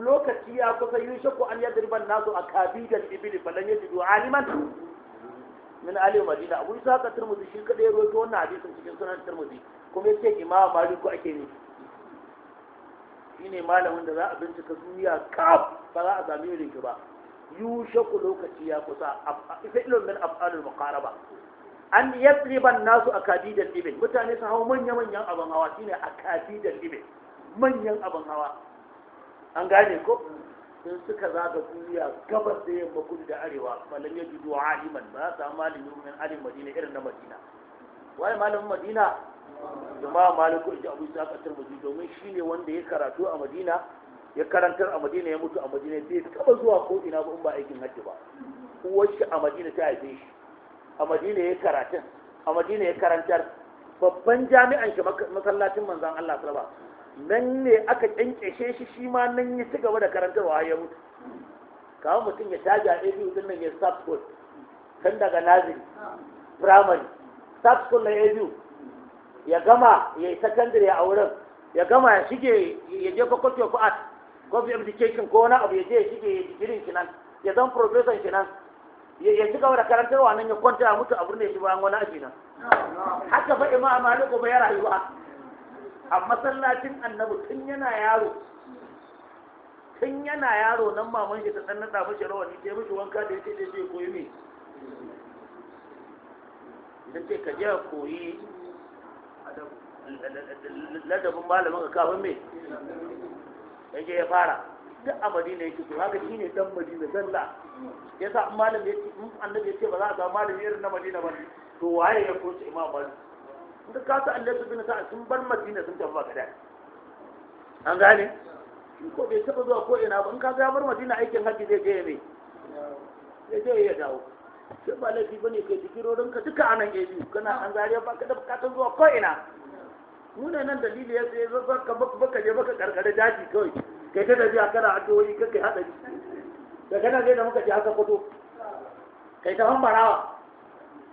lokaci ya kusa shakku an yadriban nasu akabidan ibili falan yajidu aliman min ali madina abu isa ka turmuzi shi kadai ya rawaito wannan hadisin cikin sunan turmuzi kuma yace imamu maliku ake ne. shine malamin da za a bincika duniya kaf ba za a sami irin ba yushaku lokaci ya kusa fa ilmin min af'alul muqaraba an yatliban nasu akadidan ibn mutane su hawo manya manyan abin hawa shine akadidan ibn manyan abin hawa an gane ko sun suka zaga duniya gabas da yamma kudu da arewa malam ya jidu aliman ba za su malami madina irin na madina wai malamin madina jama'a maliku ji abu isa kasar mutu domin shi ne wanda ya karatu a madina ya karantar a madina ya mutu a madina bai taba zuwa ko ina ba in ba aikin hajji ba shi a madina ta haife shi a madina ya karatun a madina ya karantar babban jami'an shi masallacin manzon Allah sallama nan ne aka kyankyashe shi shi ma nan ya ci gaba da karantarwa ya mutu kawo mutum ya taja a biyu din nan ya staff school tun daga naziri primary staff school na biyu ya gama ya yi secondary a wurin ya gama ya shige ya je faculty of art ko of education ko wani abu ya je ya shige ya digirin shi nan ya zan professor shi nan ya shiga gaba da karantarwa nan ya kwanta mutu a burne shi bayan wani aji nan haka fa imam maliku ba ya rayuwa a masallacin annabi tun yana yaro tun yana yaro nan maman shi ta dan nada mishi rawani ta mishi wanka da yake da zai koyi me idan ce ka je koyi ladabin malamin ka kafin me yake ya fara duk a madina yake to haka shine dan madina zalla ya sa malam ya ce in annabi ya ce ba za a samu malami irin na madina ba to waye ya kusa imam malik duk ka kasa annabi bin sa'a sun bar madina sun tafi bagada an gane shi ko bai taba zuwa ko ina ba in ka ga ya bar madina aikin haji zai je ya me zai je ya dawo sai ba laifi ba ne kai digirorin ka duka anan ya biyu kana an zariya ba ka da bukatar zuwa ko ina muna nan dalili ya sai ba ka baka je ka karkare daji kawai kai ta tafiya kana addu'o'i ka kai hadari da kana zai da muka ji haka fito kai ta hambarawa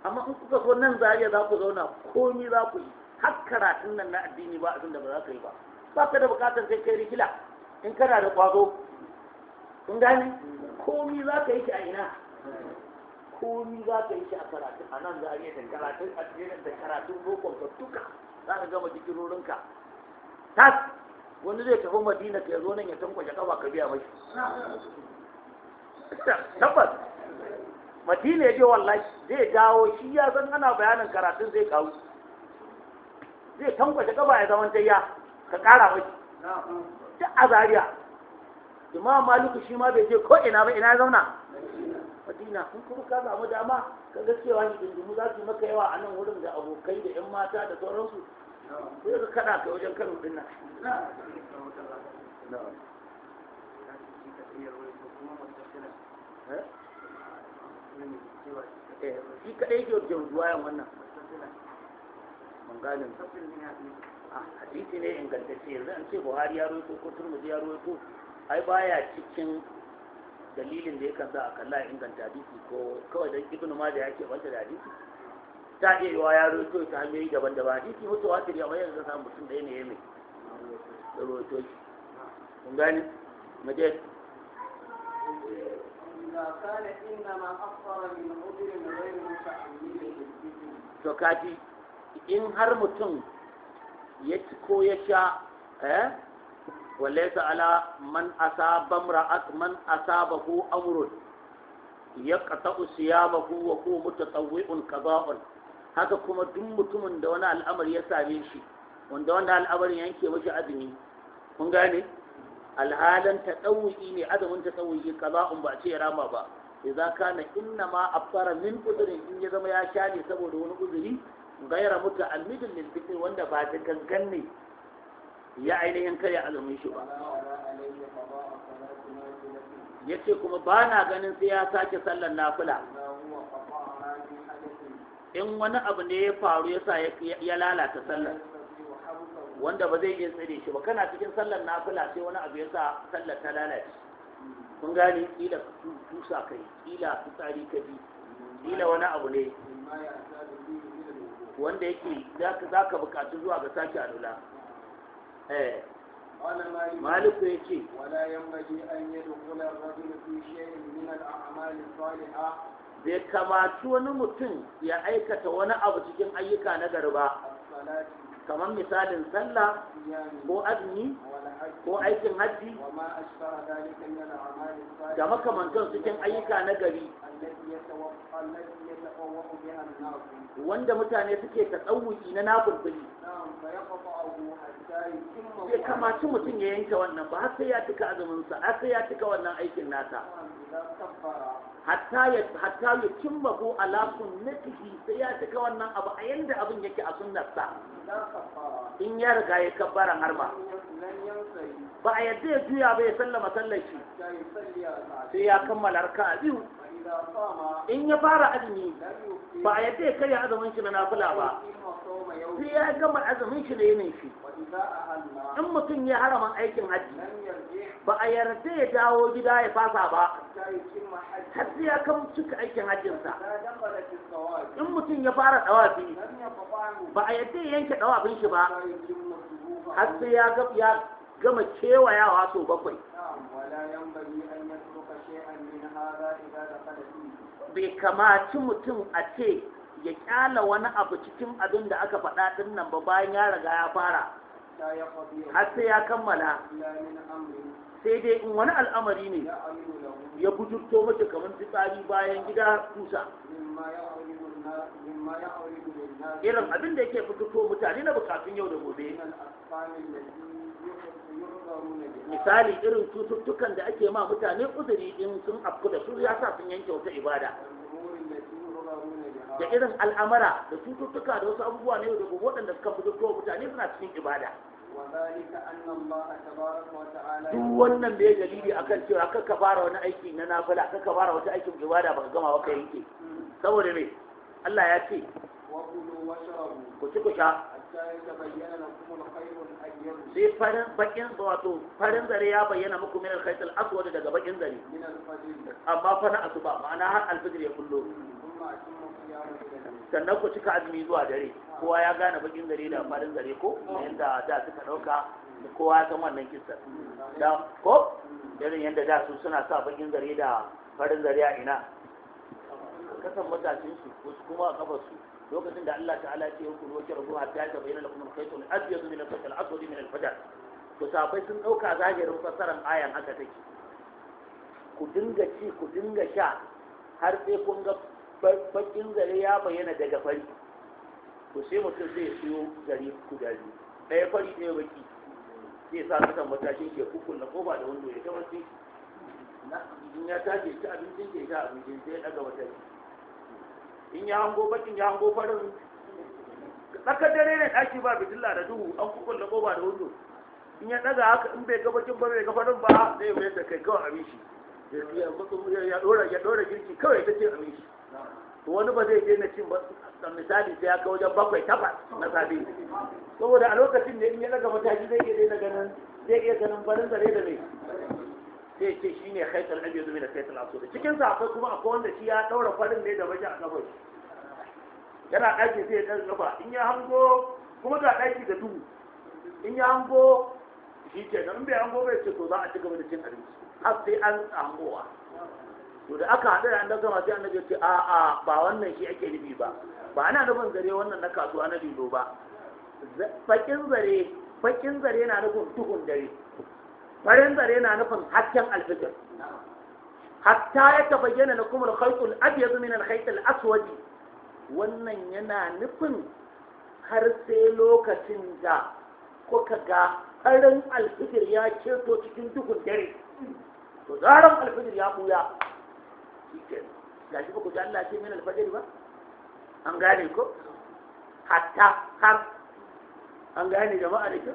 amma in kuka so nan zariya za ku zauna komi za ku yi har karatun nan na addini ba abin da ba za ka yi ba ba ka da bukatar sai kai rikila in kana da kwazo kun gane komi za ka yi ki a ina komi za ka yi shi a karatu a nan za a yi da a addinin da karatu bokon ka duka za ka gama rurinka. tas wani zai tafi madina ka zo nan ya tankwashe kaba ka biya mai tabbas madina ya je wallahi zai dawo shi ya san ana bayanin karatun zai kawo zai tankwashe kaba ya zaman tayya ka kara mai ta azariya zaria imam maliku shi ma bai je ko ina ba ina ya zauna madina kun kuma ka samu dama ka ga cewa hidindimu za su yi maka yawa a nan wurin da abokai da yan mata da sauransu sai ka kada ka wajen kano din nan eh, shi kadai ke wajen duwayan wannan mun gane a ah, hadisi ne ingantacce yanzu an ce buhari ya ruwa ko turmuzi ya ruwa ko ai baya cikin dalilin da kan sa a kalla inganta hadisi ko kawai dan ibnu majah yake banta da hadisi ta iya yiwa ya rubuto ta hanyoyi daban-daban hadisi mutu wa tiri amma yanzu samu mutum da yanayi mai rubuto shi kun gani majid to kaji in har mutum ya ci ko ya sha eh وليس على من أصاب امرأة من أصابه أمر يقطع ثيابه وهو متطوع قضاء haka kuma duk mutumin da wani al'amari ya same shi wanda wanda al'amarin yanke mashi azumi kun gane alhalan ɗau'i ne azumin tadawu'i qaza'un ba ce rama ba idza kana inna ma afara min udrin in ya zama ya sha ne saboda wani uzuri gaira muta'ammidin lil wanda ba da gangan ne ya ainihin karya azumin shi ba ya ce kuma ba na ganin sai ya sake sallar nafila in wani abu ne ya faru ya sa ya lalata sallar wanda ba zai iya tsire shi ba kana cikin sallar nafila sai wani abu ya sa sallar ta lalace kun gane kila tusa kai kila fitsari ka bi kila wani abu ne wanda yake za ka buƙaci zuwa ga sake alula مالك يجي ولا ينبغي أن يدخل الرجل في شيء من الأعمال الصالحة bai kamaci wani mutum ya aikata wani abu cikin ayyuka na garba kamar misalin sallah ko azumi ko aikin hajji da makamantan cikin ayyuka na gari wanda mutane suke tsawuki na nafulfuli bai kamata mutum ya yanke wannan ba har sai ya cika azuminsa har sai ya cika wannan aikin nasa hatta ya cimma ko na ciki sai ya cika wannan abu a yanda abin yake a sunnarsa in ya riga ya kabbara har ba ba a yadda ya juya ba ya sallama sallar shi sai ya kammala a biyu in ya fara azumi ba a yadda ya karya azumin shi na nafila ba sai ya gama azumin shi da yanayin shi in mutum ya haraman aikin hajji ba a yarda ya dawo gida ya fasa ba har sai ya kan cika aikin hajjinsa in mutum ya fara dawafi ba a yadda ya yanke dawafin shi ba har sai ya gama kewayawa sau bakwai bai kamaci mutum a ce ya kyala wani abu cikin abin da aka faɗa ɗin nan ba bayan ya riga ya fara har sai ya kammala sai dai in wani al'amari ne ya bujurto mace kamar fitsari bayan gida kusa irin abin da yake fito mutane na bukatun yau da gobe misali irin cututtukan da ake ma mutane uzuri in sun afku da su ya sa sun yanke wata ibada da irin al'amara da cututtuka da wasu abubuwa ne da gobe waɗanda suka fi zuwa mutane suna cikin ibada duk wannan ya dalili akan cewa kaka fara wani aiki na nafila kaka fara wata aikin ibada ba baka gama ba ka yanke saboda me Allah ya ce ku ci ku sha sai farin bakin wato farin zare ya bayyana muku minar alkhayt al-aswad daga bakin zare amma fa na asuba ma'ana har alfajir ya kullo sannan ku cika azumi zuwa dare kowa ya gane bakin zare da farin zare ko yadda da suka dauka kowa ya san wannan kissa da ko irin yadda da su suna sa bakin zare da farin zare a ina kasan matashin su kuma a kafar su lokacin da Allah ta'ala ce hukun roki ruhu hatta ta bayyana lakum al-khaytul abyad min al-khayt al-aswad min al-fajr to sabai sun dauka zahirin fassarar ayan haka take ku dinga ci ku dinga sha har sai kun ga bakin zare ya bayyana daga fari to sai mutum zai siyo gari ku gari ɗaya fari ɗaya baki zai sa kasan matashin ke hukun na kofa da wando ya ta wasu in ya tashi ci abincin ke sha abincin sai ya ɗaga matashi in ya hango bakin ya hango farin tsakar dare ne ɗaki ba fitilla da duhu an kukulla ko ba da wuto in ya ɗaga haka in bai ga ba bai ga farin ba zai mai da kai kawai abin shi ya ɗora girki kawai ta ce abin shi wani ba zai daina cin ba misali sai ya wajen bakwai takwas na safe saboda a lokacin ne in ya ɗaga mataki zai iya daina ganin zai iya ganin farin zare da mai sai ce shi ne haitar abu yanzu da haitar aso da cikin sa kuma akwai wanda shi ya daura farin ne da waje a kafar yana ɗaki sai ya ɗan kafa in ya hango kuma ga ɗaki da duhu in ya hango shi ke nan bai hango bai ce to za a ci gaba da cin abinci har sai an hangowa to da aka haɗu da an daga masu annabi ce a a ba wannan shi ake nufi ba ba ana nufin zare wannan na kasuwa na lilo ba bakin zare bakin zare na nufin duhun dare farin zare na nufin hasken alfijir hatta ya tabayyana na kuma alkhaitul abyad min alkhaitul aswad wannan yana nufin har sai lokacin da kuka ga farin alfijir ya ceto cikin dukun dare to zaran alfijir ya buya ga shi ku ji Allah ce min alfajir ba an gane ko hatta har an gane jama'a da kyau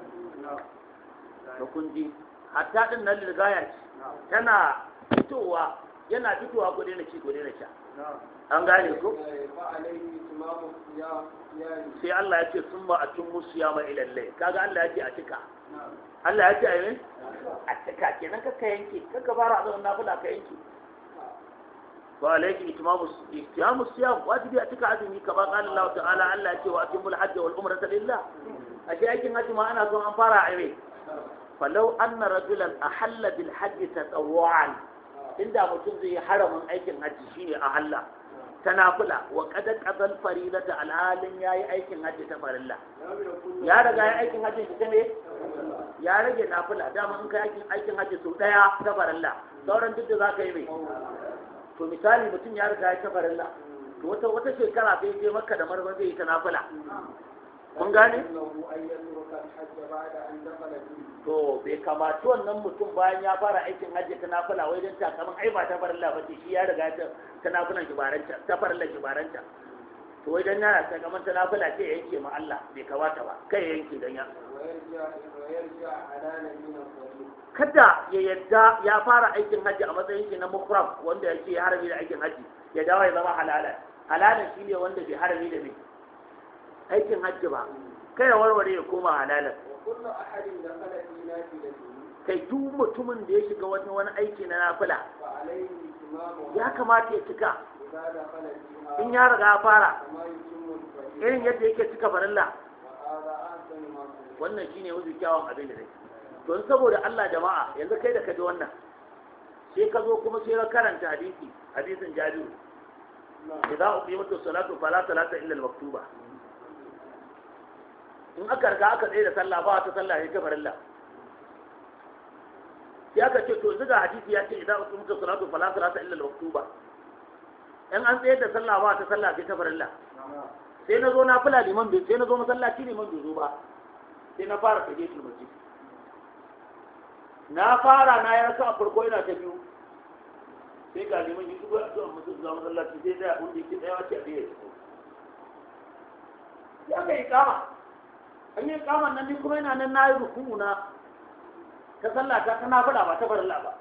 da kun ji hatta din nan ligaya ce tana fitowa yana fitowa gode na ci gode na sha an gane ko eh, sai Allah ya ce sun ba a cin musu ya ma ilalle kaga Allah ya ce a cika Allah ya ce a yi a cika kenan ka yanke kaka fara a zaman nafula ka yanke wa alaikum itimamu itimamu siyam wajibi a cika azumi kama qala Allah ta'ala Allah ya ce wa atimul hajj wal umrata lillah ashe aikin hajji ma ana son an fara a yi falau anna rajulan ahalla bil hajji tatawwa'an inda mutum zai haramin aikin hajji shine ahalla ta nafila wa qad qadal faridata al halin yayi aikin hajji ta farilla ya riga yayi aikin hajji ta ne ya rage nafila dama in kai aikin aikin hajji sau daya ta farilla sauran duk da zaka yi mai to misali mutum ya riga ya ta farilla to wata wata shekara sai je makka da marwa zai yi ta nafila mun gane to bai kamata wannan mutum bayan ya fara aikin hajji ta nafila wai don takamin ai ba ta fara ba shi ya riga ta ta nafilan kibaranta ta farilla kibaranta to wai don yana takamin ta nafila ce ya yanke ma Allah bai kamata ba kai ya yanke don ya kada ya yadda ya fara aikin hajji a matsayin shi na mukram wanda ya ce ya harbi da aikin hajji ya dawo ya zama halalan shi ne wanda bai harbi da mai aikin hajji ba kai ya warware ya koma halalin kai duk mutumin da ya shiga wani wani aiki na nafila ya kamata ya cika in ya riga ya fara irin yadda yake cika farilla wannan shine wuzi kyawun abin da zai don saboda Allah jama'a yanzu kai da kaji wannan sai ka zo kuma sai ka karanta hadisi hadisin jabiru idza uqimatus salatu fala salata illa al-maktuba in aka riga aka tsaye da sallah ba ta sallah ya gabar Allah ya ka ce to zuga hadisi ya ce idan uku muka salatu fala salata illa al-maktuba in an tsaye da sallah ba ta sallah ya gabar Allah sai na zo na fula liman bai sai na zo masallaci liman bai zo ba sai na fara tafiye shi masjid na fara na yi rasa a farko ina ta biyu sai ga liman yi zuwa a zuwa masallaci sai da wanda yake tsayawa ce a biyar ya kai ikama an yi kaman nan ni kuma yana nan na yi ruku'u na ta sallata ta nafila ba ta farilla ba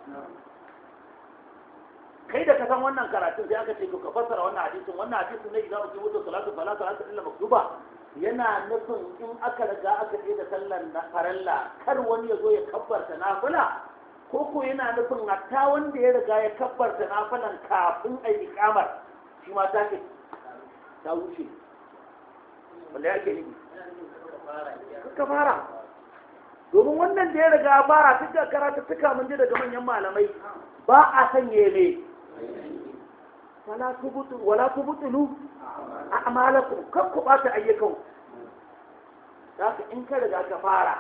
kai da ka san wannan karatun sai aka ce ka fassara wannan hadisin wannan hadisin ne idan mutum wuce salatu fala salatu illa maktuba yana nufin in aka riga aka je da sallan na farilla kar wani ya zo ya kabbarta nafila ko ko yana nufin hatta wanda ya riga ya kabbarta nafilan kafin a yi kamar shi ma ta ta wuce wanda ya ke nufi suka fara domin wannan da ya riga fara duk da karatu suka mun ji daga manyan malamai ba a sanye ne wala tubutulu a amalaku kan ku ba ɓata ayyukan za ka in ka riga ka fara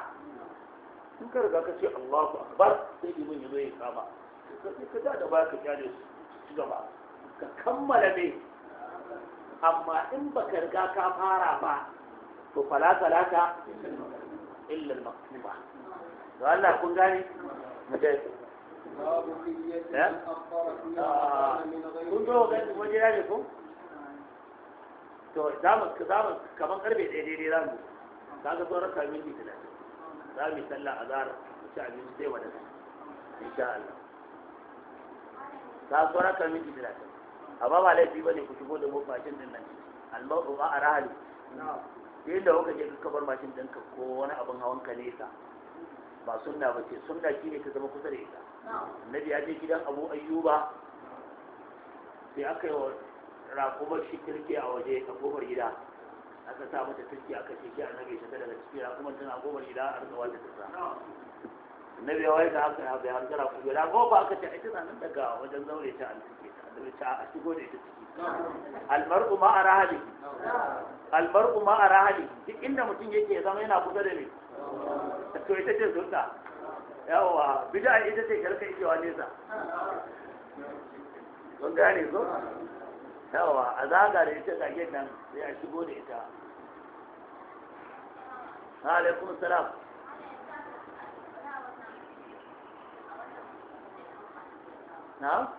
in ka riga ka ce Allahu akbar sai limin ya zai ya kama ka da da baya ka kyale su gaba ka kammala ne amma in baka riga ka fara ba فلا ثلاثة إلا المطلوبة قال لا أكون جاني مجاز ها كنت وقت مجرانكم دامت دامت كمان قربي ايدي دي دامت دامت ثلاثة دامت سلا عذار شعبين دي ولا إن شاء الله ta tsora kalmi ki dilata aba da kuka je ka kabar mashin ɗinka ko wani abin hawan ka nesa ba sunna ba ce sunna shine ka zama kusa da ita annabi ya je gidan abu ayyuba sai aka yi wa rakumar shi kirki a waje a gobar gida aka sa mata kirki aka ce ki annabi ta daga ciki rakubar tana gobar gida a rikawa da ta annabi ya waye da haka ya bayar da rakubar gida gobar ba aka ce ita na nan daga wajen zaure ta an cike ta annabi ta a shigo da ta ciki almar'u a rahali almar'u a rahali duk inda mutum yake zama yana kusa da ne to ita ce sunna yawa bid'a ita ce karka ijewa nesa don gane zo yawa a zaga da ita zagen nan sai a shigo da ita alaikum salam na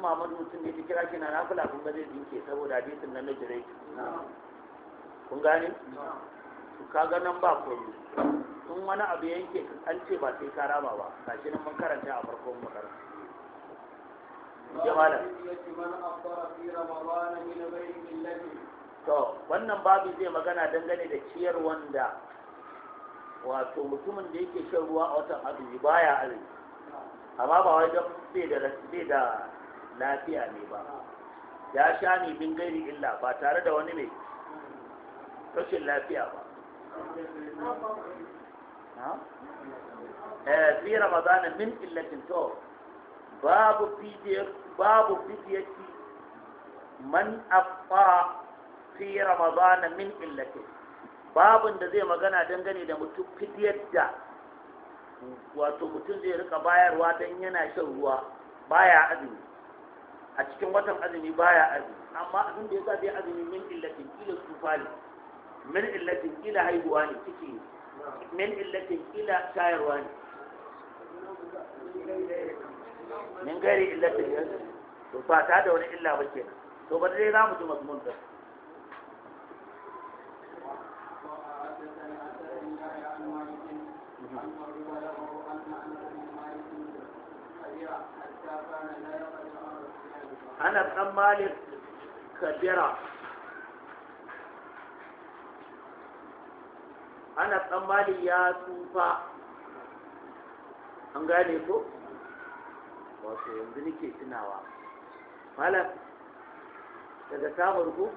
Muhammadu mutum ne ta kira shi na nafila kun ga zai dinke saboda hadisin nan na jirai kun gane ka ga nan ba komai in wani abu yanke an ce ba sai ka raba ba shi nan mun karanta a farkon makaranta jama'a to wannan babu zai magana dangane da ciyar wanda wato mutumin da yake shan ruwa a watan azumi baya azumi amma ba wai don bai da lafiya ne ba ya sha ne bin gairi illa ba tare da wani mai rashin lafiya ba eh, fi ramadana min illatin to babu fidiyati man afa fi ramadana min illatin babin da zai magana dangane da mutum fidiyar da wato mutum zai rika bayarwa don yana shan ruwa baya azumi a cikin watan azumi baya azumi amma abin da yasa bai azumi min illatin kila tsufa ne min illatin kila haihuwa ne ciki ne min illatin kila shayarwa ne min gari illatin yanzu to fata da wani illa ba kenan to ba dai za mu ji mazmun ɗin ana tsammanin kabira ana tsammanin ya tsufa an gane ko wato yanzu nake tunawa malam daga samun ku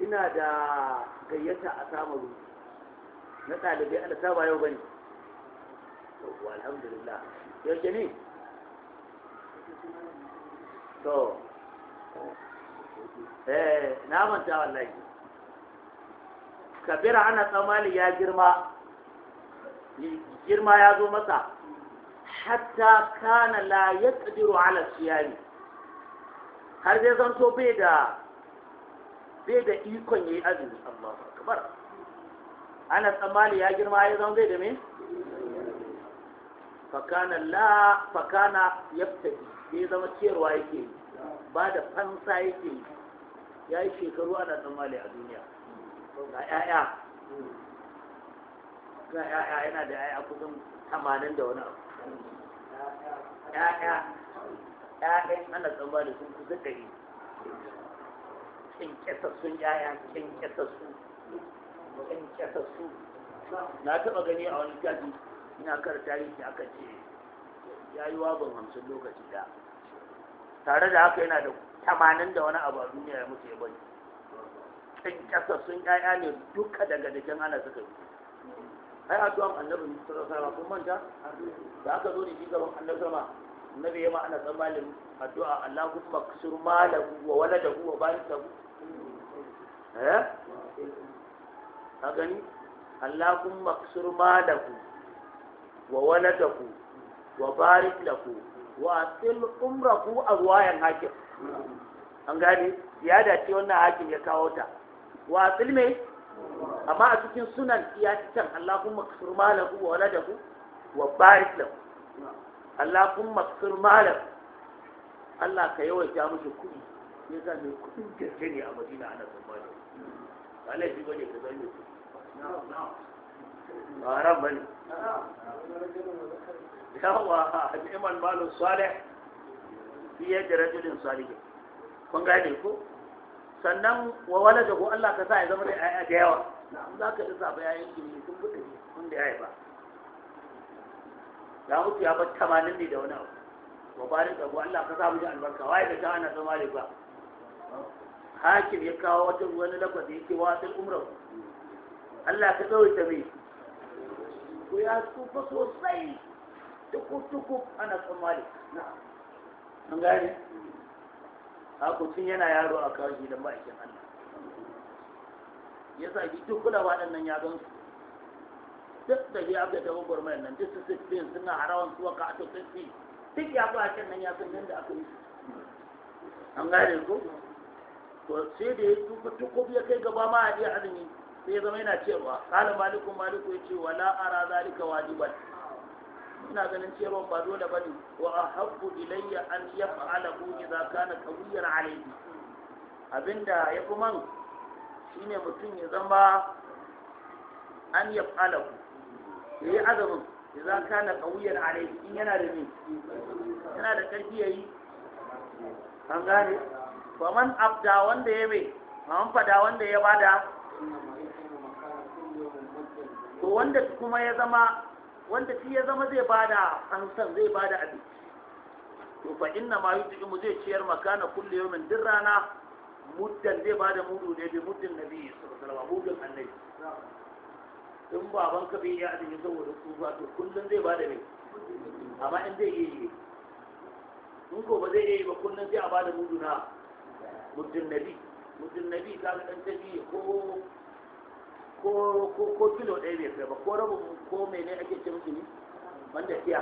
ina da gayyata a samun na ɗalibai alasaba yau bane alhamdulillah yau ne to eh na manta wallahi kabira ana tsamali ya girma girma ya zo masa hatta kana la yaqdiru ala siyami har zai zanto bai da bai da ikon yayi azumi Allahu akbar ana tsamali ya girma ya zama bai da me fakana la fakana yabtadi sai zama ciyarwa yake ba da fansa yake ya yi shekaru ana tsammali a duniya ga 'ya'ya ga 'ya'ya yana da 'ya'ya kusan tamanin da wani abu 'ya'ya 'ya'yan ana tsammali sun kusa ɗari sun 'ya'ya kyankyasassu kyankyasassu na taɓa gani a wani gaji ina kar tarihi aka ce ya yi wagon hamsin lokaci da tare da haka yana da tamanin da wani abu a duniya ya mutu ya bani ɗin ƙasa sun ƴaƴa ne duka daga jikin ana suka yi ai addu'an annabi sallallahu alaihi kun manta da aka zo ne shi gaban annabi sama annabi ya ma ana tsammanin addu'a Allahumma kusur malahu wa waladahu wa barikahu eh ka gani Allahumma kusur malahu wa waladahu wa barik lahu wa til umrahu a hakim an gane ya dace wannan hakim ya kawo ta wa filme amma a cikin sunan ya ci can Allahumma kasur malahu wa waladahu wa barik lahu Allahumma kasur malahu Allah ka yawaita mushi kuɗi ya za mai kudi gaske ne a Madina ana tsammani ba laifi gode ka zai mai kuɗi ba haram bane yawa ni'man malun salih fiye da rajulin salih kun gane ko sannan wa waladahu Allah ka sa ya zama da yaya da yawa za ka isa ya yayin gini sun buɗe da ya ba ya mutu ya bar tamanin ne da wani abu wa barin abu Allah ka sa mu ji albarka waye da ta ana zama ba? hakim ya kawo wata wani lafazi yake wa sai umrar Allah ka tsawaita mai ku ya tsufa sosai tukutuku ana son na an gane hakutun yana yaro a kawai gidan ma'aikin allah ya sa duk kula waɗannan ya gan su duk da ya ga da mai nan duk su sifin suna harawan su waka a tattafi duk ya ba can nan ya san yadda aka yi an gane ko to sai da ya tuku tuku ya kai gaba ma a iya azumi sai ya zama yana cewa kala malikun maliku ya ce wala ara zalika wajiban ina ganin cewa ba dole bane wa ahabbu ilayya an ya idza kana qawiyan alayhi abinda ya fi man shine mutum ya zama an Ya yayi azumin idza kana qawiyan alayhi in yana da ni yana da karfi yayi an gane fa man abda wanda ya mai man fada wanda ya bada to wanda kuma ya zama wanda shi ya zama zai bada amsan zai bada abinci to fa inna ma yutimu zai ciyar makana kulli yawmin din rana muddan zai bada mudu ne bi muddin nabi sallallahu alaihi wasallam mudin annabi in baban ka bai iya azumi saboda tsufa to kullum zai bada ne amma in zai yi in ko ba zai yi ba kullum zai a bada mudu na muddin nabi muddin nabi ka ga dan tafi ko ko ko kilo ɗaya bai kai ba ko rabu ko mene ake ce musu ne banda tiya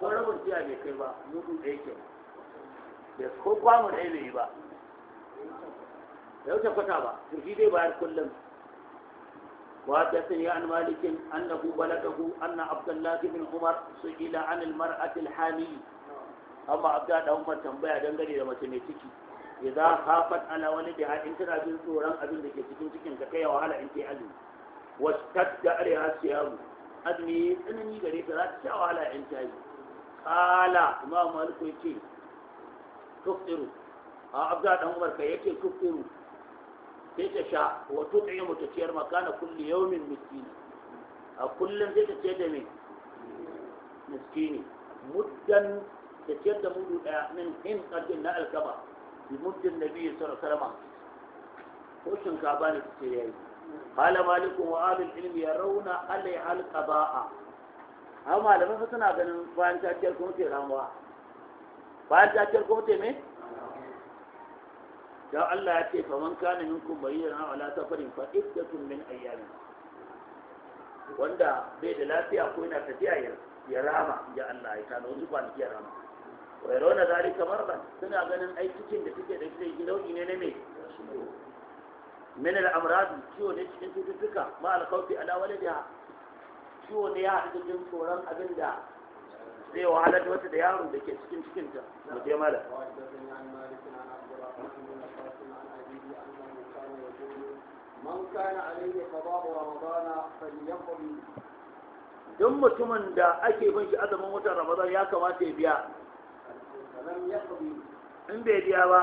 ko rabu tiya bai kai ba mutu ɗaya ke da ko kwano ɗaya bai yi ba da wuce kwata ba to shi dai bayar kullum وحدثني عن مالك أنه بلغه أن عبد الله بن عمر سئل عن المرأة الحامي أما عبد الله عمر تنبأ دنجري لما تنتكي idza khafat ala wani biha in tana jin tsoron abin da ke cikin cikin ta kai wahala in ta azumi wastadda alaiha siyamu azumi tsanani gare ta za ta sha wahala in kai kala kuma imam malik yace tuftiru a abda dan umar kai yace kufiru sai ta sha wa mu ta ciyar makana kulli yawmin miskini a kullum sai ta ciyar da me miskini muddan ta ciyar da mudu daya min hin qadin na alkaba muddin nabi sallallahu alaihi wasallam ko ka bani suke yayi qala malikun wa ahlul ilmi yarawna alai al qada'a amma malaman fa suna ganin bayan ta ciyar kuma ce ramuwa bayan ta ciyar kuma ce me dan Allah ya ce faman kana minkum bayyana ala safarin fa iddatun min ayyami wanda bai da lafiya ko yana tafiya ya rama ya Allah ya kana wasu kwanaki ya rama na zari kamar marban suna ganin ai da suke da suke, nau'i ne na me min al ciwo ne cikin cututtuka ma al-khawfi ala da ciwo ne ya haɗu cikin tsoron abin da zai wahalar da wata da yaron da ke cikin cikinta mu je mala من كان عليه قضاء رمضان فليقضي duk mutumin da ake bin shi azumin watan ramadan ya kamata ya biya in bai biya ba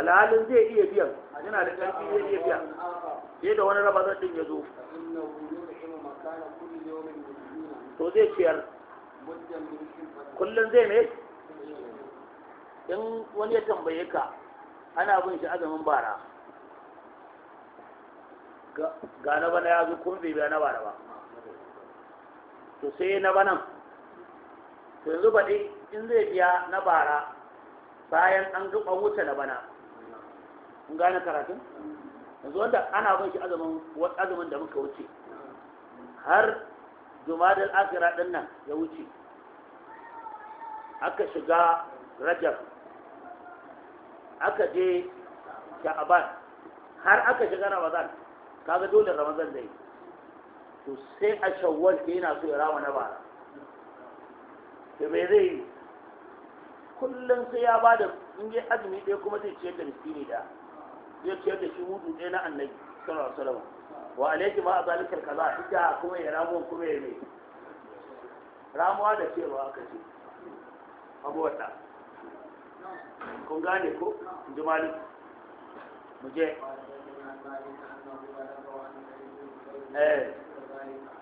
alhalin zai iya biyan yana da ƙarfi zai iya biya sai da wani raba zaɗin ya zo to zai ciyar kullum zai ne in wani ya tambaye ka ana bin shi azumin bara ga na bana ya zo kuma bai biya na bara ba to sai na banan to yanzu baɗi in zai biya na bara bayan an gaba wuce na bana In gane karatun yanzu wanda ana bin shi azumin azumin da muka wuce har jumadal akira din nan ya wuce aka shiga rajab aka je sha'aban har aka shiga ramadan kaga dole ramadan zai to sai a shawwal ke yana so ya rawa na bara Da me zai yi kullum sai ya ba da inge azumi ɗaya kuma zai ciyar da miskini da zai ciyar da shi mutu ɗaya na annabi sallallahu alaihi wasallam wa alaihi ma azalikar kaza ita kuma ya ramu kuma ya mai ramuwa da cewa aka ce abu wata kun gane ko jimali ji mu je eh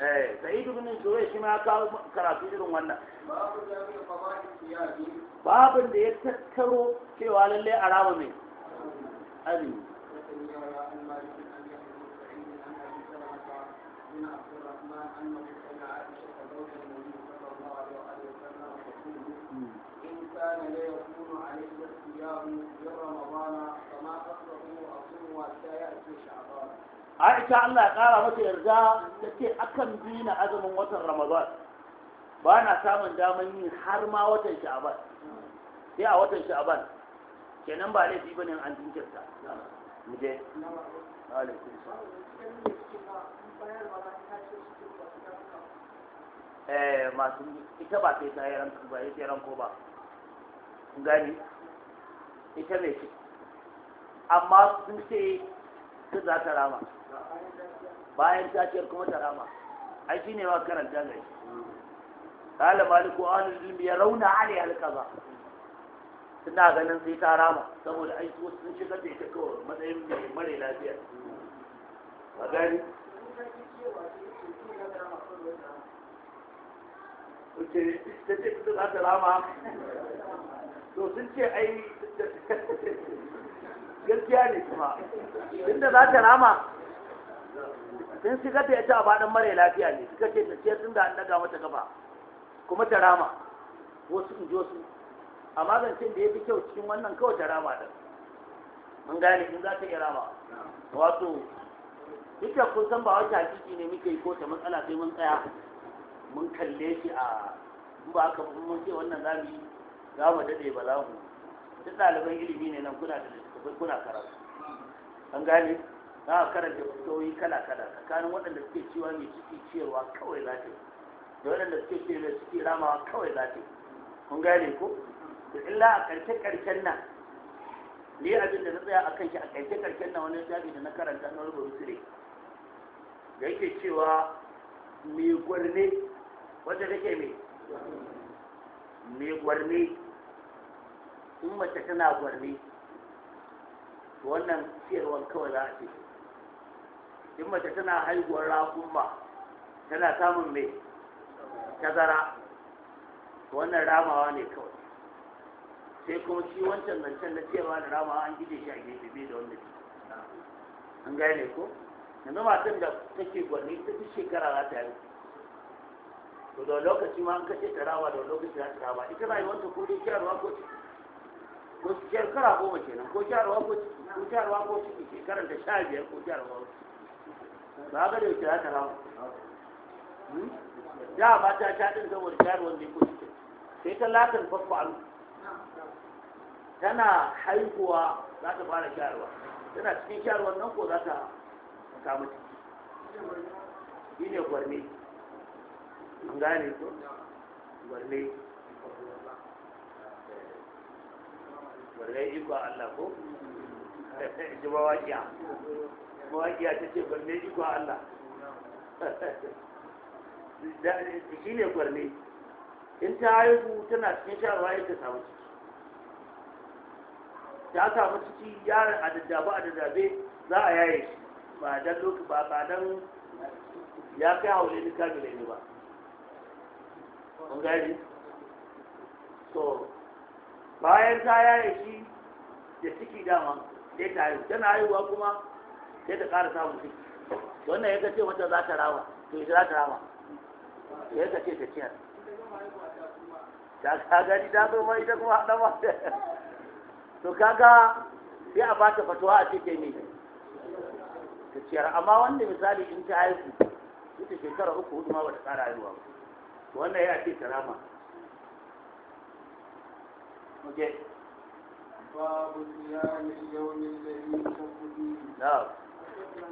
eh sa'id ibn zurai shi ma kawo karatu irin wannan Babu da ya tattaro cewa lalle a mai azumi aisha allah ya kara mata yarda da ke akan dina azumin watan ramadan ba na samun daman yin har ma watan sha'aban sai a watan sha'aban kenan ba laifi bane an jinkirta mu dai, alaikum eh masu ita ba sai ta yi ranko ba ya ranko ba gani ita ne ce amma sun ce su za ta rama bayan ta ciyar kuma ta rama ai shine ma karanta gai kala maliku ahlul ilmi yarawna alaiha alqaza suna ganin sai ta rama saboda ai su sun shiga da ita kawai matsayin mai mare lafiya a gani Oke, ta ce kusa za ta rama, to sun ce ai gaskiya ne kuma, inda za ta rama, sun gata ya yace a faɗin mara lafiya ne suka ce ta ce tun da an daga mata gaba, kuma ta rama wasu in jo su amma zancen da ya fi kyau cikin wannan kawai ta rama da mun gane in za ta iya rama wato duka kun san ba wata hakiki ne muke yi ko ta matsala sai mun tsaya mun kalle shi a ba aka mun ce wannan za mu yi za mu daɗe ba za mu duk ɗaliban ilimi ne nan kuna da littattafai kuna karatu an gane za a karanta fitoyi kala-kala tsakanin waɗanda suke cewa mai ciki cewa kawai za ta yi da waɗanda suke cewa mai ciki ramawa kawai za ta yi kun gane ko to illa a karshe-karshen nan ne abin da na tsaya a kan a karshe-karshen nan wani jami da na karanta na rubar rusire da yake cewa mai gwarne wanda take mai mai gwarne in mace tana gwarne wannan ciyarwar kawai za a ce in mace tana haihuwar raƙumma tana samun mai tazara wannan ramawa ne kawai sai kuma shi wancan can na cewa da ramawa an gije shi a gefe bai da wanda ke an gane ko yanzu matan da take gwanni ta fi shekara za ta yi to da lokaci ma an kashe ta rawa da lokaci za ta rawa ita wanta ko dai kyarwa ko ciki ko shekara goma kenan ko kyarwa ko ciki ko kyarwa ko ciki shekarar da sha biyar ko kyarwa ko ciki ba ga da yake ya ta rawa? Hmm? ya ba ta sha din saboda shayar wanda ya kuce sai ta latar fafalu tana haihuwa za ta fara shayarwa tana cikin shayarwar nan ko za ta kama ciki shi ne gwarne an gane ko gwarne gwarne iko Allah ko jibawa kiya mawaƙiya ta ce gwarne iko Allah shi ne gwarne in ta haihu tana cikin sha'awa ya ta samu ciki ta samu ciki yaron a daddabe a daddabe za a yaye shi ba dan lokaci ba ba dan ya kai haule ni kamile ne ba kun gani so bayan ta yaye shi da ciki dama sai ta haihu tana haihuwa kuma sai ta ƙara samun ciki wannan ya ce wata za ta rawa to ita za ta rawa ya ka ce ta ciyar ta gani ta zo mai ta kuma haɗa ba to kaga sai a bata fatuwa a cikin ne ta ciyar amma wanda misali in ta haihu ita shekara uku hudu ma bata ƙara haihuwa ba to wannan ya ce ta rama Okay. باب صيام اليوم الذي تفضي Eh.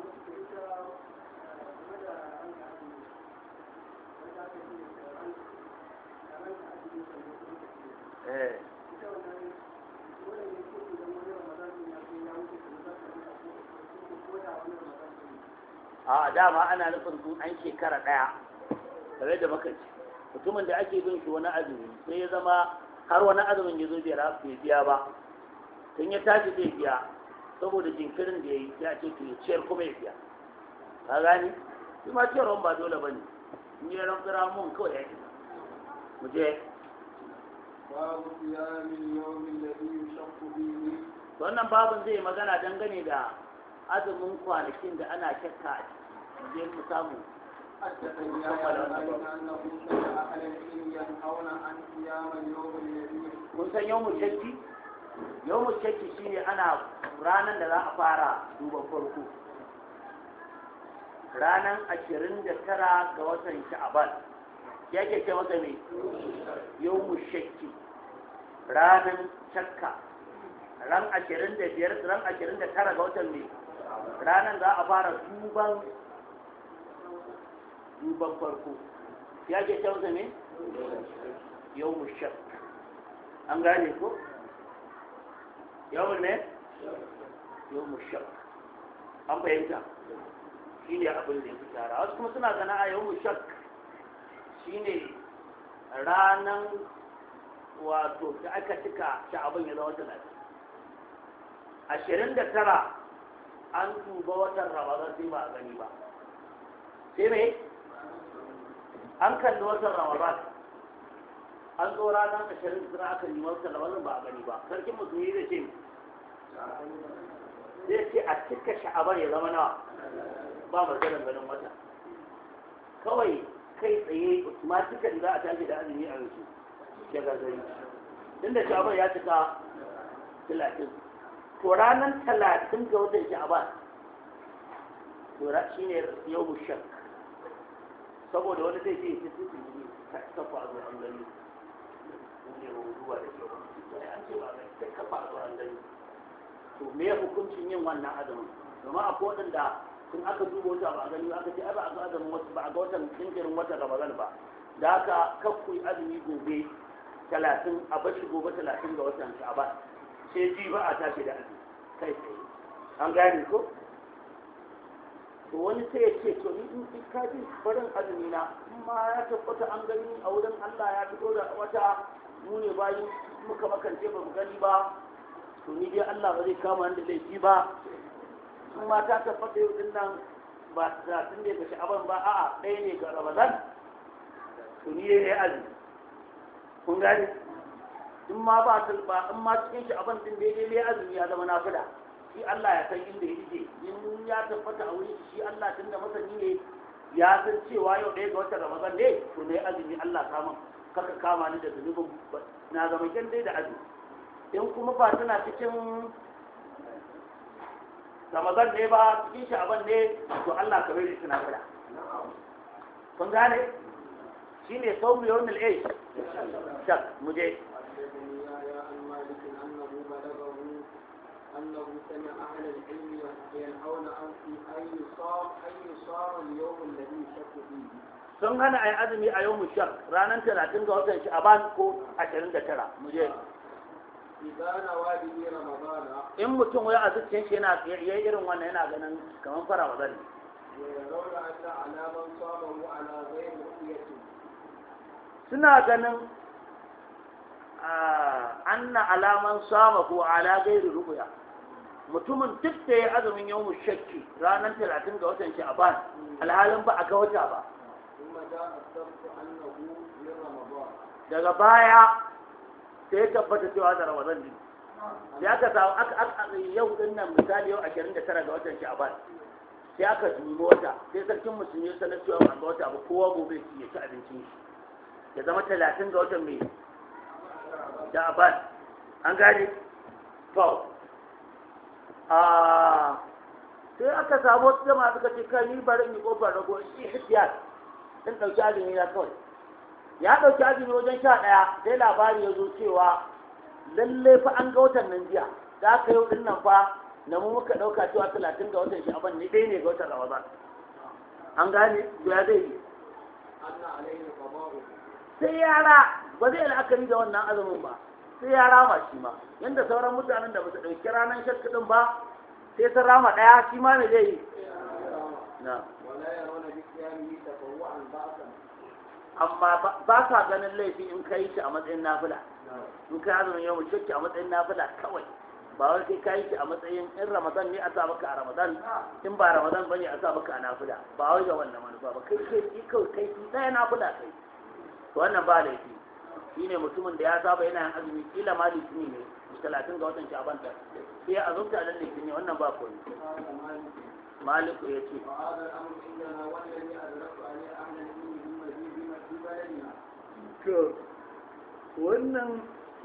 a dama ana nufin sun an shekara ɗaya tare da makanci mutumin da ake bin shi wani azumi sai ya zama har wani azumin ya zo bai biya ba tun ya tashi zai biya saboda jinkirin da ya yi ya ce tuni ciyar kuma ya biya ka gani Su ma ciyar ba dole ba ne in yi ran fira mun kawai ya gina mu je babu ya miliyomin da biyu shan kudi ne wannan babun zai magana dangane da azumin kwanakin da ana shakka a ciki je mu samu Kun san yau mu shakki? yau mu shakki shi ne ana ranar da za a fara duban farko ranar ashirin da tara ga watan sha'aban ya ke ce wata ne yau mu shakki ranar shakka ran ashirin da biyar ran ashirin da tara ga watan ne ranar za a fara duban duban farko ya ke ce wata ne yau mu shakka an gane ko yawon ne yawon shak an fahimta shi ne abin da ya fi tara wasu kuma suna gana a yau shak shi ne ranar wato da aka cika abin ya zama talatin ashirin da tara an duba watan ramadan sai ba a gani ba sai mai an kalli watan ramadan an zo ranar ashirin da tara aka yi watan ramadan ba a gani ba sarkin musulmi da ce zai ce a cika sha'abar ya zama nawa ba maganar ganin wata kawai kai tsaye ma cika da za a tashi da azumi a yanzu ya gazari tun da sha'abar ya cika talatin to ranar talatin ga watan sha'abar to shi ne yau mushak saboda wani zai ce ya cikin jini kafa a zuwa an gani ne ruwa da ke wani an ce ba mai kafa a zuwa an gani to me hukuncin yin wannan azumin domin a kodin da sun aka duba wata ba a gani aka ce ba a ga azumin wasu ba a ga watan dinkirin wata ramadan ba da haka kakku yi azumi gobe talatin a bashi gobe talatin ga watan sha'aban sai ji ba a tashi da azumi kai tsaye an gane ko to wani sai ya ce to ni in fi kaji barin azumi na ma ya tabbata an gani a wurin Allah ya fito da wata mu ne bayi muka makance ba mu gani ba to ni dai Allah ba zai kama ni da laifi ba sun mata ta tabbata yau din nan ba sun ne ga sha'aban ba a'a ɗaya ne ga ramadan to ni dai yi kun gane in ma ba ba in ma cikin sha'aban din dai dai azumi ya zama nafila shi Allah ya san inda yake in ya tabbata a wurin shi Allah tunda masani ne ya san cewa yau ɗaya ga watan ramadan ne to ne azumi Allah kama kaka kama ni da zunubin na zama kyan dai da azumi in kuma ba tana cikin ramazan ne ba cikin sha'aban ne to Allah ka bai suna fira kun gane shi ne sau mu yawon al'ai shak muje أنه sun hana a yi azumi a yau mushar ranar talatin ga watan sha'aban ko ashirin da tara mu muje in mutum ya a shi yana ya irin wannan yana ganin kamar fara wa zari suna ganin anna alaman sama ko ala gairi rubuya mutumin duk da ya azumin yau shakki ranar talatin ga watan sha'ban alhalin ba a ga wata ba daga baya sai ya tabbata cewa da ramadan ne ya aka samu aka aka yau din nan misali yau 29 ga watan sha'ban sai aka dubi wata sai sarkin musulmi ya sanar cewa ga wata ba kowa gobe ya ci abincin shi ya zama 30 ga watan mai sha'ban an gane to a sai aka samu wasu jama'a suka ce kai ni bari ni yi kofar rago in ihtiyar in ɗauki azumi na kawai ya ɗauki azumi wajen sha ɗaya sai labari ya zo cewa lalle fa an ga watan nan jiya da aka yau ɗin nan fa na mu muka ɗauka cewa talatin ga watan sha'aban ne ɗaya ne ga watan ramadan an gane to ya zai yi sai yara ba zai la'akari da wannan azumin ba sai ya rama shi ma yadda sauran mutanen da ba su ɗauki ranar shakkaɗin ba sai sun rama ɗaya shi ma ne zai yi na amma ba sa ganin laifi in ka yi shi a matsayin nafila in ka azumin yau shakki a matsayin nafila kawai ba wai sai ka yi shi a matsayin in ramadan ne a sa maka a ramadan in ba ramadan ba ne a sa maka a nafila ba wai ga wannan manufa ba kai ke shi kawai kai shi ɗaya nafila kai to wannan ba laifi shine mutumin da ya saba yana yin azumi kila ma litini ne talatin ga watan shaban ta sai ya azumta nan litini wannan ba komai maliku ya ce wannan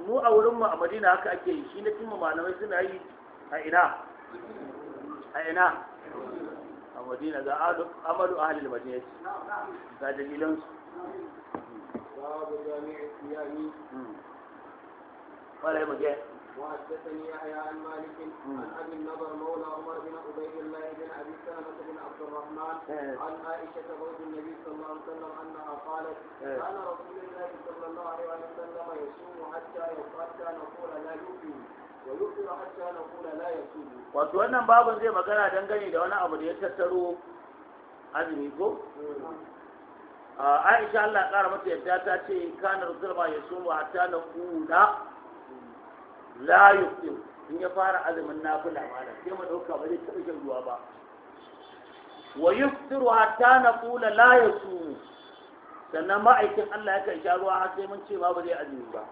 mu a wurin mu a madina haka ake yi shi na cimma malamai suna yi a ina a ina a madina ga amalu a halin madina ga dalilansu babu jami'in siyami ƙwarai hmm. magana وحدثني يحيى عن مالك عن ابي النضر مولى عمر بن عبيد الله بن ابي سلمه بن عبد الرحمن عن عائشه زوج النبي صلى الله عليه وسلم انها قالت كان رسول الله صلى الله عليه وسلم يصوم حتى حتى نقول لا يؤمن wato wannan babin zai magana dangane da wani abu da ya tattaro azumi ko a Aisha Allah kara mata yadda ta ce kana rasul ya sumu hatta na kula la yuftir in ya fara azumin nafila malam sai mu dauka ba zai taɓa shan ruwa ba wa yuftiru hatta naqula la yasum sannan ma'aikin Allah yakan sha ruwa har sai mun ce ma ba zai azumi ba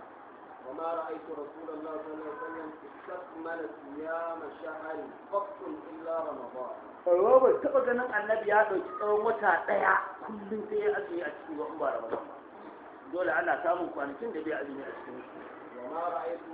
وما رأيت رسول الله صلى الله عليه وسلم استكمل صيام شهر قط إلا رمضان Ruwa bai taɓa ganin annabi ya ɗauki tsawon wata ɗaya kullum sai ya azumi a cikin wa'uwa ba. Dole ana samun kwanakin da bai azumi a cikin su. Wa ma ra'aytu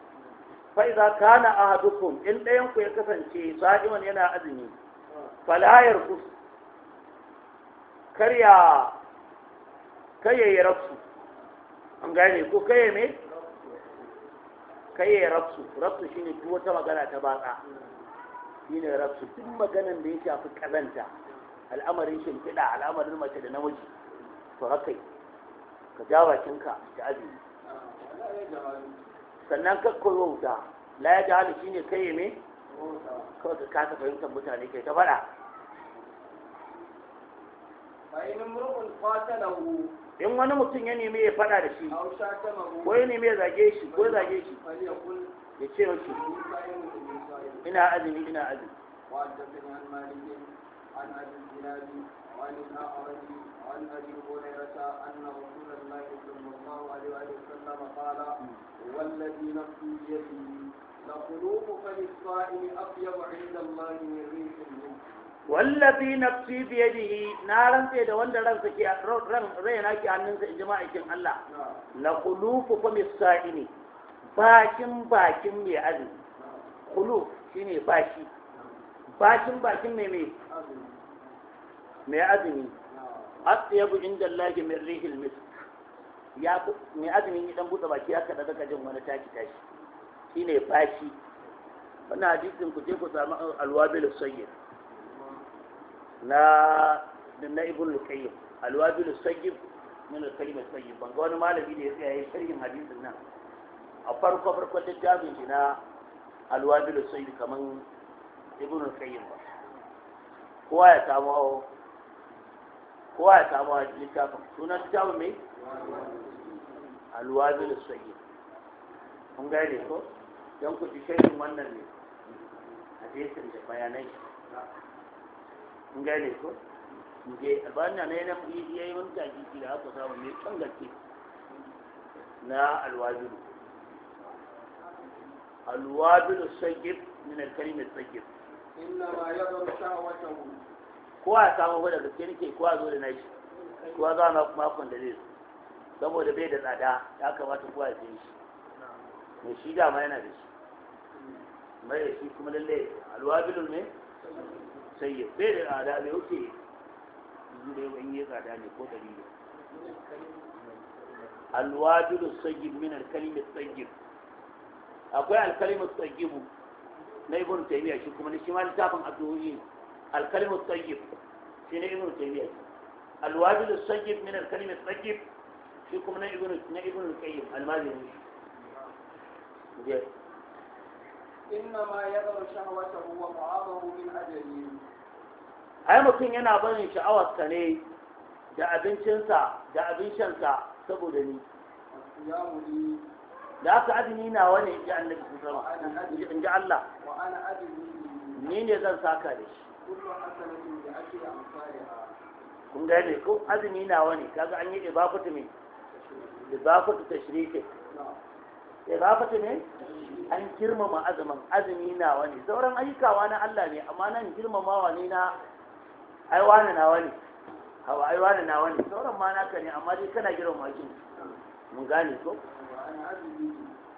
fa idza kana ahadukum in ɗayan ku ya kasance sa'iman yana azumi fala yarkus karya kayaye rafsu an gane ko kaye me kaye rafsu rafsu shine duk wata magana ta batsa shine rafsu duk maganan da ya shafi kazanta al'amarin shimfiɗa al'amarin mace da namiji to haka ka ja bakinka da azumi sannan kakko rauta la ya jahalu ne kai me kawai ka kasa fahimtar mutane kai ta faɗa in wani mutum ya nemi ya faɗa da shi ko ya nemi ya zage shi ko ya zage shi ya ce mashi ina azumi ina azumi عن أبي الزناد وعن الأعرج وعن أبي هريرة أن رسول الله صلى الله عليه وسلم قال والذي نفسي بيده لقلوب فم الصائم أطيب عند الله من ريح المسك wallafi nafsi biyadihi na rantse da wanda ransa ke ran raina ke hannunsa in jima'a kin Allah la qulufu fa misaini bakin bakin mai azumi quluf shine bashi fashin bakin mai mai mai azumi asiyabu inda lagi min rihil mis ya mai azumi ya dan buɗe baki aka daga gajin wani taki tashi shine fashi wannan hadisin ku je ku samu alwabil sayyid na na ibn luqayyim alwabil sayyid min al-kalimah sayyid ban ga wani malami da ya tsaya ya sharhin hadisin nan a farko farko littafin shi na alwabil sayyid kaman ibn al-qayyim ba kowa ya samu awo kowa ya samu a littafin sunan littafin mai alwabil sayyid kun gane ko don ku ji shaidin wannan ne hadisin da bayanai kun gane ko je albaniya ne na kuɗi ya yi wani jajiki da aka samu mai can gaske na alwabilu alwabilu sayyid min alkalimin sayyid ko a samu da gaske nake ko a zo da nashi ko a zama makon da zai saboda bai da tsada ya kamata kowa ya sayi shi mai shi dama yana da shi mai shi kuma lalle alwabilul ne sai ya bai da tsada bai wuce yanzu da yawan tsada ne ko dari ne alwabilul sayyid min alkalimar sayyid akwai alkalimar sayyidu na ibn taymiya shi kuma shi ma littafin addu'o'i al-kalimu tayyib shi ne ibn taymiya al-wabil as-sayyib min al-kalimi tayyib shi kuma na ibn na ibn qayyim al-mazini إنما يذر شهوته ومعاضه من أجله ai mutum yana barin sha'awarsa ne da abincinsa da abin saboda ni da aka azumi na wani inji annabi sallallahu alaihi in inji Allah ni ne zan saka da shi kun ga ne ko azumi na wani kaga an yi ibafatu me ibafatu tashrike ibafatu ne an girmama azumin azumi na wani sauran ayyukawa na Allah ne amma nan girmamawa ne na aiwana na wani hawa aiwana na wani sauran ma naka ne amma dai kana girmama shi mun gane ko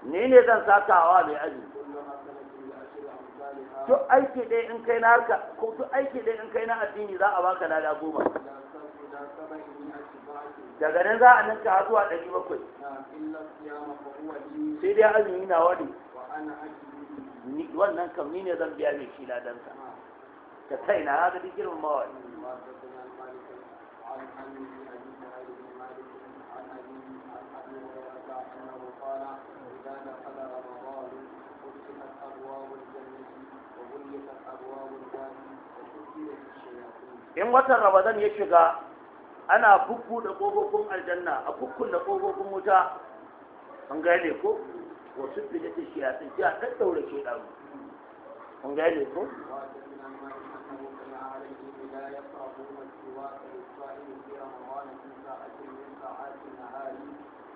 ni ne zan saka wa mai aji to aiki dai in kai na harka ko to aiki ɗaya in kai na addini za a baka lada goma daga nan za a ninka zuwa ɗari bakwai sai dai azumi na wani wannan kam ni ne zan biya mai shi ladansa Ka kai na haka duk girmamawa ne in watan ramadan ya shiga ana bukku da kofofin aljanna a bukkun da kofofin wuta an gane ko wasu fita ta shi a tsinci a tattaura ke ɗaru an gane ko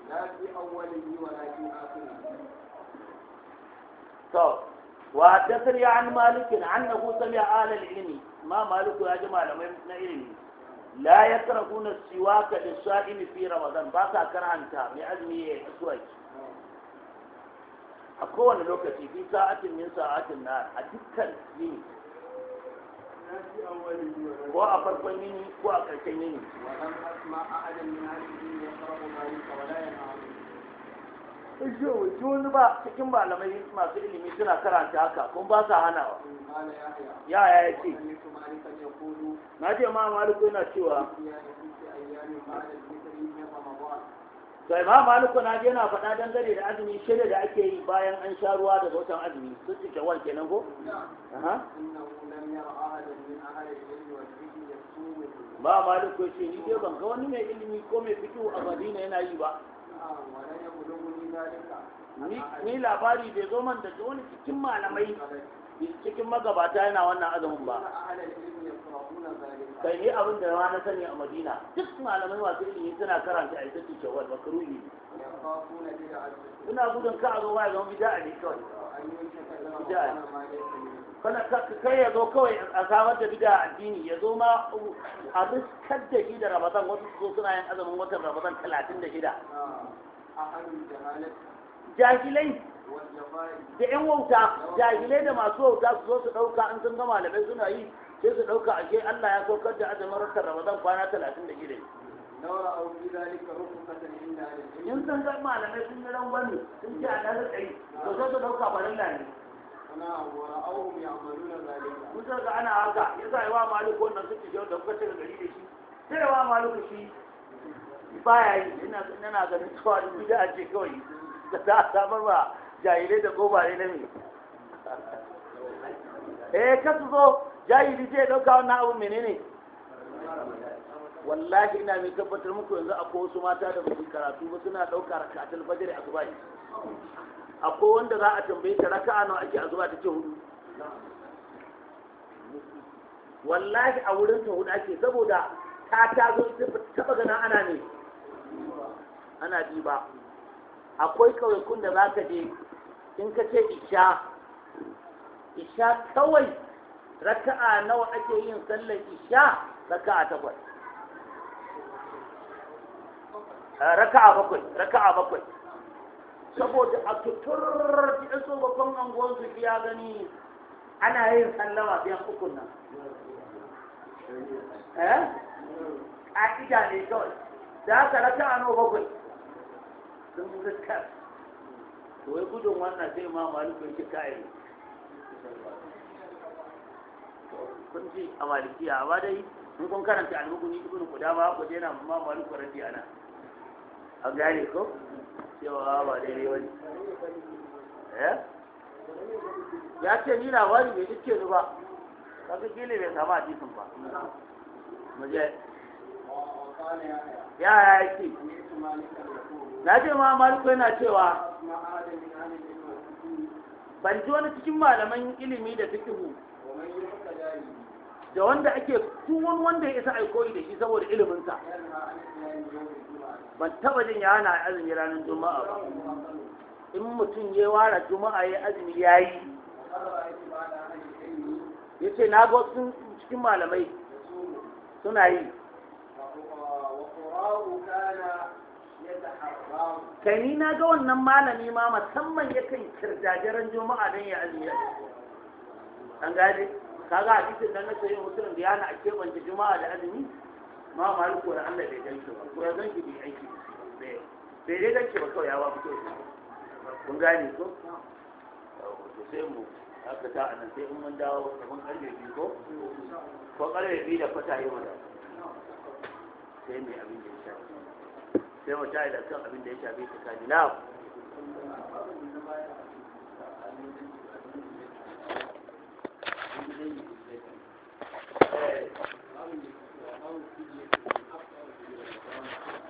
لا في أوله an malikin آخره طب وحدثني عن مالك عنه ma maliku ya ji malamai na ilimi la ya siwa ka da sha'imi fi ramadan ba sa karanta mai azumi ya yi aswaki a kowane lokaci fi sa'atin min sa'atin na a dukkan yini ko a farkon yini ko a ƙarshen yini igiyoyi ci wani ba cikin malamai masu ilimi suna karanta haka kun ba sa hanawa ya ya ya ce na ce ma maliku yana cewa sai ma maliku na yana faɗa dangane da azumi shirya da ake yi bayan an sha ruwa da watan azumi sun ci shawar kenan ko? ba maliku ya ce ni dai ban ga wani mai ilimi ko mai fito a madina yana yi ba ni labari bai zo man da wani cikin malamai cikin magabata yana wannan azumin ba kai ni abin da na sani a madina duk malamai masu ilimi suna karanta a ita cikin wal makaruhi suna gudun ka a zo ma ya zama a ne kawai bida'a kana kai ya zo kawai a samar da bida addini ya zo ma a riskar da shi da ramadan wasu suna yin azumin watan ramadan talatin da shida jahilai da yan wauta jahilai da masu wauta su zo su ɗauka an sun ga malamai suna yi sai su ɗauka a ke Allah ya saukar da azumin rakar Ramadan kwana talatin da shida nawa au bi zalika da inda alim Yin san ga malamai sun yi rangwani sun ce a nan tsari ko sai su ɗauka dauka wa ne ana amfani ya'maluna zalika Kusa ga ana haka ya yasa yawa maluku wannan suke jawo da kuka ce gari da shi sai yawa maluku shi baya yi yana ganin cewa da bid'a ce kawai da za a samar ba jahilai da gobare na me eh ka su zo jahili zai ɗauka wannan abu menene wallahi ina mai tabbatar muku yanzu akwai wasu mata da basu karatu ba suna ɗauka rakatul fajr a zuba akwai wanda za a tambaye ta raka'a nawa ake a ta ce hudu wallahi a wurin ta hudu ake saboda ta ta zo ta taba gana ana ne ana diba akwai kauyakun da za ka je in ka ce isha isha kawai raka'a nawa ake yin sallar isha raka'a takwas eh, raka'a bakwai raka'a bakwai saboda a tutur in so babban anguwan su ya gani ana yin sallama biyan ukun nan eh ƙa'ida ne kawai da aka haka raka'a nawa bakwai sun ga kas to wai gudun wannan sai ma maliku yake kai kun ji a malikiya ba dai in kun karanta al-mughni ibn qudama ku je na ma maliku radi ana a gane ko cewa ba daidai wani eh ya ce ni labari bai dukke ni ba kaga gile bai sama hadisin ba mu je yaya ya ce na ce ma maliko yana cewa ban ji wani cikin malaman ilimi da fikihu da wanda ake tun wanda ya isa a koyi da shi saboda iliminsa ban taba jin ya hana azumi ranar juma'a ba in mutum ya wara juma'a ya azumi ya yi ya ce na ga wasu cikin malamai suna yi kai ni na ga wannan malami ma musamman ya yakan kirjajiran juma'a don ya azumi an gaje kaga cikin nan na sayin musulun da yana a kebanta juma'a da azumi ma malik ko Allah bai ganke ba ko ya ganke bai aiki bai dai ganke ba kawai ya ba fito kun gane ko to sai mu aka ta anan sai mun dawo kamar karfe biyu ko ko karfe biyu da fata yi mu da sai mai abin da ya shafi sai mu yi da kan abin da ya shafi ta kaji na Thank eh. you.